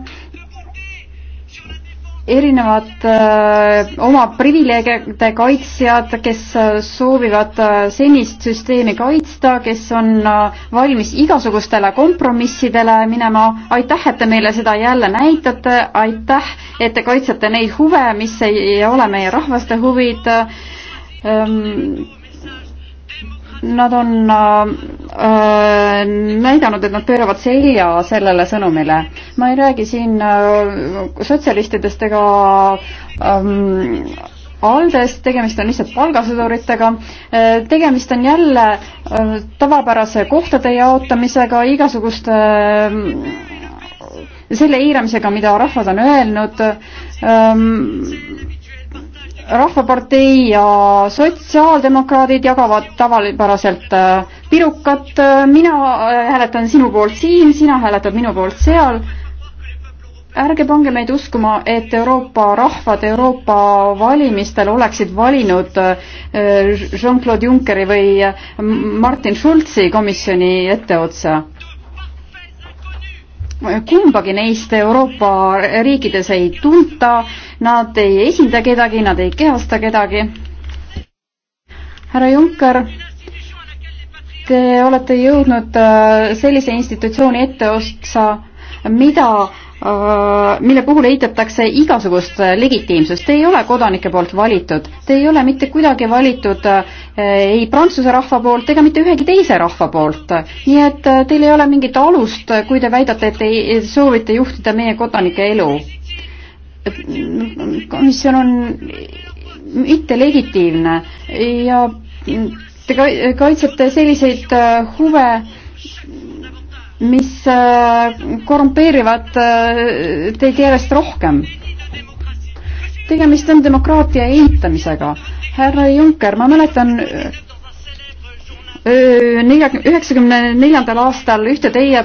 erinevad äh, oma privileegide kaitsjad, kes äh, soovivad äh, senist süsteemi kaitsta, kes on äh, valmis igasugustele kompromissidele minema. aitäh, et te meile seda jälle näitate, aitäh, et te kaitsete neid huve, mis ei, ei ole meie rahvaste huvid äh, ähm, Nad on äh, näidanud, et nad pööravad selja sellele sõnumile. ma ei räägi siin äh, sotsialistidest ega ähm, Aldest, tegemist on lihtsalt palgasõduritega, äh, tegemist on jälle äh, tavapärase kohtade jaotamisega, igasuguste äh, selle eiramisega, mida rahvad on öelnud ähm,. Rahvapartei ja sotsiaaldemokraadid jagavad tavapäraselt äh, pirukat, mina äh, hääletan sinu poolt siin, sina hääletad minu poolt seal. ärge pange meid uskuma, et Euroopa rahvad Euroopa valimistel oleksid valinud äh, Jean-Claude Junckeri või Martin Schulzi komisjoni etteotsa kumbagi neist Euroopa riikides ei tunta, nad ei esinda kedagi, nad ei kehasta kedagi. härra Juncker, te olete jõudnud äh, sellise institutsiooni etteossa, mida Äh, mille puhul eitatakse igasugust äh, legitiimsust. Te ei ole kodanike poolt valitud, te ei ole mitte kuidagi valitud äh, ei prantsuse rahva poolt ega mitte ühegi teise rahva poolt. nii et teil ei ole mingit alust, kui te väidate, et te soovite juhtida meie kodanike elu. komisjon on mittelegitiimne ja te kaitsete selliseid huve, mis äh, korrumpeerivad äh, teid järjest rohkem. tegemist on demokraatia eitamisega. härra Juncker, ma mäletan äh, üheksakümne neljandal aastal ühte teie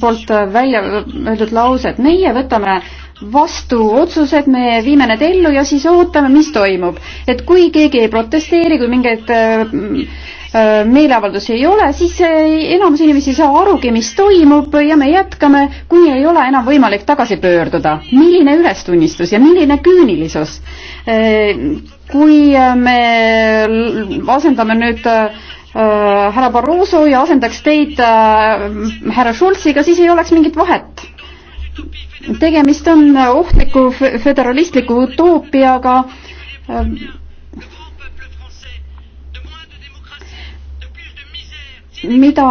poolt välja öeldud lauset, meie võtame vastu otsused, me viime need ellu ja siis ootame, mis toimub. et kui keegi ei protesteeri, kui mingeid äh, äh, meeleavaldusi ei ole, siis äh, enamus inimesi ei saa arugi, mis toimub ja me jätkame, kuni ei ole enam võimalik tagasi pöörduda. milline ülestunnistus ja milline küünilisus. kui me asendame nüüd härra Barroso ja asendaks teid härra Schulziga, siis ei oleks mingit vahet tegemist on ohtliku föderalistliku utoopiaga. Ähm, mida,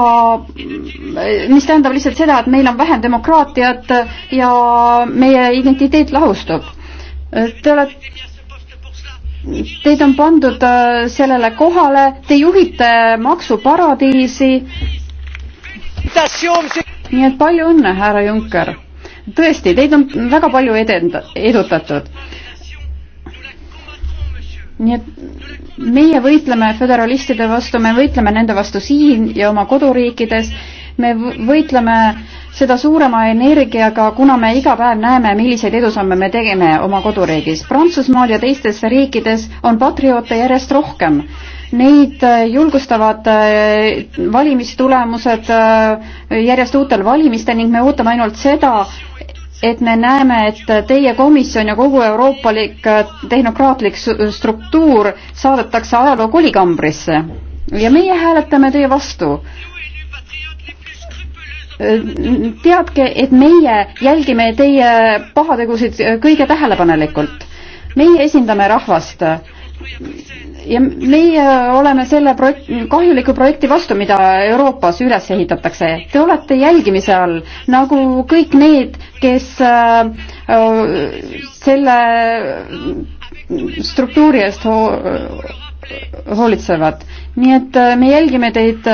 mis tähendab lihtsalt seda, et meil on vähem demokraatiat ja meie identiteet lahustub. Te olete teid on pandud äh, sellele kohale, te juhite maksuparadiisi. nii et palju õnne, härra Juncker tõesti, teid on väga palju edenda-, edutatud. nii et meie võitleme föderalistide vastu, me võitleme nende vastu siin ja oma koduriikides, me võitleme seda suurema energiaga, kuna me iga päev näeme, milliseid edusamme me tegime oma koduriigis. Prantsusmaal ja teistes riikides on patrioote järjest rohkem. Neid äh, julgustavad äh, valimistulemused äh, järjest uutel valimistel ning me ootame ainult seda, et me näeme, et teie komisjon ja kogu euroopalik äh, tehnokraatlik struktuur saadetakse ajaloo kolikambrisse ja meie hääletame teie vastu. teadke, et meie jälgime teie pahategusid kõige tähelepanelikult. meie esindame rahvast ja meie oleme selle projekt, kahjuliku projekti vastu, mida Euroopas üles ehitatakse. Te olete jälgimise all, nagu kõik need, kes äh, äh selle struktuuri eest ho äh, hoolitsevad. nii et äh, me jälgime teid äh,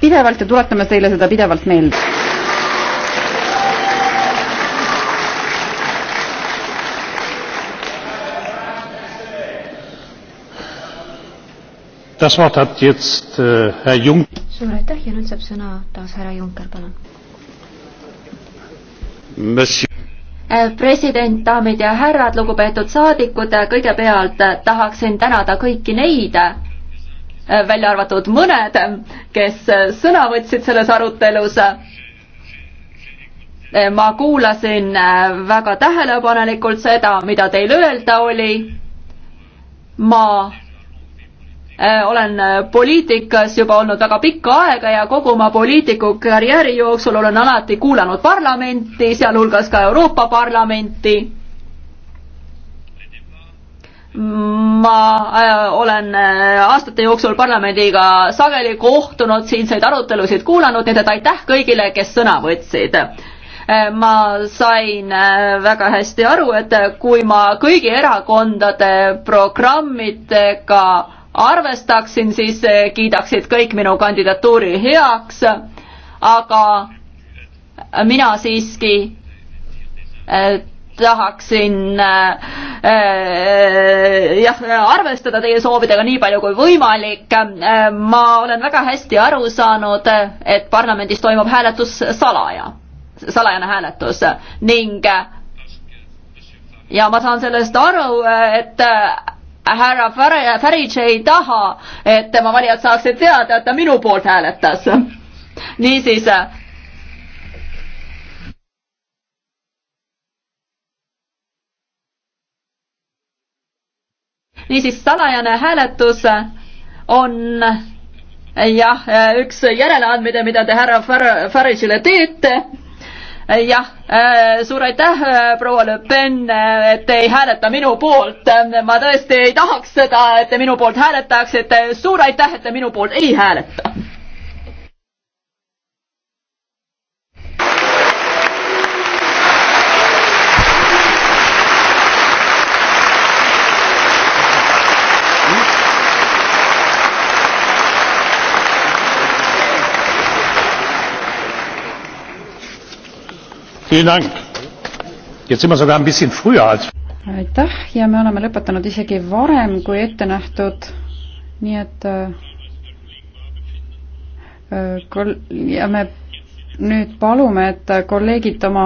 pidevalt ja tuletame teile seda pidevalt meelde. Äh, suur aitäh ja nüüd saab sõna taas härra Juncker, palun. Äh, president, daamid ja härrad, lugupeetud saadikud, äh, kõigepealt tahaksin tänada kõiki neid, välja arvatud mõned, kes sõna võtsid selles arutelus ma kuulasin väga tähelepanelikult seda, mida teil öelda oli. ma Äh, olen äh, poliitikas juba olnud väga pikka aega ja kogu oma poliitiku karjääri jooksul olen alati kuulanud parlamenti, sealhulgas ka Euroopa Parlamenti. ma äh, olen aastate jooksul parlamendiga sageli kohtunud, siinseid arutelusid kuulanud, nii et aitäh kõigile, kes sõna võtsid ma sain väga hästi aru, et kui ma kõigi erakondade programmidega arvestaksin, siis eh, kiidaksid kõik minu kandidatuuri heaks, aga mina siiski eh, tahaksin äh, jah, arvestada teie soovidega nii palju kui võimalik. ma olen väga hästi aru saanud, et parlamendis toimub hääletus salaja, salajane hääletus ning ja ma saan sellest aru, et härra Farage ei taha, et tema valijad saaksid teada, et ta minu poolt hääletas. niisiis. niisiis, salajane hääletus on jah, üks järeleandmine, mida te härra Farage'ile teete Äh, jah, äh, suur aitäh, äh, proua Le Pen, et te ei hääleta minu poolt. Ähm, ma tõesti ei tahaks seda, et te minu poolt hääletaksite. suur aitäh, et te minu poolt ei hääleta aitäh ja me oleme lõpetanud isegi varem kui ette nähtud, nii et äh, äh ja me nüüd palume, et kolleegid oma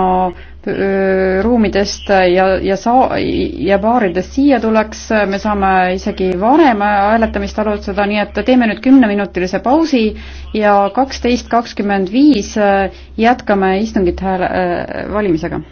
ruumidest ja, ja saa-, ja baaridest siia tuleks, me saame isegi varem hääletamist alustada, nii et teeme nüüd kümneminutilise pausi ja kaksteist kakskümmend viis jätkame istungit hääle-, valimisega